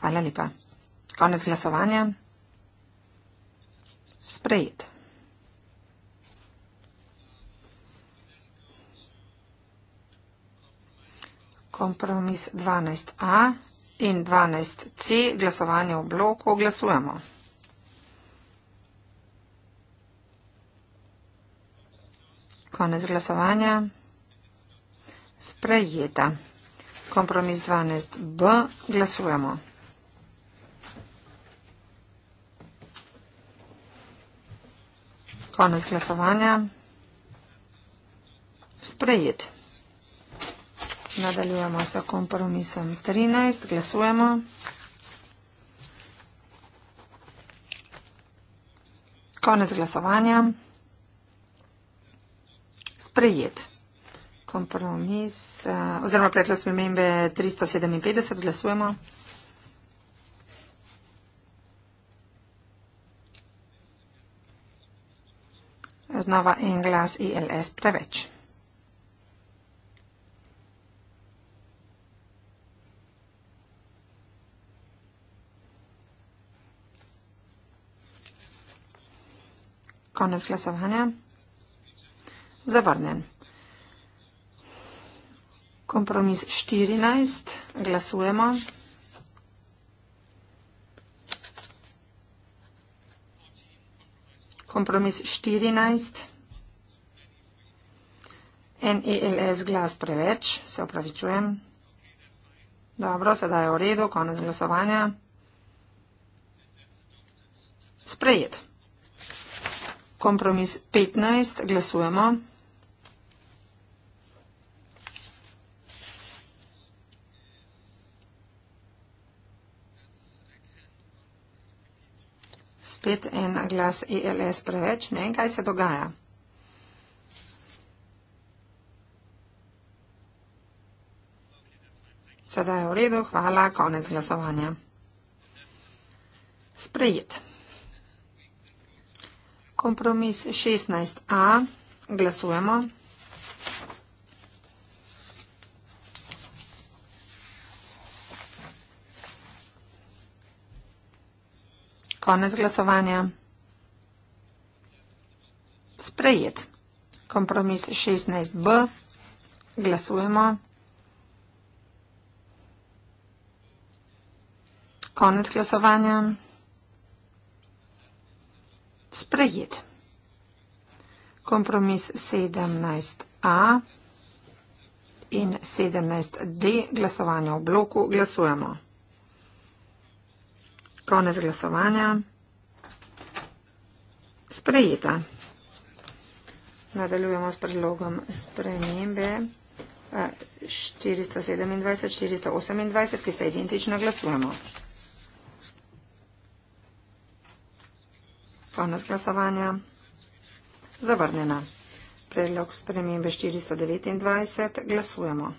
Hvala lepa. Konec glasovanja. Sprejet. Kompromis 12a in 12c glasovanje v bloku glasujemo. Konec glasovanja. Sprejeta. Kompromis 12b. Glasujemo. Konec glasovanja. Sprejet. Nadaljujemo s kompromisom 13. Glasujemo. Konec glasovanja sprejet. Kompromis eh, oziroma predlog spremembe 357 glasujemo. Znova en glas ILS preveč. Konec glasovanja zavrnjen. Kompromis 14, glasujemo. Kompromis 14, NELS glas preveč, se opravičujem. Dobro, sedaj je v redu, konec glasovanja. Sprejet. Kompromis 15, glasujemo. Kompromis 15, glasujemo. spet en glas ELS preveč. Ne, kaj se dogaja? Sedaj je v redu, hvala, konec glasovanja. Sprejet. Kompromis 16a. Glasujemo. Konec glasovanja. Sprejet. Kompromis 16b. Glasujemo. Konec glasovanja. Sprejet. Kompromis 17a in 17d. Glasovanje v bloku. Glasujemo. Konec glasovanja. Sprejeta. Nadaljujemo s predlogom spremembe 427-428, eh, ki sta identično glasujemo. Konec glasovanja. Zavrnjena. Predlog spremembe 429 glasujemo.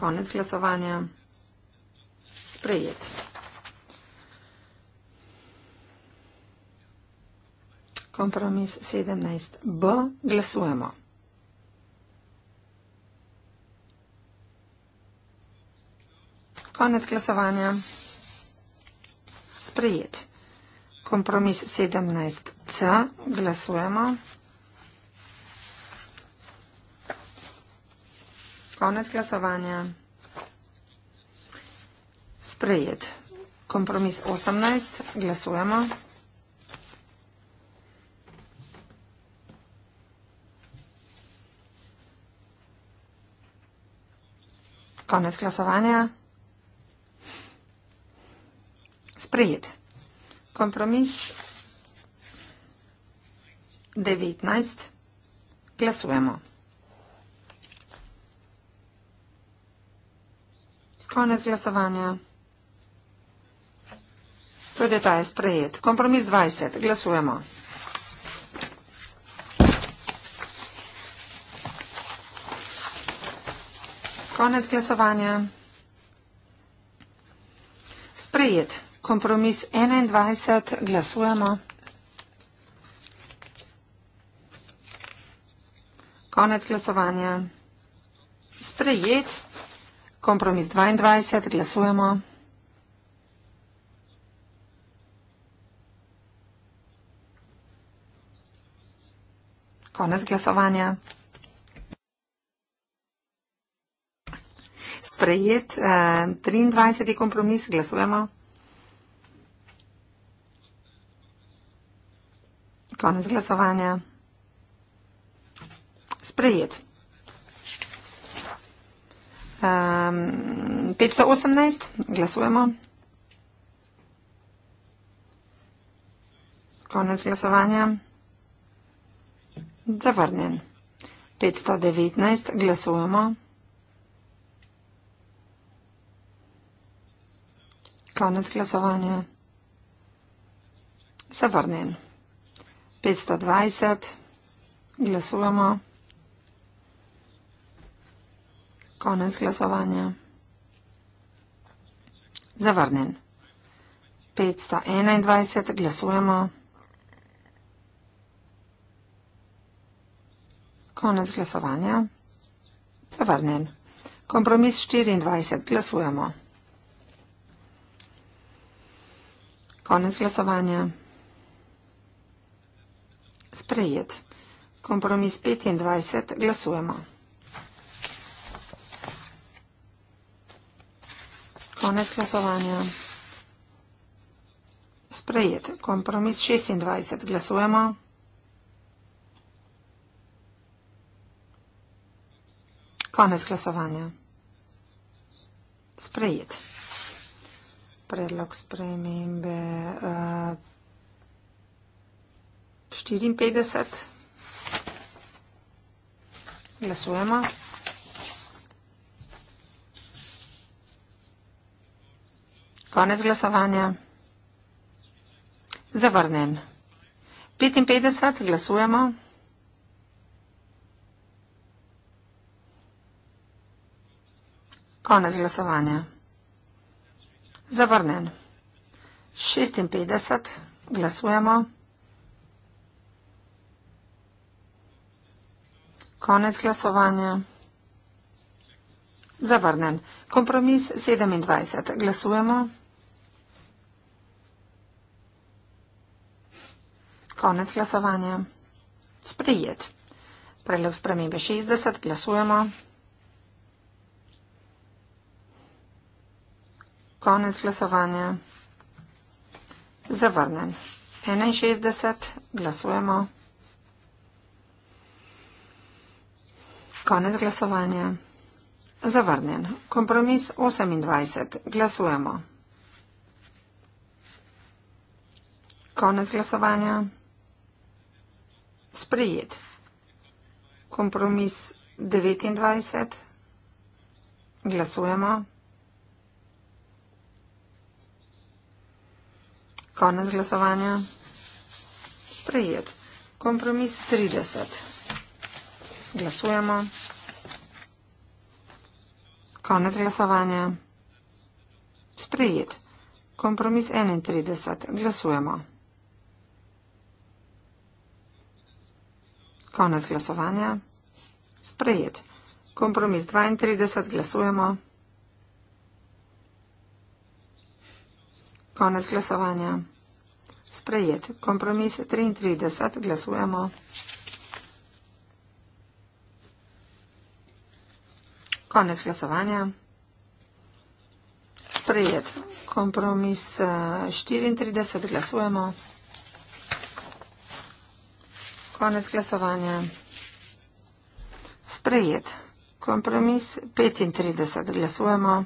konec glasovanja. Sprejet. Kompromis 17b. Glasujemo. Konec glasovanja. Sprejet. Kompromis 17c. Glasujemo. Glasujemo. Konec glasovanja. Sprejet. Kompromis 18. Glasujemo. Konec glasovanja. Sprejet. Kompromis 19. Glasujemo. Konec glasovanja. Tudi ta je sprejet. Kompromis 20. Glasujemo. Konec glasovanja. Sprejet. Kompromis 21. Glasujemo. Konec glasovanja. Sprejet. Kompromis 22, glasujemo. Konec glasovanja. Sprejet eh, 23. kompromis, glasujemo. Konec glasovanja. Sprejet. Um, 518, glasujemo. Konec glasovanja. Zavrnjen. 519, glasujemo. Konec glasovanja. Zavrnjen. 520, glasujemo. konec glasovanja. Zavrnjen. 521, glasujemo. Konec glasovanja. Zavrnjen. Kompromis 24, glasujemo. Konec glasovanja. Sprejet. Kompromis 25, glasujemo. Konec glasovanja. Sprejet. Kompromis 26. Glasujemo. Konec glasovanja. Sprejet. Predlog sprejmembe uh, 54. Glasujemo. Konec glasovanja. Zavrnem. 55 glasujemo. Konec glasovanja. Zavrnen. 56 glasujemo. Konec glasovanja. Zavrnen. Kompromis 27 glasujemo. Konec glasovanja. Sprejet. Predlog spremembe 60. Glasujemo. Konec glasovanja. Zavrnen. 61. Glasujemo. Konec glasovanja. Zavrnen. Kompromis 28. Glasujemo. Konec glasovanja sprejet. Kompromis 29. Glasujemo. Konec glasovanja. Sprejet. Kompromis 30. Glasujemo. Konec glasovanja. Sprejet. Kompromis 31. Glasujemo. Konec glasovanja. Sprejet. Kompromis 32. Glasujemo. Konec glasovanja. Sprejet. Kompromis 33. Glasujemo. Konec glasovanja. Sprejet. Kompromis 34. Eh, glasujemo. Konec glasovanja. Sprejet. Kompromis 35. Glasujemo.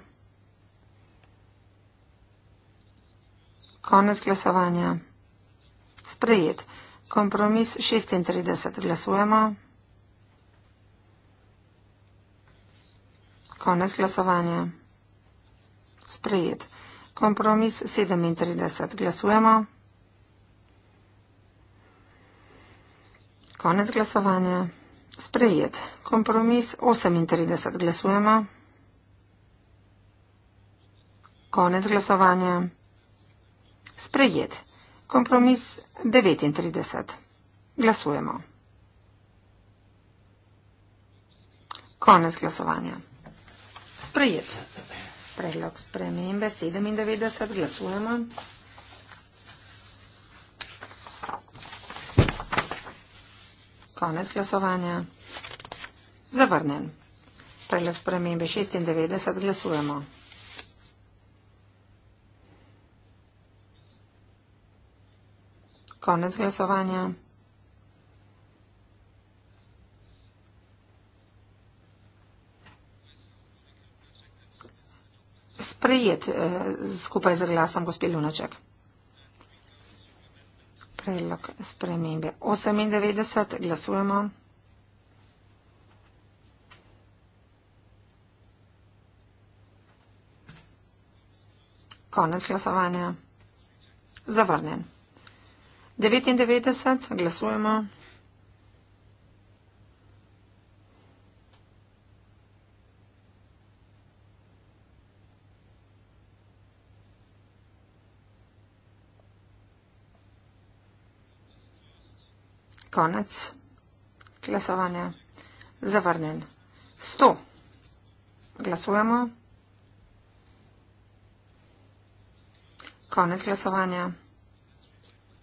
Konec glasovanja. Sprejet. Kompromis 36. Glasujemo. Konec glasovanja. Sprejet. Kompromis 37. Glasujemo. Konec glasovanja. Sprejet. Kompromis 38 glasujemo. Konec glasovanja. Sprejet. Kompromis 39. Glasujemo. Konec glasovanja. Sprejet. Predlog spremembe 97. Glasujemo. Konec glasovanja. Zavrnen. Predlog spremembe 96 glasujemo. Konec glasovanja. Sprejet eh, skupaj z glasom gospe Lunaček predlog spremembe. 98 glasujemo. Konec glasovanja. Zavrnen. 99 glasujemo. konec glasovanja. Zavrnen. 100. Glasujemo. Konec glasovanja.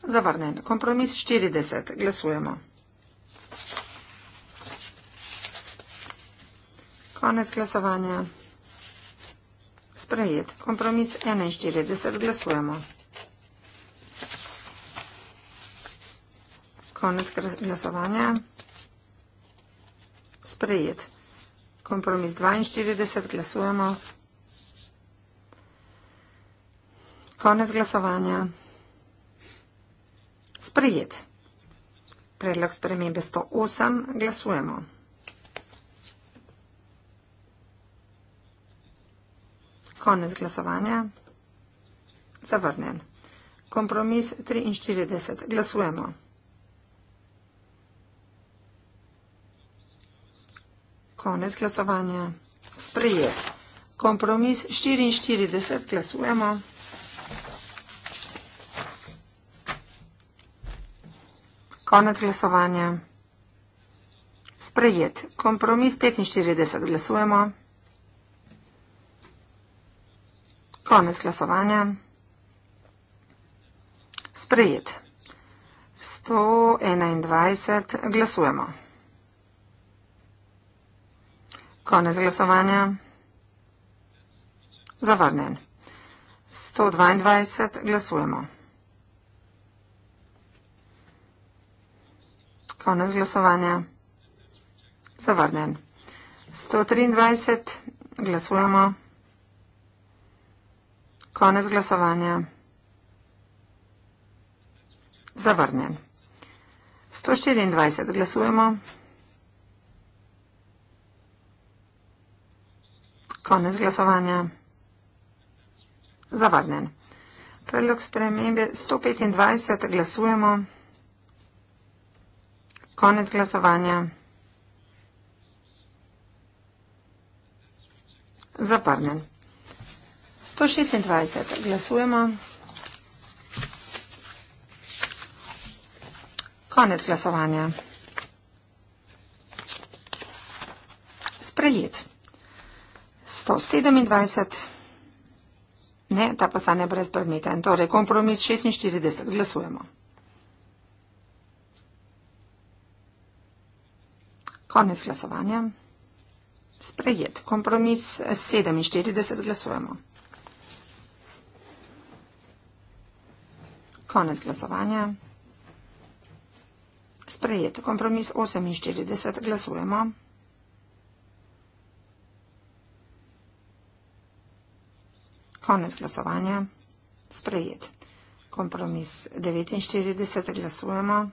Zavrnen. Kompromis 40. Glasujemo. Konec glasovanja. Sprejet. Kompromis 41. Glasujemo. konec glasovanja. Sprejet. Kompromis 42, glasujemo. Konec glasovanja. Sprejet. Predlog spremembe 108, glasujemo. Konec glasovanja. Zavrnen. Kompromis 43, glasujemo. Konec glasovanja. Sprejet. Kompromis 44. Glasujemo. Konec glasovanja. Sprejet. Kompromis 45. Glasujemo. Konec glasovanja. Sprejet. 121. Glasujemo. Konec glasovanja. Zavrnen. 122 glasujemo. Konec glasovanja. Zavrnen. 123 glasujemo. Konec glasovanja. Zavrnen. 124 glasujemo. Konec glasovanja. Zavrnen. Predlog spremembe 125 glasujemo. Konec glasovanja. Zavrnen. 126 glasujemo. Konec glasovanja. Sprejet. 127, ne, ta postane brezpredmeten. Torej, kompromis 46, glasujemo. Konec glasovanja. Sprejet. Kompromis 47, glasujemo. Konec glasovanja. Sprejet. Kompromis 48, glasujemo. Konec glasovanja. Sprejet. Kompromis 49. Glasujemo.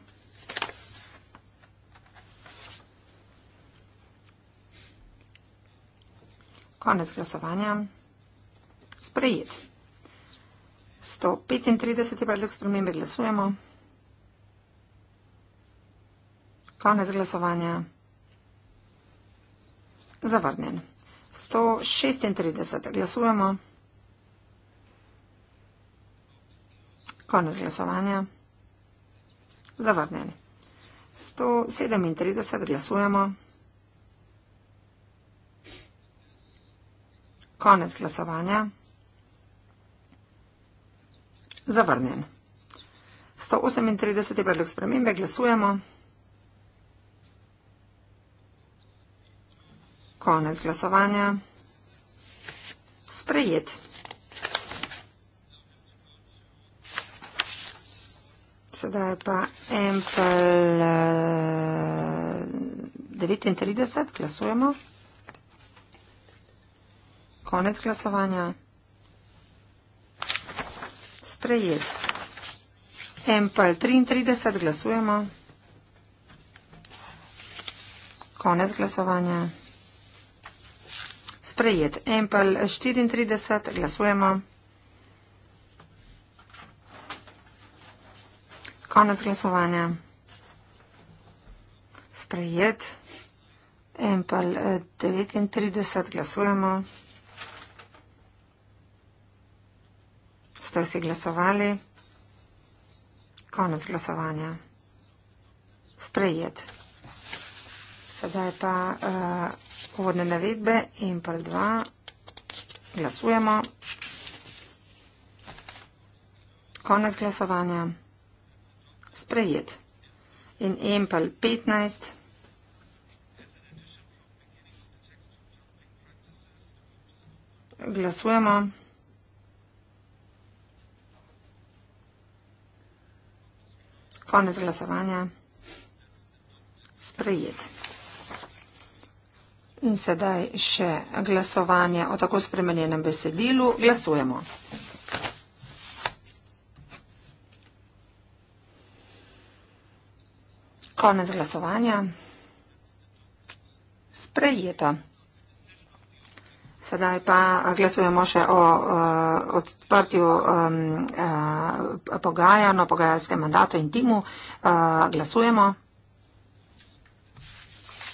Konec glasovanja. Sprejet. 135. predlog spremembe glasujemo. Konec glasovanja. Zavrnjen. 136. glasujemo. Konec glasovanja. Zavrnjen. 137 glasujemo. Konec glasovanja. Zavrnjen. 138 je predlog spremembe. Glasujemo. Konec glasovanja. Sprejet. sedaj pa Empel uh, eh, 39, glasujemo. Konec glasovanja. Sprejet. Empel 33, glasujemo. Konec glasovanja. Sprejet. Empel 34, glasujemo. konec glasovanja. Sprejet. En pa 39 glasujemo. Ste vsi glasovali? Konec glasovanja. Sprejet. Sedaj pa uh, uvodne navedbe. En pa 2. Glasujemo. Konec glasovanja sprejet. In empel 15. Glasujemo. Konec glasovanja. Sprejet. In sedaj še glasovanje o tako spremenjenem besedilu. Glasujemo. Konec glasovanja. Sprejeto. Sedaj pa glasujemo še o, o eh, odprtju eh, pogajanj, o pogajalskem mandatu in timu. O, eh, glasujemo.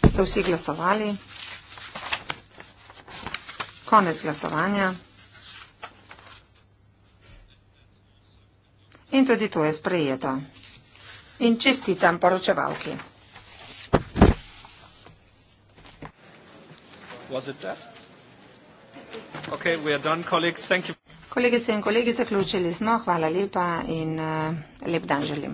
Ste vsi glasovali? Konec glasovanja. In tudi to je sprejeto in čestitam poročevalki. Kolegice in kolegi, zaključili smo. Hvala lepa in eh, lep dan želim.